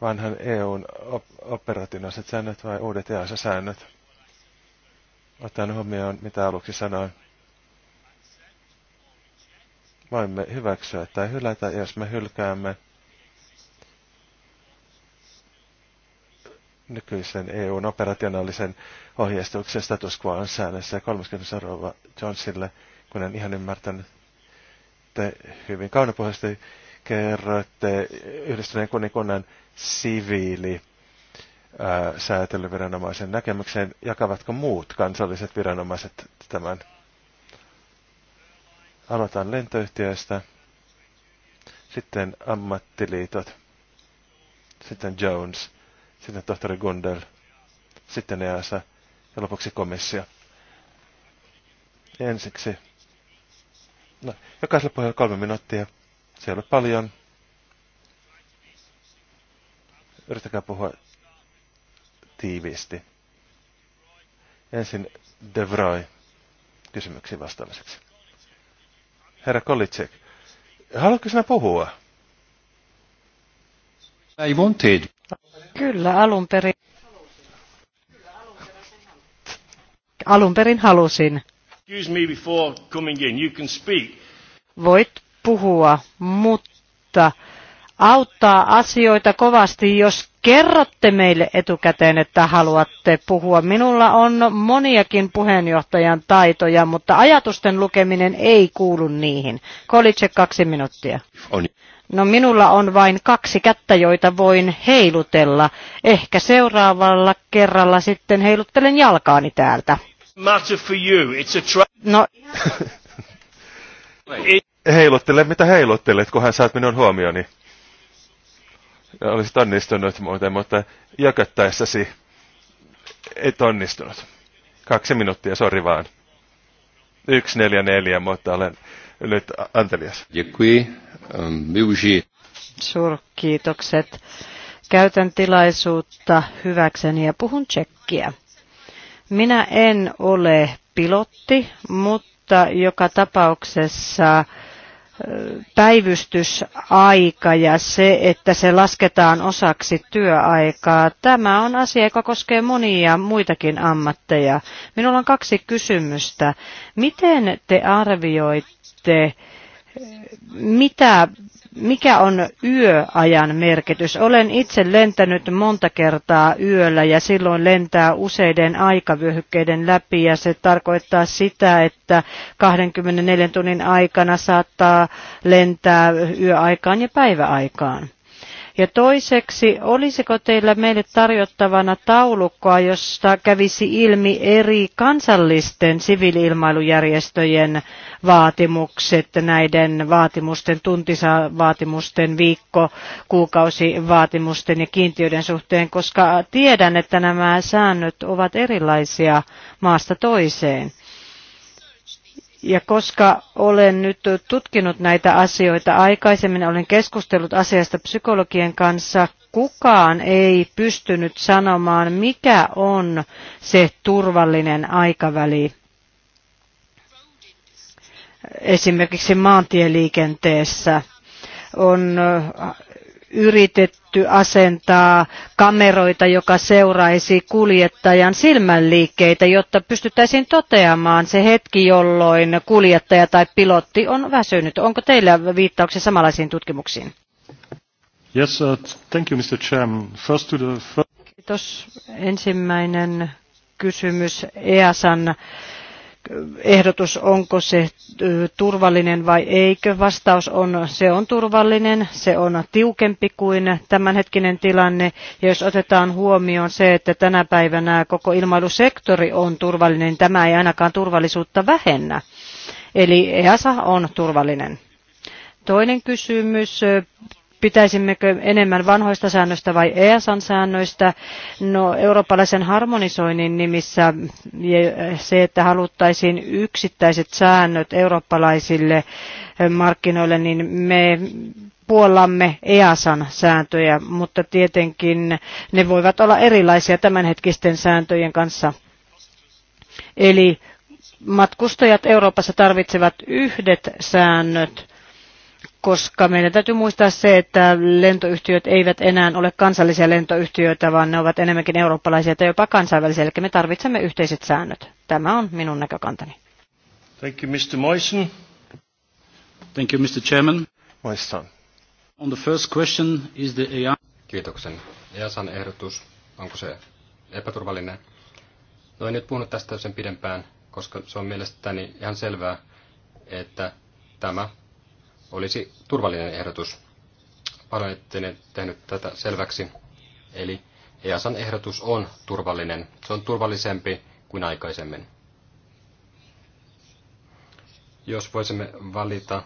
vanhan EUn op- operationaaliset säännöt vai uudet EASA-säännöt? Otan huomioon, mitä aluksi sanoin. Voimme hyväksyä tai hylätä, jos me hylkäämme nykyisen EUn operationaalisen ohjeistuksen status quo on säännössä 30 rouva Johnsille, kun en ihan ymmärtänyt, te hyvin kaunopuheisesti kerroitte yhdistyneen kuninkunnan siviili säätelyviranomaisen näkemykseen. Jakavatko muut kansalliset viranomaiset tämän? Aloitan lentoyhtiöistä, sitten ammattiliitot, sitten Jones, sitten tohtori Gundel, sitten EASA ja lopuksi komissio. Ensiksi. No, jokaisella puheella kolme minuuttia. Siellä on paljon. Yritäkää puhua tiiviisti. Ensin De kysymyksiin vastaamiseksi. Herra Kolitsek, haluatko sinä puhua? I wanted. Kyllä, alun perin. Alun perin halusin. Excuse me before coming in. You can speak. Voit puhua, mutta auttaa asioita kovasti, jos kerrotte meille etukäteen, että haluatte puhua. Minulla on moniakin puheenjohtajan taitoja, mutta ajatusten lukeminen ei kuulu niihin. Kolitse kaksi minuuttia. On. No minulla on vain kaksi kättä, joita voin heilutella. Ehkä seuraavalla kerralla sitten heiluttelen jalkaani täältä. No. heiluttele, mitä heiluttelet, kun hän saat minun huomioni. Ja olisit onnistunut muuten, mutta jököttäessäsi et onnistunut. Kaksi minuuttia, sori vaan. Yksi neljä neljä, mutta olen nyt antelias. Ehm, Suurkiitokset. Käytän tilaisuutta hyväkseni ja puhun tsekkiä. Minä en ole pilotti, mutta joka tapauksessa päivystysaika ja se, että se lasketaan osaksi työaikaa. Tämä on asia, joka koskee monia muitakin ammatteja. Minulla on kaksi kysymystä. Miten te arvioitte, mitä mikä on yöajan merkitys? Olen itse lentänyt monta kertaa yöllä ja silloin lentää useiden aikavyöhykkeiden läpi ja se tarkoittaa sitä, että 24 tunnin aikana saattaa lentää yöaikaan ja päiväaikaan. Ja toiseksi, olisiko teillä meille tarjottavana taulukkoa, josta kävisi ilmi eri kansallisten siviiliilmailujärjestöjen vaatimukset, näiden vaatimusten, tuntisavaatimusten, viikko, kuukausivaatimusten ja kiintiöiden suhteen, koska tiedän, että nämä säännöt ovat erilaisia maasta toiseen. Ja koska olen nyt tutkinut näitä asioita aikaisemmin, olen keskustellut asiasta psykologien kanssa, kukaan ei pystynyt sanomaan, mikä on se turvallinen aikaväli esimerkiksi maantieliikenteessä on yritetty asentaa kameroita, joka seuraisi kuljettajan silmänliikkeitä, jotta pystyttäisiin toteamaan se hetki, jolloin kuljettaja tai pilotti on väsynyt. Onko teillä viittauksia samanlaisiin tutkimuksiin? Yes, uh, thank you, Mr. Chairman. First to the first... Kiitos. Ensimmäinen kysymys EASan ehdotus, onko se turvallinen vai eikö. Vastaus on, se on turvallinen, se on tiukempi kuin tämänhetkinen tilanne. Ja jos otetaan huomioon se, että tänä päivänä koko ilmailusektori on turvallinen, niin tämä ei ainakaan turvallisuutta vähennä. Eli EASA on turvallinen. Toinen kysymys, pitäisimmekö enemmän vanhoista säännöistä vai EASan säännöistä? No eurooppalaisen harmonisoinnin nimissä se, että haluttaisiin yksittäiset säännöt eurooppalaisille eh, markkinoille, niin me puollamme EASan sääntöjä, mutta tietenkin ne voivat olla erilaisia tämänhetkisten sääntöjen kanssa. Eli matkustajat Euroopassa tarvitsevat yhdet säännöt koska meidän täytyy muistaa se, että lentoyhtiöt eivät enää ole kansallisia lentoyhtiöitä, vaan ne ovat enemmänkin eurooppalaisia tai jopa kansainvälisiä, eli me tarvitsemme yhteiset säännöt. Tämä on minun näkökantani. Thank you, Mr. Moisen. Thank you, Mr. Chairman. Moistan. On the first question is the EA. Kiitoksen. EASan ehdotus, onko se epäturvallinen? No en nyt puhunut tästä sen pidempään, koska se on mielestäni ihan selvää, että tämä olisi turvallinen ehdotus. Paljon ette tehnyt tätä selväksi. Eli EASan ehdotus on turvallinen. Se on turvallisempi kuin aikaisemmin. Jos voisimme valita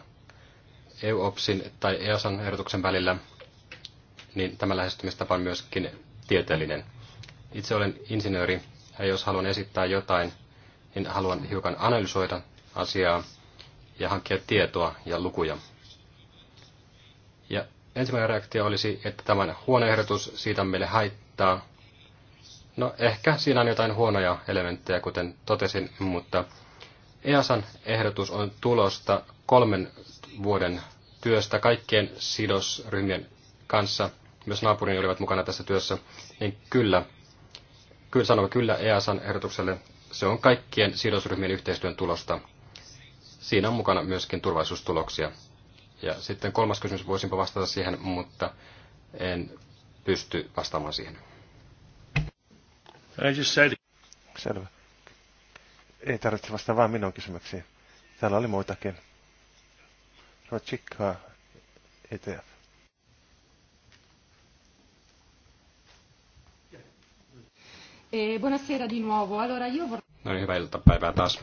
EUOPSin tai EASan ehdotuksen välillä, niin tämä lähestymistapa on myöskin tieteellinen. Itse olen insinööri, ja jos haluan esittää jotain, niin haluan hiukan analysoida asiaa ja hankkia tietoa ja lukuja. Ja ensimmäinen reaktio olisi, että tämä on huono ehdotus, siitä on meille haittaa. No ehkä siinä on jotain huonoja elementtejä, kuten totesin, mutta EASan ehdotus on tulosta kolmen vuoden työstä kaikkien sidosryhmien kanssa. Myös naapurini olivat mukana tässä työssä. Niin kyllä, kyllä sanomme kyllä EASan ehdotukselle. Se on kaikkien sidosryhmien yhteistyön tulosta. Siinä on mukana myöskin turvallisuustuloksia. Ja sitten kolmas kysymys, voisinpa vastata siihen, mutta en pysty vastaamaan siihen. Selvä. Ei tarvitse vastata vain minun kysymyksiin. Täällä oli muitakin. Rotsikkaa, ETF. E, buonasera di nuovo. Allora io No niin, hyvää iltapäivää taas.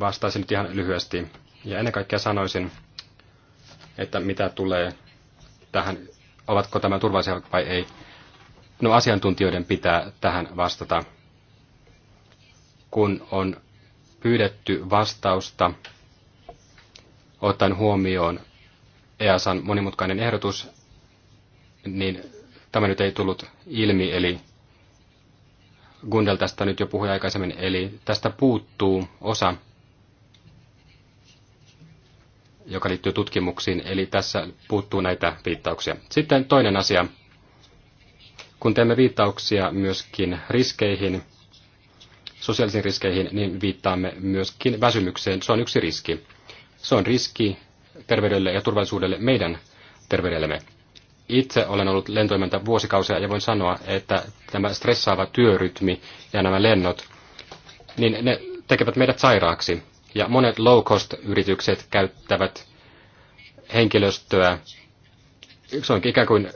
Vastaisin nyt ihan lyhyesti ja ennen kaikkea sanoisin, että mitä tulee tähän, ovatko tämä turvallisia vai ei. No asiantuntijoiden pitää tähän vastata. Kun on pyydetty vastausta, ottaen huomioon EASan monimutkainen ehdotus, niin tämä nyt ei tullut ilmi, eli Gundel tästä nyt jo puhui aikaisemmin, eli tästä puuttuu osa joka liittyy tutkimuksiin, eli tässä puuttuu näitä viittauksia. Sitten toinen asia, kun teemme viittauksia myöskin riskeihin, sosiaalisiin riskeihin, niin viittaamme myöskin väsymykseen. Se on yksi riski. Se on riski terveydelle ja turvallisuudelle meidän terveydellemme. Itse olen ollut lentoimenta vuosikausia ja voin sanoa, että tämä stressaava työrytmi ja nämä lennot, niin ne tekevät meidät sairaaksi. Ja monet low-cost-yritykset käyttävät henkilöstöä, se onkin ikään kuin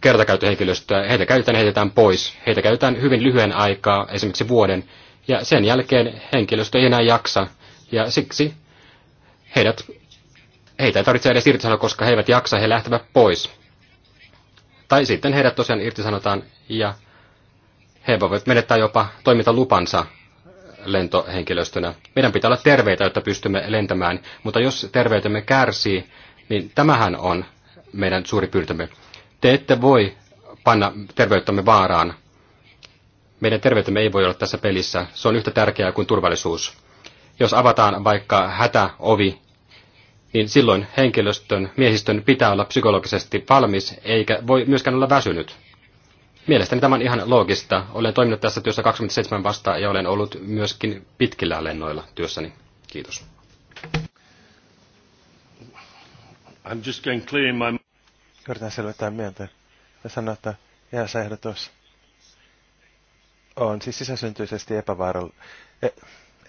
kertakäyttöhenkilöstöä, heitä käytetään, heitetään pois, heitä käytetään hyvin lyhyen aikaa, esimerkiksi vuoden, ja sen jälkeen henkilöstö ei enää jaksa, ja siksi heidät, heitä ei tarvitse edes irtisanoa, koska he eivät jaksa, he lähtevät pois. Tai sitten heidät tosiaan irtisanotaan, ja he voivat menettää jopa toimintalupansa lentohenkilöstönä. Meidän pitää olla terveitä, jotta pystymme lentämään, mutta jos terveytemme kärsii, niin tämähän on meidän suuri pyrtömme. Te ette voi panna terveyttämme vaaraan. Meidän terveytemme ei voi olla tässä pelissä. Se on yhtä tärkeää kuin turvallisuus. Jos avataan vaikka hätäovi, niin silloin henkilöstön, miehistön pitää olla psykologisesti valmis, eikä voi myöskään olla väsynyt. Mielestäni tämä on ihan loogista. Olen toiminut tässä työssä 27 vasta ja olen ollut myöskin pitkillä lennoilla työssäni. Kiitos. I'm just going clean my... Yritän selvittää mieltä ja sanoa, että ehdotus on siis sisäsyntyisesti e-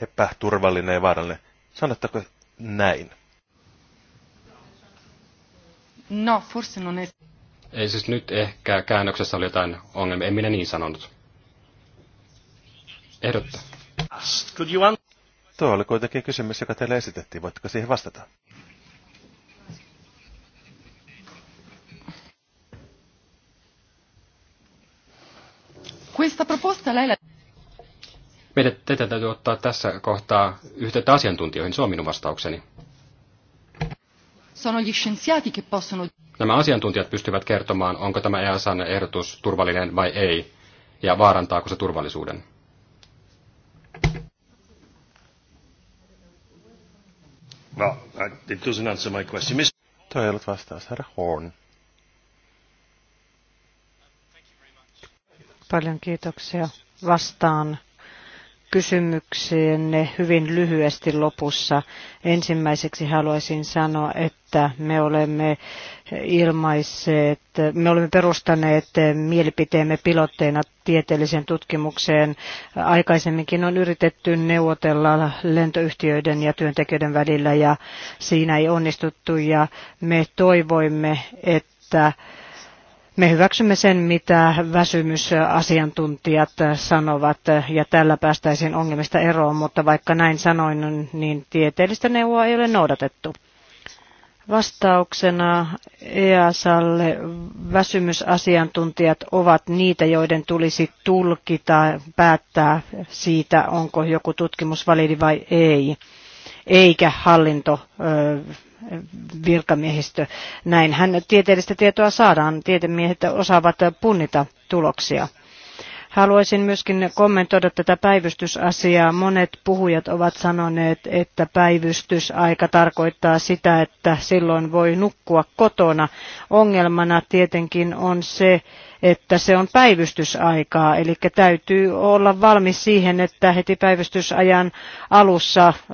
epäturvallinen ja vaarallinen. Sanottako näin? No, forse non è... Ei siis nyt ehkä käännöksessä oli jotain ongelmia, en minä niin sanonut. Ehdotta. Tuo oli kuitenkin kysymys, joka teille esitettiin. Voitteko siihen vastata? Questa proposta lei Meidän teitä täytyy ottaa tässä kohtaa yhteyttä asiantuntijoihin. Se on minun vastaukseni. Sono gli scienziati che possono nämä asiantuntijat pystyvät kertomaan, onko tämä EASAn ehdotus turvallinen vai ei, ja vaarantaako se turvallisuuden. No, it doesn't answer my question. Miss... Toi ei ollut vastaus, herra Horn. Paljon kiitoksia. Vastaan kysymykseenne hyvin lyhyesti lopussa. Ensimmäiseksi haluaisin sanoa, että me olemme ilmaisseet, me olemme perustaneet mielipiteemme pilotteina tieteelliseen tutkimukseen. Aikaisemminkin on yritetty neuvotella lentoyhtiöiden ja työntekijöiden välillä ja siinä ei onnistuttu ja me toivoimme, että että me hyväksymme sen, mitä väsymysasiantuntijat sanovat, ja tällä päästäisiin ongelmista eroon, mutta vaikka näin sanoin, niin tieteellistä neuvoa ei ole noudatettu. Vastauksena EASalle väsymysasiantuntijat ovat niitä, joiden tulisi tulkita, päättää siitä, onko joku tutkimus validi vai ei, eikä hallinto virkamiehistö. Näinhän tieteellistä tietoa saadaan. Tietemiehet osaavat punnita tuloksia. Haluaisin myöskin kommentoida tätä päivystysasiaa. Monet puhujat ovat sanoneet, että päivystysaika tarkoittaa sitä, että silloin voi nukkua kotona. Ongelmana tietenkin on se, että se on päivystysaikaa, eli täytyy olla valmis siihen, että heti päivystysajan alussa ö,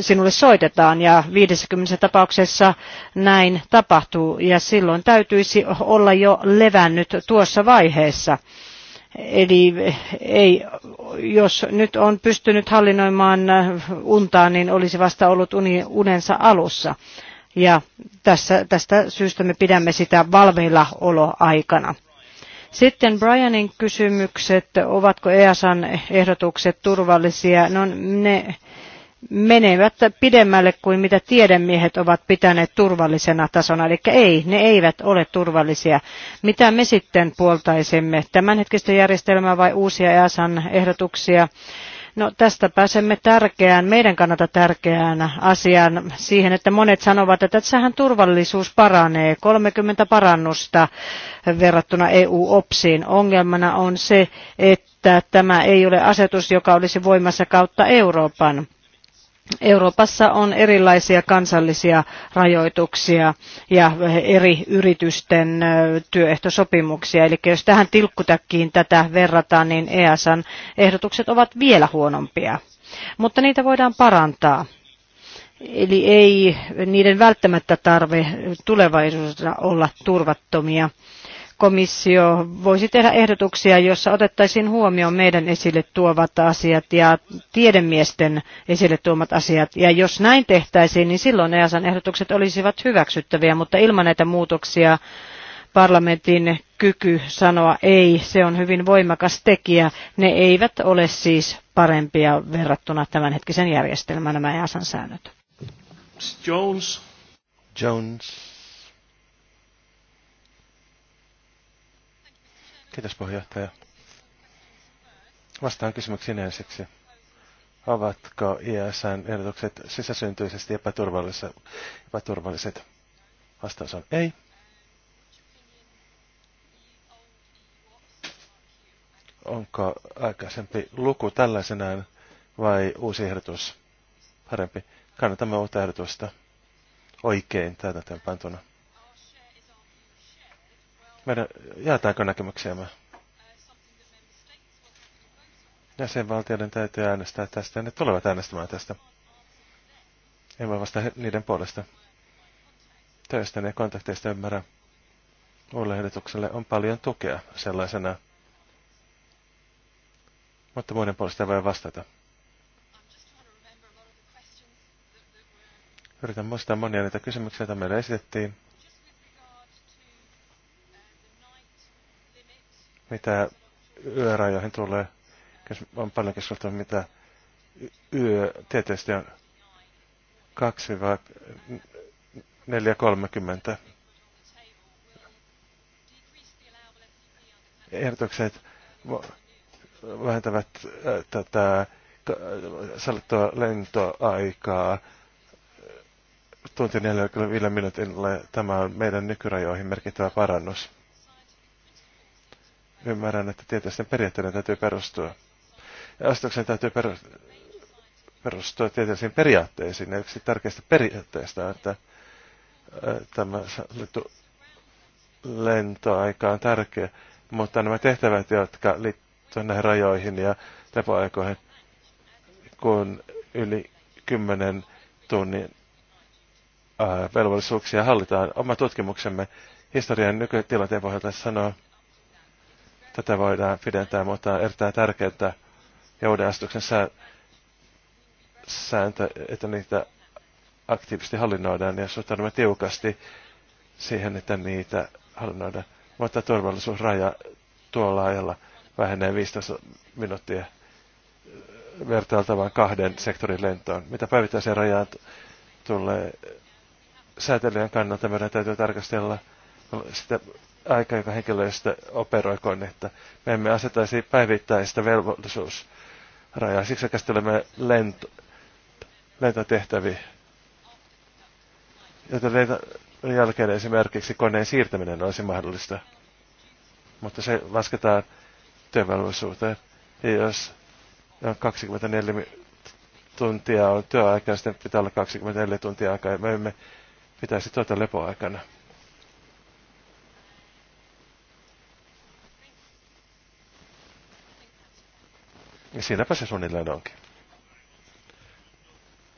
sinulle soitetaan ja 50 tapauksessa näin tapahtuu ja silloin täytyisi olla jo levännyt tuossa vaiheessa. Eli ei, jos nyt on pystynyt hallinnoimaan untaan, niin olisi vasta ollut uni, unensa alussa. Ja tässä, tästä syystä me pidämme sitä valveilla oloaikana. Sitten Brianin kysymykset, ovatko EASan ehdotukset turvallisia? No, ne menevät pidemmälle kuin mitä tiedemiehet ovat pitäneet turvallisena tasona. Eli ei, ne eivät ole turvallisia. Mitä me sitten puoltaisimme? Tämänhetkistä järjestelmää vai uusia EASAn ehdotuksia? No tästä pääsemme tärkeään, meidän kannalta tärkeään asiaan siihen, että monet sanovat, että tässähän turvallisuus paranee, 30 parannusta verrattuna EU-OPSiin. Ongelmana on se, että tämä ei ole asetus, joka olisi voimassa kautta Euroopan. Euroopassa on erilaisia kansallisia rajoituksia ja eri yritysten työehtosopimuksia. Eli jos tähän tilkkutäkkiin tätä verrataan, niin EASan ehdotukset ovat vielä huonompia. Mutta niitä voidaan parantaa. Eli ei niiden välttämättä tarve tulevaisuudessa olla turvattomia komissio voisi tehdä ehdotuksia, jossa otettaisiin huomioon meidän esille tuovat asiat ja tiedemiesten esille tuomat asiat. Ja jos näin tehtäisiin, niin silloin EASan ehdotukset olisivat hyväksyttäviä, mutta ilman näitä muutoksia parlamentin kyky sanoa ei, se on hyvin voimakas tekijä. Ne eivät ole siis parempia verrattuna tämänhetkisen järjestelmään nämä EASan säännöt. Jones. Jones. Kiitos puheenjohtaja. Vastaan kysymyksiin ensiksi. Ovatko ISN ehdotukset sisäsyntyisesti epäturvalliset? epäturvalliset? Vastaus on ei. Onko aikaisempi luku tällaisenaan vai uusi ehdotus parempi? Kannatamme uutta ehdotusta oikein täytäntöönpantuna. pantuna. Meidän jaetaanko näkemyksiämme? Jäsenvaltioiden täytyy äänestää tästä ja ne tulevat äänestämään tästä. En voi vastata niiden puolesta. Töistä ja kontakteista ymmärrä. Uudelle ehdotukselle on paljon tukea sellaisena, mutta muiden puolesta voi vastata. Yritän muistaa monia niitä kysymyksiä, joita meille esitettiin. mitä yörajoihin tulee. On paljon keskusteltu, mitä yö tietysti on 2 vai 4.30. Ehdotukset vähentävät tätä sallittua lentoaikaa tunti 45 minuutin, Tämä on meidän nykyrajoihin merkittävä parannus. Ymmärrän, että tieteellisten periaatteiden täytyy perustua. Ja ostoksen täytyy perustua, tieteellisiin periaatteisiin. Ja yksi tärkeistä periaatteista on, että tämä lentoaika on tärkeä. Mutta nämä tehtävät, jotka liittyvät näihin rajoihin ja lepoaikoihin, kun yli 10 tunnin velvollisuuksia hallitaan. Oma tutkimuksemme historian nykytilanteen pohjalta sanoo, Tätä voidaan pidentää, mutta on erittäin tärkeää ja uuden sääntö, että niitä aktiivisesti hallinnoidaan ja suhtaudumme tiukasti siihen, että niitä hallinnoidaan. Mutta turvallisuusraja tuolla ajalla vähenee 15 minuuttia vertailtavaan kahden sektorin lentoon. Mitä päivittäiseen rajaan tulee säätelijän kannalta, meidän täytyy tarkastella sitä aika, joka henkilöistä operoi että Me emme asettaisi päivittäistä velvollisuusrajaa, siksi käsittelemme lento, lentotehtäviä. Joten lentä, jälkeen esimerkiksi koneen siirtäminen olisi mahdollista. Mutta se lasketaan työvelvollisuuteen. Ja jos 24 tuntia on työaika, niin sitten pitää olla 24 tuntia aikaa, ja me emme pitäisi tuota lepoaikana. Ja siinäpä se suunnilleen onkin.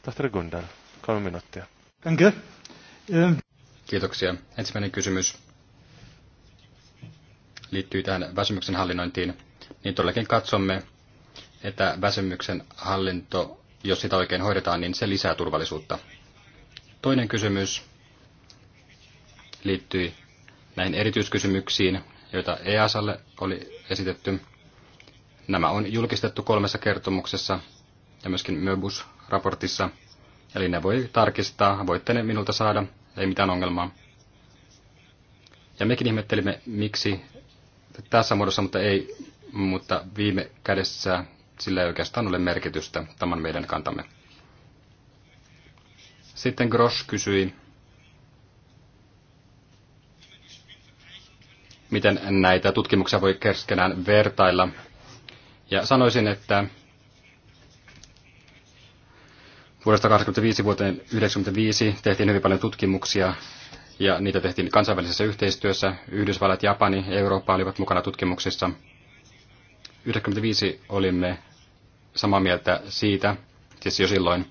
Tohtori Gundar, kolme minuuttia. Ähm. Kiitoksia. Ensimmäinen kysymys liittyy tähän väsymyksen hallinnointiin. Niin todellakin katsomme, että väsymyksen hallinto, jos sitä oikein hoidetaan, niin se lisää turvallisuutta. Toinen kysymys liittyy näihin erityiskysymyksiin, joita EASalle oli esitetty. Nämä on julkistettu kolmessa kertomuksessa ja myöskin Möbus-raportissa. Eli ne voi tarkistaa, voitte ne minulta saada, ei mitään ongelmaa. Ja mekin ihmettelimme, miksi tässä muodossa, mutta ei, mutta viime kädessä sillä ei oikeastaan ole merkitystä tämän meidän kantamme. Sitten Grosch kysyi, miten näitä tutkimuksia voi keskenään vertailla ja sanoisin, että vuodesta 25 vuoteen 1995 tehtiin hyvin paljon tutkimuksia ja niitä tehtiin kansainvälisessä yhteistyössä. Yhdysvallat, Japani ja Eurooppa olivat mukana tutkimuksissa. 1995 olimme samaa mieltä siitä, siis jo silloin,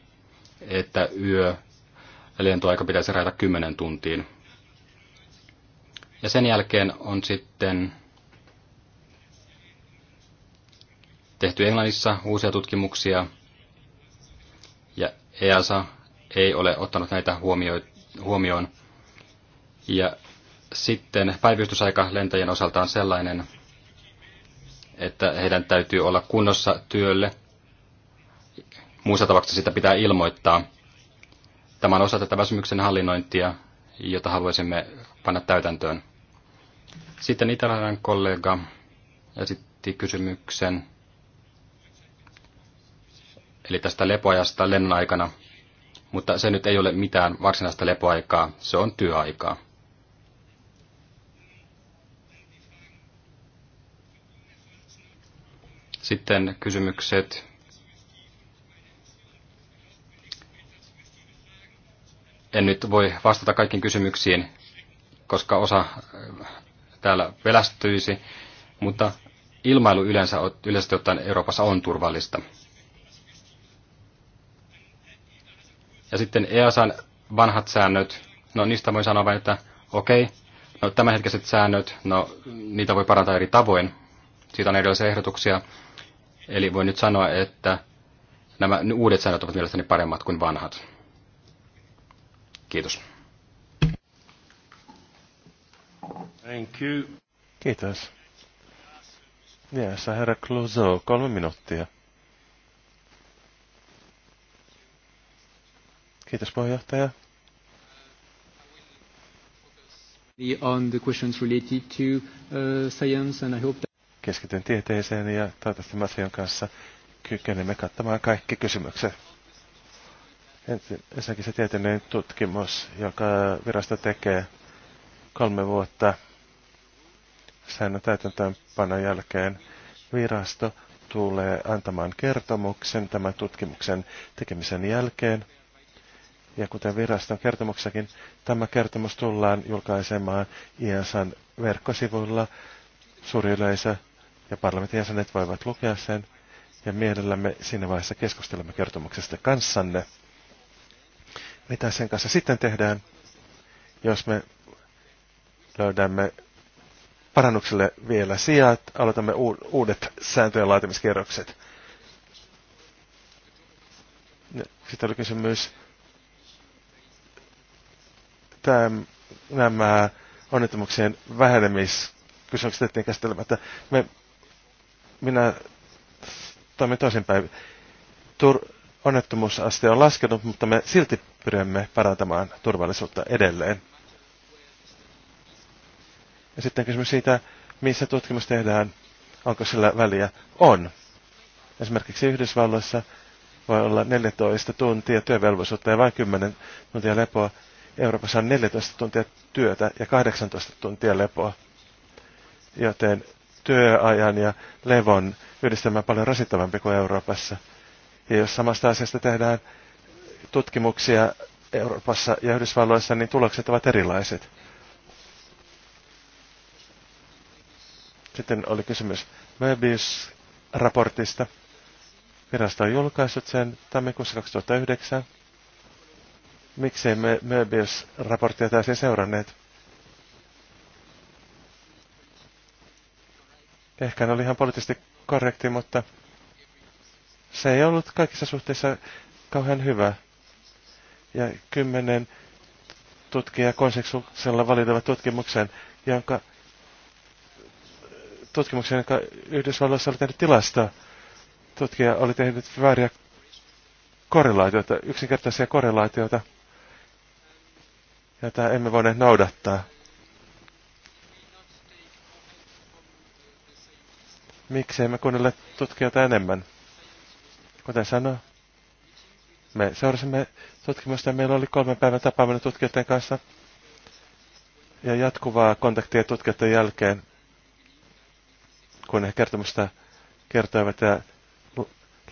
että yö lentoaika pitäisi rajata 10 tuntiin. Ja sen jälkeen on sitten tehty Englannissa uusia tutkimuksia, ja EASA ei ole ottanut näitä huomioon. Ja sitten päivystysaika lentäjien osalta on sellainen, että heidän täytyy olla kunnossa työlle. Muussa tapauksessa sitä pitää ilmoittaa. Tämä on osa tätä väsymyksen hallinnointia, jota haluaisimme panna täytäntöön. Sitten italialainen kollega esitti kysymyksen eli tästä lepoajasta lennon aikana, mutta se nyt ei ole mitään varsinaista lepoaikaa, se on työaikaa. Sitten kysymykset en nyt voi vastata kaikkiin kysymyksiin, koska osa äh, täällä pelästyisi, mutta ilmailu yleensä, yleisesti ottaen Euroopassa on turvallista. Ja sitten EASan vanhat säännöt, no niistä voi sanoa vain, että okei, okay, no tämänhetkiset säännöt, no niitä voi parantaa eri tavoin. Siitä on erilaisia ehdotuksia. Eli voin nyt sanoa, että nämä uudet säännöt ovat mielestäni paremmat kuin vanhat. Kiitos. Thank you. Kiitos. Yes, herra Clouseau, kolme minuuttia. Kiitos puheenjohtaja. On the questions related to uh, science and I hope that... Keskityn tieteeseen ja toivottavasti Matthewn kanssa kykenemme kattamaan kaikki kysymykset. Ensinnäkin se tieteellinen tutkimus, joka virasto tekee kolme vuotta säännön täytäntöönpanon jälkeen. Virasto tulee antamaan kertomuksen tämän tutkimuksen tekemisen jälkeen. Ja kuten viraston kertomuksakin, tämä kertomus tullaan julkaisemaan IASan verkkosivuilla. Suuri yleisö ja parlamentin jäsenet voivat lukea sen. Ja mielellämme siinä vaiheessa keskustelemme kertomuksesta kanssanne. Mitä sen kanssa sitten tehdään, jos me löydämme parannukselle vielä sijaa, aloitamme uudet sääntöjen laatimiskierrokset. Sitten oli kysymys täm, nämä onnettomuuksien vähenemiskysymykset jättiin käsittelemättä. Me, minä toimin toisinpäin. Tur, onnettomuusaste on laskenut, mutta me silti pyrimme parantamaan turvallisuutta edelleen. Ja sitten kysymys siitä, missä tutkimus tehdään, onko sillä väliä. On. Esimerkiksi Yhdysvalloissa voi olla 14 tuntia työvelvollisuutta ja vain 10 tuntia lepoa. Euroopassa on 14 tuntia työtä ja 18 tuntia lepoa. Joten työajan ja levon yhdistelmä on paljon rasittavampi kuin Euroopassa. Ja jos samasta asiasta tehdään tutkimuksia Euroopassa ja Yhdysvalloissa, niin tulokset ovat erilaiset. Sitten oli kysymys Möbius-raportista. Virasto on julkaissut sen tammikuussa 2009 miksei me Möbius-raporttia täysin seuranneet. Ehkä ne oli ihan poliittisesti korrekti, mutta se ei ollut kaikissa suhteissa kauhean hyvä. Ja kymmenen tutkija konseksuksella validoivat tutkimuksen, jonka tutkimuksen, jonka Yhdysvalloissa oli tehnyt tilasto. Tutkija oli tehnyt vääriä korrelaatioita, yksinkertaisia korrelaatioita – jota emme voineet noudattaa. Miksi emme kuunnelle tutkijoita enemmän? Kuten sanoin, me seurasimme tutkimusta ja meillä oli kolmen päivän tapaaminen tutkijoiden kanssa ja jatkuvaa kontaktia tutkijoiden jälkeen, kun he kertomusta kertoivat ja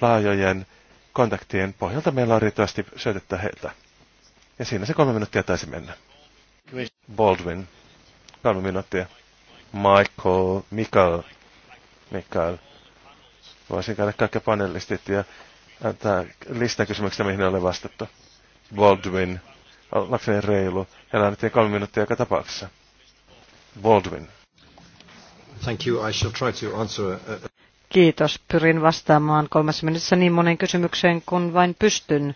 laajojen kontaktien pohjalta meillä on riittävästi syötettä heiltä. Ja siinä se kolme minuuttia taisi mennä. Baldwin. Kolme minuuttia. Michael, Mikael, Mikael. Voisin käydä kaikki panelistit ja antaa listan kysymyksiä, mihin ole vastattu. Baldwin, ollakseni reilu. Heillä annettiin kolme minuuttia joka tapauksessa. Baldwin. Thank you. I shall try to answer. A... Kiitos. Pyrin vastaamaan minuutissa niin monen kysymykseen kuin vain pystyn.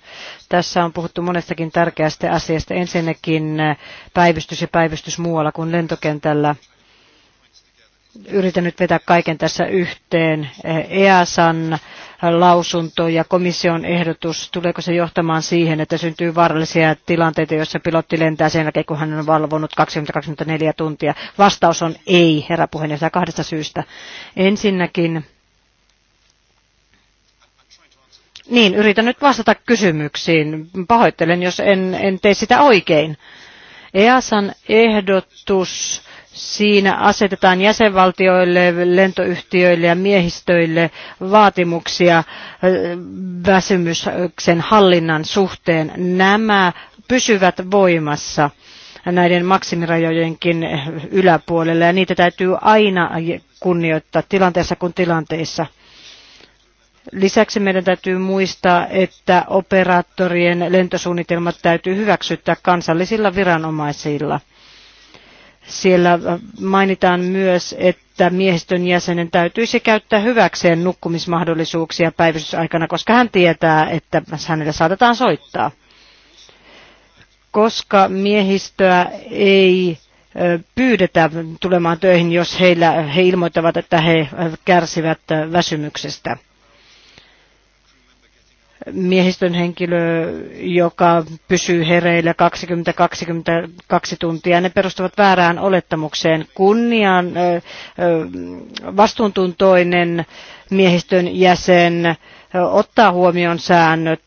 Tässä on puhuttu monestakin tärkeästä asiasta. Ensinnäkin eh, päivystys ja päivystys muualla kuin lentokentällä. Yritän nyt vetää kaiken tässä yhteen. EASan eh, e lausunto ja komission ehdotus, tuleeko se johtamaan siihen, että syntyy vaarallisia tilanteita, joissa pilotti lentää sen jälkeen, kun hän on valvonut 24 tuntia? Vastaus on ei, herra puheenjohtaja, kahdesta syystä. Ensinnäkin Niin, yritän nyt vastata kysymyksiin. Pahoittelen, jos en, en tee sitä oikein. EASan ehdotus, siinä asetetaan jäsenvaltioille, lentoyhtiöille ja miehistöille vaatimuksia väsymyksen hallinnan suhteen. Nämä pysyvät voimassa näiden maksimirajojenkin yläpuolella ja niitä täytyy aina kunnioittaa tilanteessa kuin tilanteissa. Lisäksi meidän täytyy muistaa, että operaattorien lentosuunnitelmat täytyy hyväksyttää kansallisilla viranomaisilla. Siellä mainitaan myös, että miehistön jäsenen täytyisi käyttää hyväkseen nukkumismahdollisuuksia päivystysaikana, koska hän tietää, että hänelle saatetaan soittaa. Koska miehistöä ei pyydetä tulemaan töihin, jos heillä, he ilmoittavat, että he kärsivät väsymyksestä miehistön henkilö, joka pysyy hereillä 20-22 tuntia. Ne perustuvat väärään olettamukseen. Kunnian vastuuntuntoinen miehistön jäsen ottaa huomioon säännöt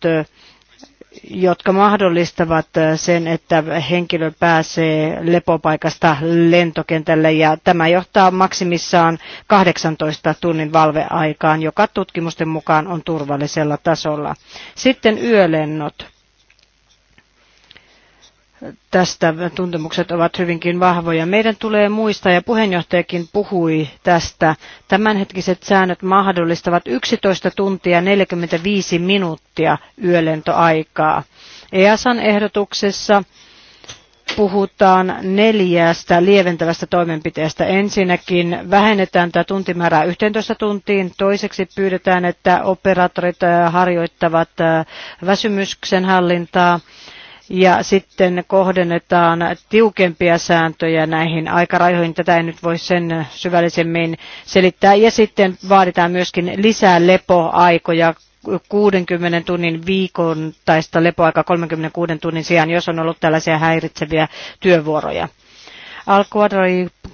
jotka mahdollistavat sen, että henkilö pääsee lepopaikasta lentokentälle ja tämä johtaa maksimissaan 18 tunnin valveaikaan, joka tutkimusten mukaan on turvallisella tasolla. Sitten yölennot tästä tuntemukset ovat hyvinkin vahvoja. Meidän tulee muistaa, ja puheenjohtajakin puhui tästä, tämänhetkiset säännöt mahdollistavat 11 tuntia 45 minuuttia yölentoaikaa. EASan ehdotuksessa puhutaan neljästä lieventävästä toimenpiteestä. Ensinnäkin vähennetään tämä tuntimäärää 11 tuntiin. Toiseksi pyydetään, että operaattorit äh, harjoittavat äh, väsymyksen hallintaa ja sitten kohdennetaan tiukempia sääntöjä näihin aikarajoihin. Tätä ei nyt voi sen syvällisemmin selittää. Ja sitten vaaditaan myöskin lisää lepoaikoja 60 tunnin viikon taista lepoaika 36 tunnin sijaan, jos on ollut tällaisia häiritseviä työvuoroja. al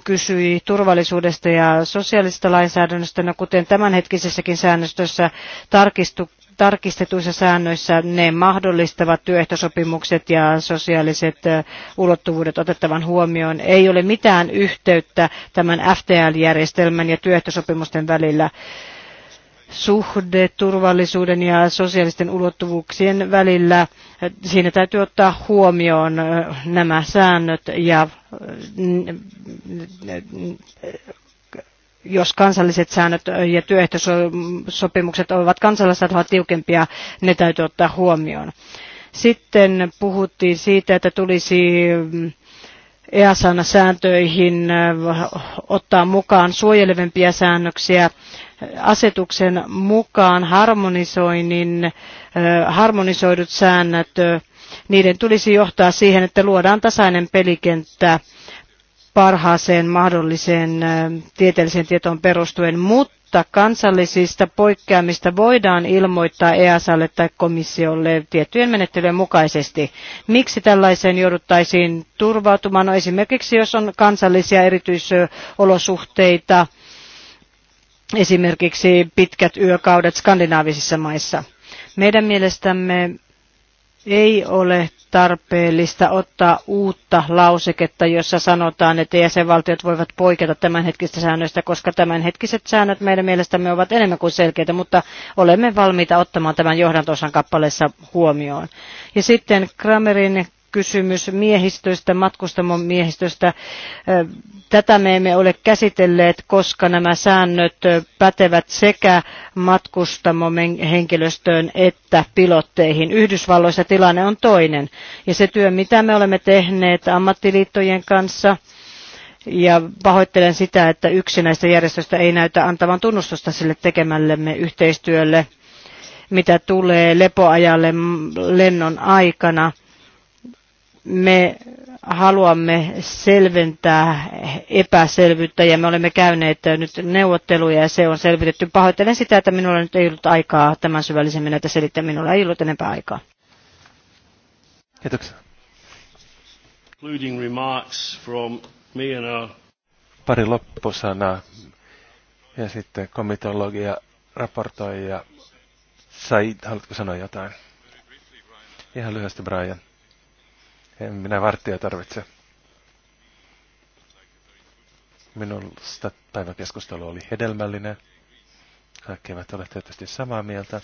kysyi turvallisuudesta ja sosiaalista lainsäädännöstä, no kuten tämänhetkisessäkin säännöstössä tarkistu, tarkistetuissa säännöissä ne mahdollistavat työehtosopimukset ja sosiaaliset ulottuvuudet otettavan huomioon. Ei ole mitään yhteyttä tämän FTL-järjestelmän ja työehtosopimusten välillä suhde turvallisuuden ja sosiaalisten ulottuvuuksien välillä. Siinä täytyy ottaa huomioon nämä säännöt ja jos kansalliset säännöt ja työehtosopimukset ovat kansallisella tiukempia, ne täytyy ottaa huomioon. Sitten puhuttiin siitä, että tulisi mm, EASAN sääntöihin ottaa mukaan suojelevempia säännöksiä asetuksen mukaan harmonisoinnin, harmonisoidut säännöt, niiden tulisi johtaa siihen, että luodaan tasainen pelikenttä parhaaseen mahdolliseen tieteelliseen tietoon perustuen, mutta kansallisista poikkeamista voidaan ilmoittaa EASalle tai komissiolle tiettyjen menettelyjen mukaisesti. Miksi tällaiseen jouduttaisiin turvautumaan? No esimerkiksi jos on kansallisia erityisolosuhteita, esimerkiksi pitkät yökaudet skandinaavisissa maissa. Meidän mielestämme ei ole tarpeellista ottaa uutta lauseketta, jossa sanotaan, että jäsenvaltiot voivat poiketa tämänhetkistä säännöistä, koska tämänhetkiset säännöt meidän mielestämme ovat enemmän kuin selkeitä, mutta olemme valmiita ottamaan tämän johdantosan kappaleessa huomioon. Ja sitten Kramerin kysymys miehistöstä, matkustamon miehistöstä. Tätä me emme ole käsitelleet, koska nämä säännöt pätevät sekä matkustamon henkilöstöön että pilotteihin. Yhdysvalloissa tilanne on toinen. Ja se työ, mitä me olemme tehneet ammattiliittojen kanssa, ja pahoittelen sitä, että yksi näistä järjestöistä ei näytä antavan tunnustusta sille tekemällemme yhteistyölle, mitä tulee lepoajalle lennon aikana me haluamme selventää epäselvyyttä ja me olemme käyneet nyt neuvotteluja ja se on selvitetty. Pahoittelen sitä, että minulla nyt ei ollut aikaa tämän syvällisemmin näitä selittää. Minulla ei ollut enempää aikaa. Kiitoksia. Pari loppusanaa ja sitten komitologia raportoi ja Said, haluatko sanoa jotain? Ihan lyhyesti Brian. En minä varttia tarvitse. Minusta päiväkeskustelu oli hedelmällinen. Kaikki eivät ole tietysti samaa mieltä.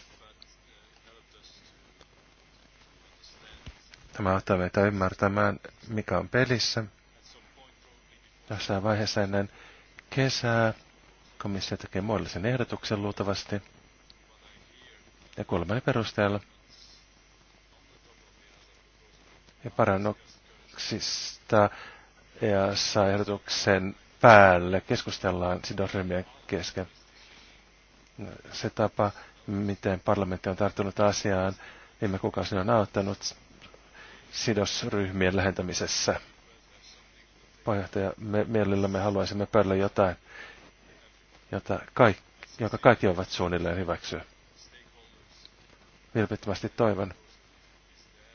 Tämä auttaa meitä ymmärtämään, mikä on pelissä. Jossain vaiheessa ennen kesää komissio tekee muodollisen ehdotuksen luultavasti. Ja kuulemani perusteella ja parannuksista ja ehdotuksen päälle keskustellaan sidosryhmien kesken. Se tapa, miten parlamentti on tarttunut asiaan viime kuukausina on auttanut sidosryhmien lähentämisessä. Puheenjohtaja, me mielellämme haluaisimme päälle jotain, jota kaikki, jonka kaikki ovat suunnilleen hyväksyä. Vilpittömästi toivon,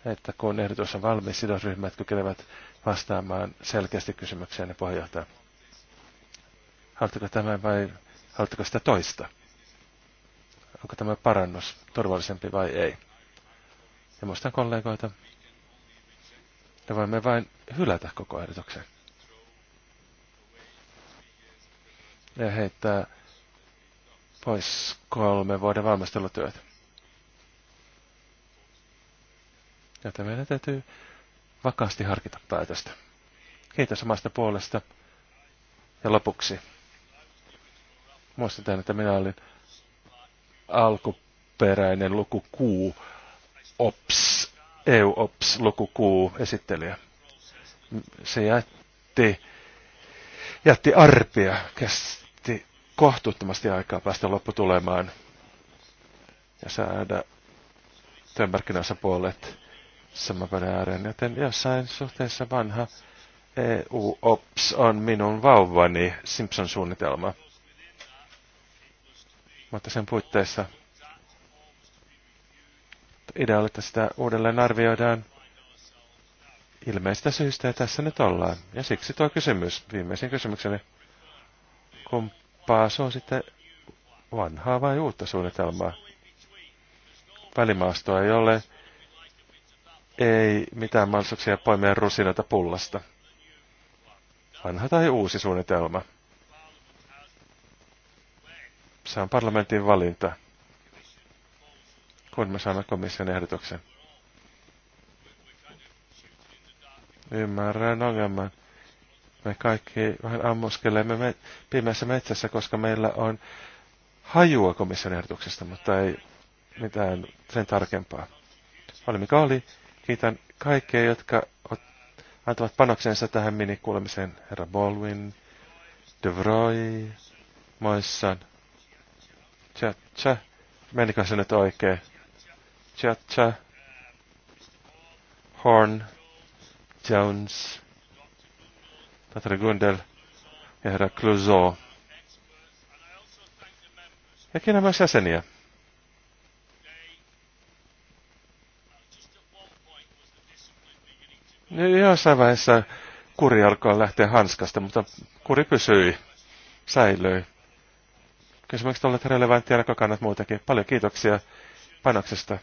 että kun ehdotus on valmis, sidosryhmät kykenevät vastaamaan selkeästi kysymykseen ja puheenjohtaja. Haluatteko tämän vai haluatteko sitä toista? Onko tämä parannus turvallisempi vai ei? Ja muistan kollegoita. Ja voimme vain hylätä koko ehdotuksen. Ja heittää pois kolme vuoden valmistelutyötä. Joten meidän täytyy vakaasti harkita päätöstä. Kiitos omasta puolesta. Ja lopuksi muistetaan, että minä olin alkuperäinen luku Q, OPS, EU OPS luku Q esittelijä. Se jätti, jätti arpia, kesti kohtuuttomasti aikaa päästä lopputulemaan ja saada puolet saman pöydän ääreen, joten jossain suhteessa vanha EU-OPS on minun vauvani Simpson-suunnitelma. Mutta sen puitteissa idea oli, että sitä uudelleen arvioidaan ilmeistä syystä, ja tässä nyt ollaan. Ja siksi tuo kysymys, viimeisin kysymykseni. Kumpaa sitten vanhaa vai uutta suunnitelmaa? Välimaastoa ei ole, ei mitään mahdollisuuksia poimia rusinoita pullasta. Vanha tai uusi suunnitelma. Se on parlamentin valinta, kun me saamme komission ehdotuksen. Ymmärrän ongelman. Me kaikki vähän ammuskelemme me pimeässä metsässä, koska meillä on hajua komission ehdotuksesta, mutta ei mitään sen tarkempaa. Oli mikä oli, Kiitän kaikkia, jotka antavat panoksensa tähän minikuulemiseen. Herra Baldwin, De Vroy, Moissan. Tcha Tcha, Menikö se nyt oikein? Tcha Tcha, Horn, Jones, Patrick Gundel ja herra Clouseau. Ja kiinnä myös jäseniä. Jossain vaiheessa kuri alkoi lähteä hanskasta, mutta kuri pysyi, säilyi. Kysymykset relevantti ja näkökannat muutenkin. Paljon kiitoksia panoksesta.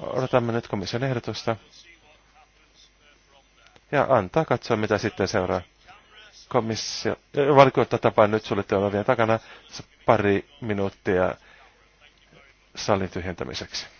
Odotamme nyt komission ehdotusta. Ja antaa katsoa, mitä sitten seuraa. Komissio, valikoittaa tapaa nyt sulle olevien takana pari minuuttia salin tyhjentämiseksi.